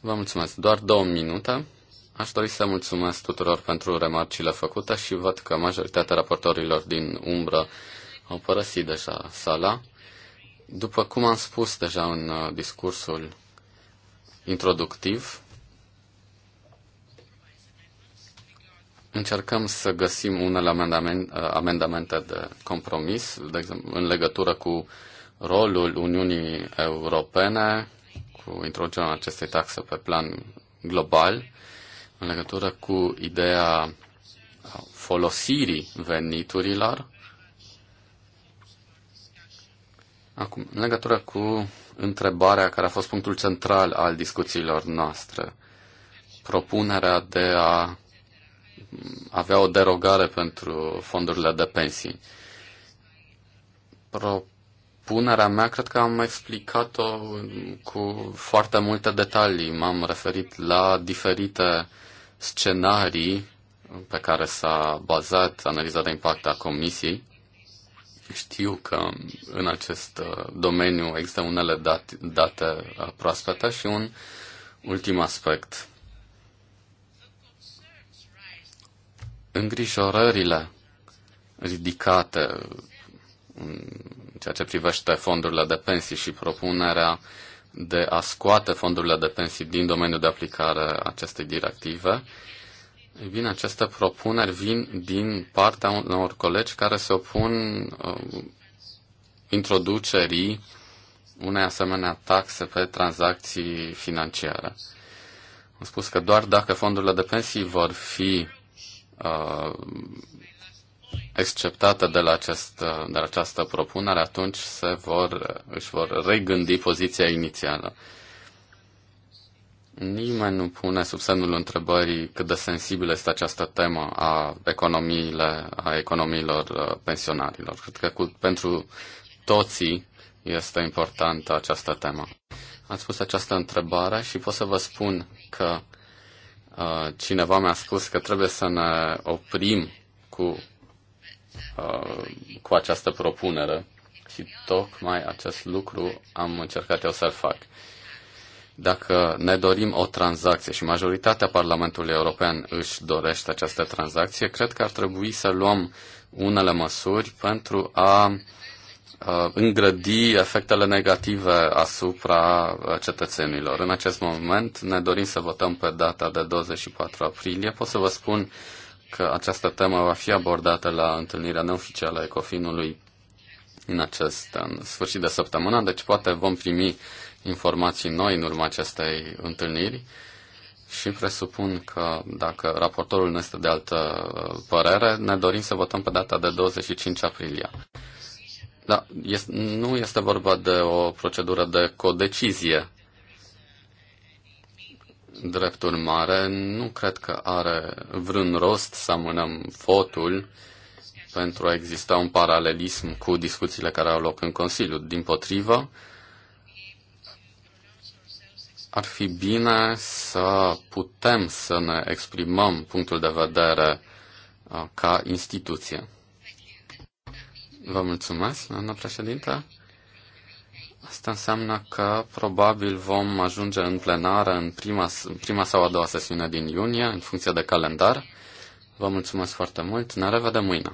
Vă mulțumesc. Doar două minute. Aș dori să mulțumesc tuturor pentru remarcile făcute și văd că majoritatea raportorilor din umbră au părăsit deja sala. După cum am spus deja în uh, discursul introductiv, Încercăm să găsim unele amendament, uh, amendamente de compromis, de exemplu, în legătură cu rolul Uniunii Europene, cu introducerea acestei taxe pe plan global, în legătură cu ideea folosirii veniturilor. Acum, în legătură cu întrebarea care a fost punctul central al discuțiilor noastre, propunerea de a avea o derogare pentru fondurile de pensii. Propunerea mea cred că am explicat-o cu foarte multe detalii. M-am referit la diferite scenarii pe care s-a bazat analiza de impact a Comisiei. Știu că în acest uh, domeniu există unele date, date uh, proaspete și un ultim aspect îngrijorările ridicate în ceea ce privește fondurile de pensii și propunerea de a scoate fondurile de pensii din domeniul de aplicare a acestei directive, ei bine, aceste propuneri vin din partea unor colegi care se opun uh, introducerii unei asemenea taxe pe tranzacții financiare. Am spus că doar dacă fondurile de pensii vor fi uh, exceptată de la, acest, uh, de la această propunere, atunci se vor, își vor regândi poziția inițială. Nimeni nu pune sub semnul întrebării cât de sensibilă este această temă a, economiile, a economiilor uh, pensionarilor. Cred că cu, pentru toții este importantă această temă. Ați spus această întrebare și pot să vă spun că uh, Uh, cineva mi-a spus că trebuie să ne oprim cu, uh, cu această propunere și tocmai acest lucru am încercat eu să-l fac. Dacă ne dorim o tranzacție și majoritatea Parlamentului European își dorește această tranzacție, cred că ar trebui să luăm unele măsuri pentru a Uh, îngrădi efectele negative asupra uh, cetățenilor. În acest moment ne dorim să votăm pe data de 24 aprilie. Pot să vă spun că această temă va fi abordată la întâlnirea neoficială a Ecofinului în acest în sfârșit de săptămână, deci poate vom primi informații noi în urma acestei întâlniri și presupun că dacă raportorul nu este de altă uh, părere, ne dorim să votăm pe data de 25 aprilie. Da, este, nu este vorba de o procedură de codecizie. Drept urmare, nu cred că are vreun rost să amânăm votul pentru a exista un paralelism cu discuțiile care au loc în Consiliu. Din potrivă, ar fi bine să putem să ne exprimăm punctul de vedere uh, ca instituție. Vă mulțumesc, doamna președinte. Asta înseamnă că probabil vom ajunge în plenară în prima, în prima sau a doua sesiune din iunie, în funcție de calendar. Vă mulțumesc foarte mult. Ne revedem mâine.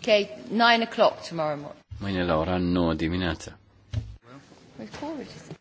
Okay, 9 o'clock tomorrow morning. Mâine la ora 9 dimineața. Well,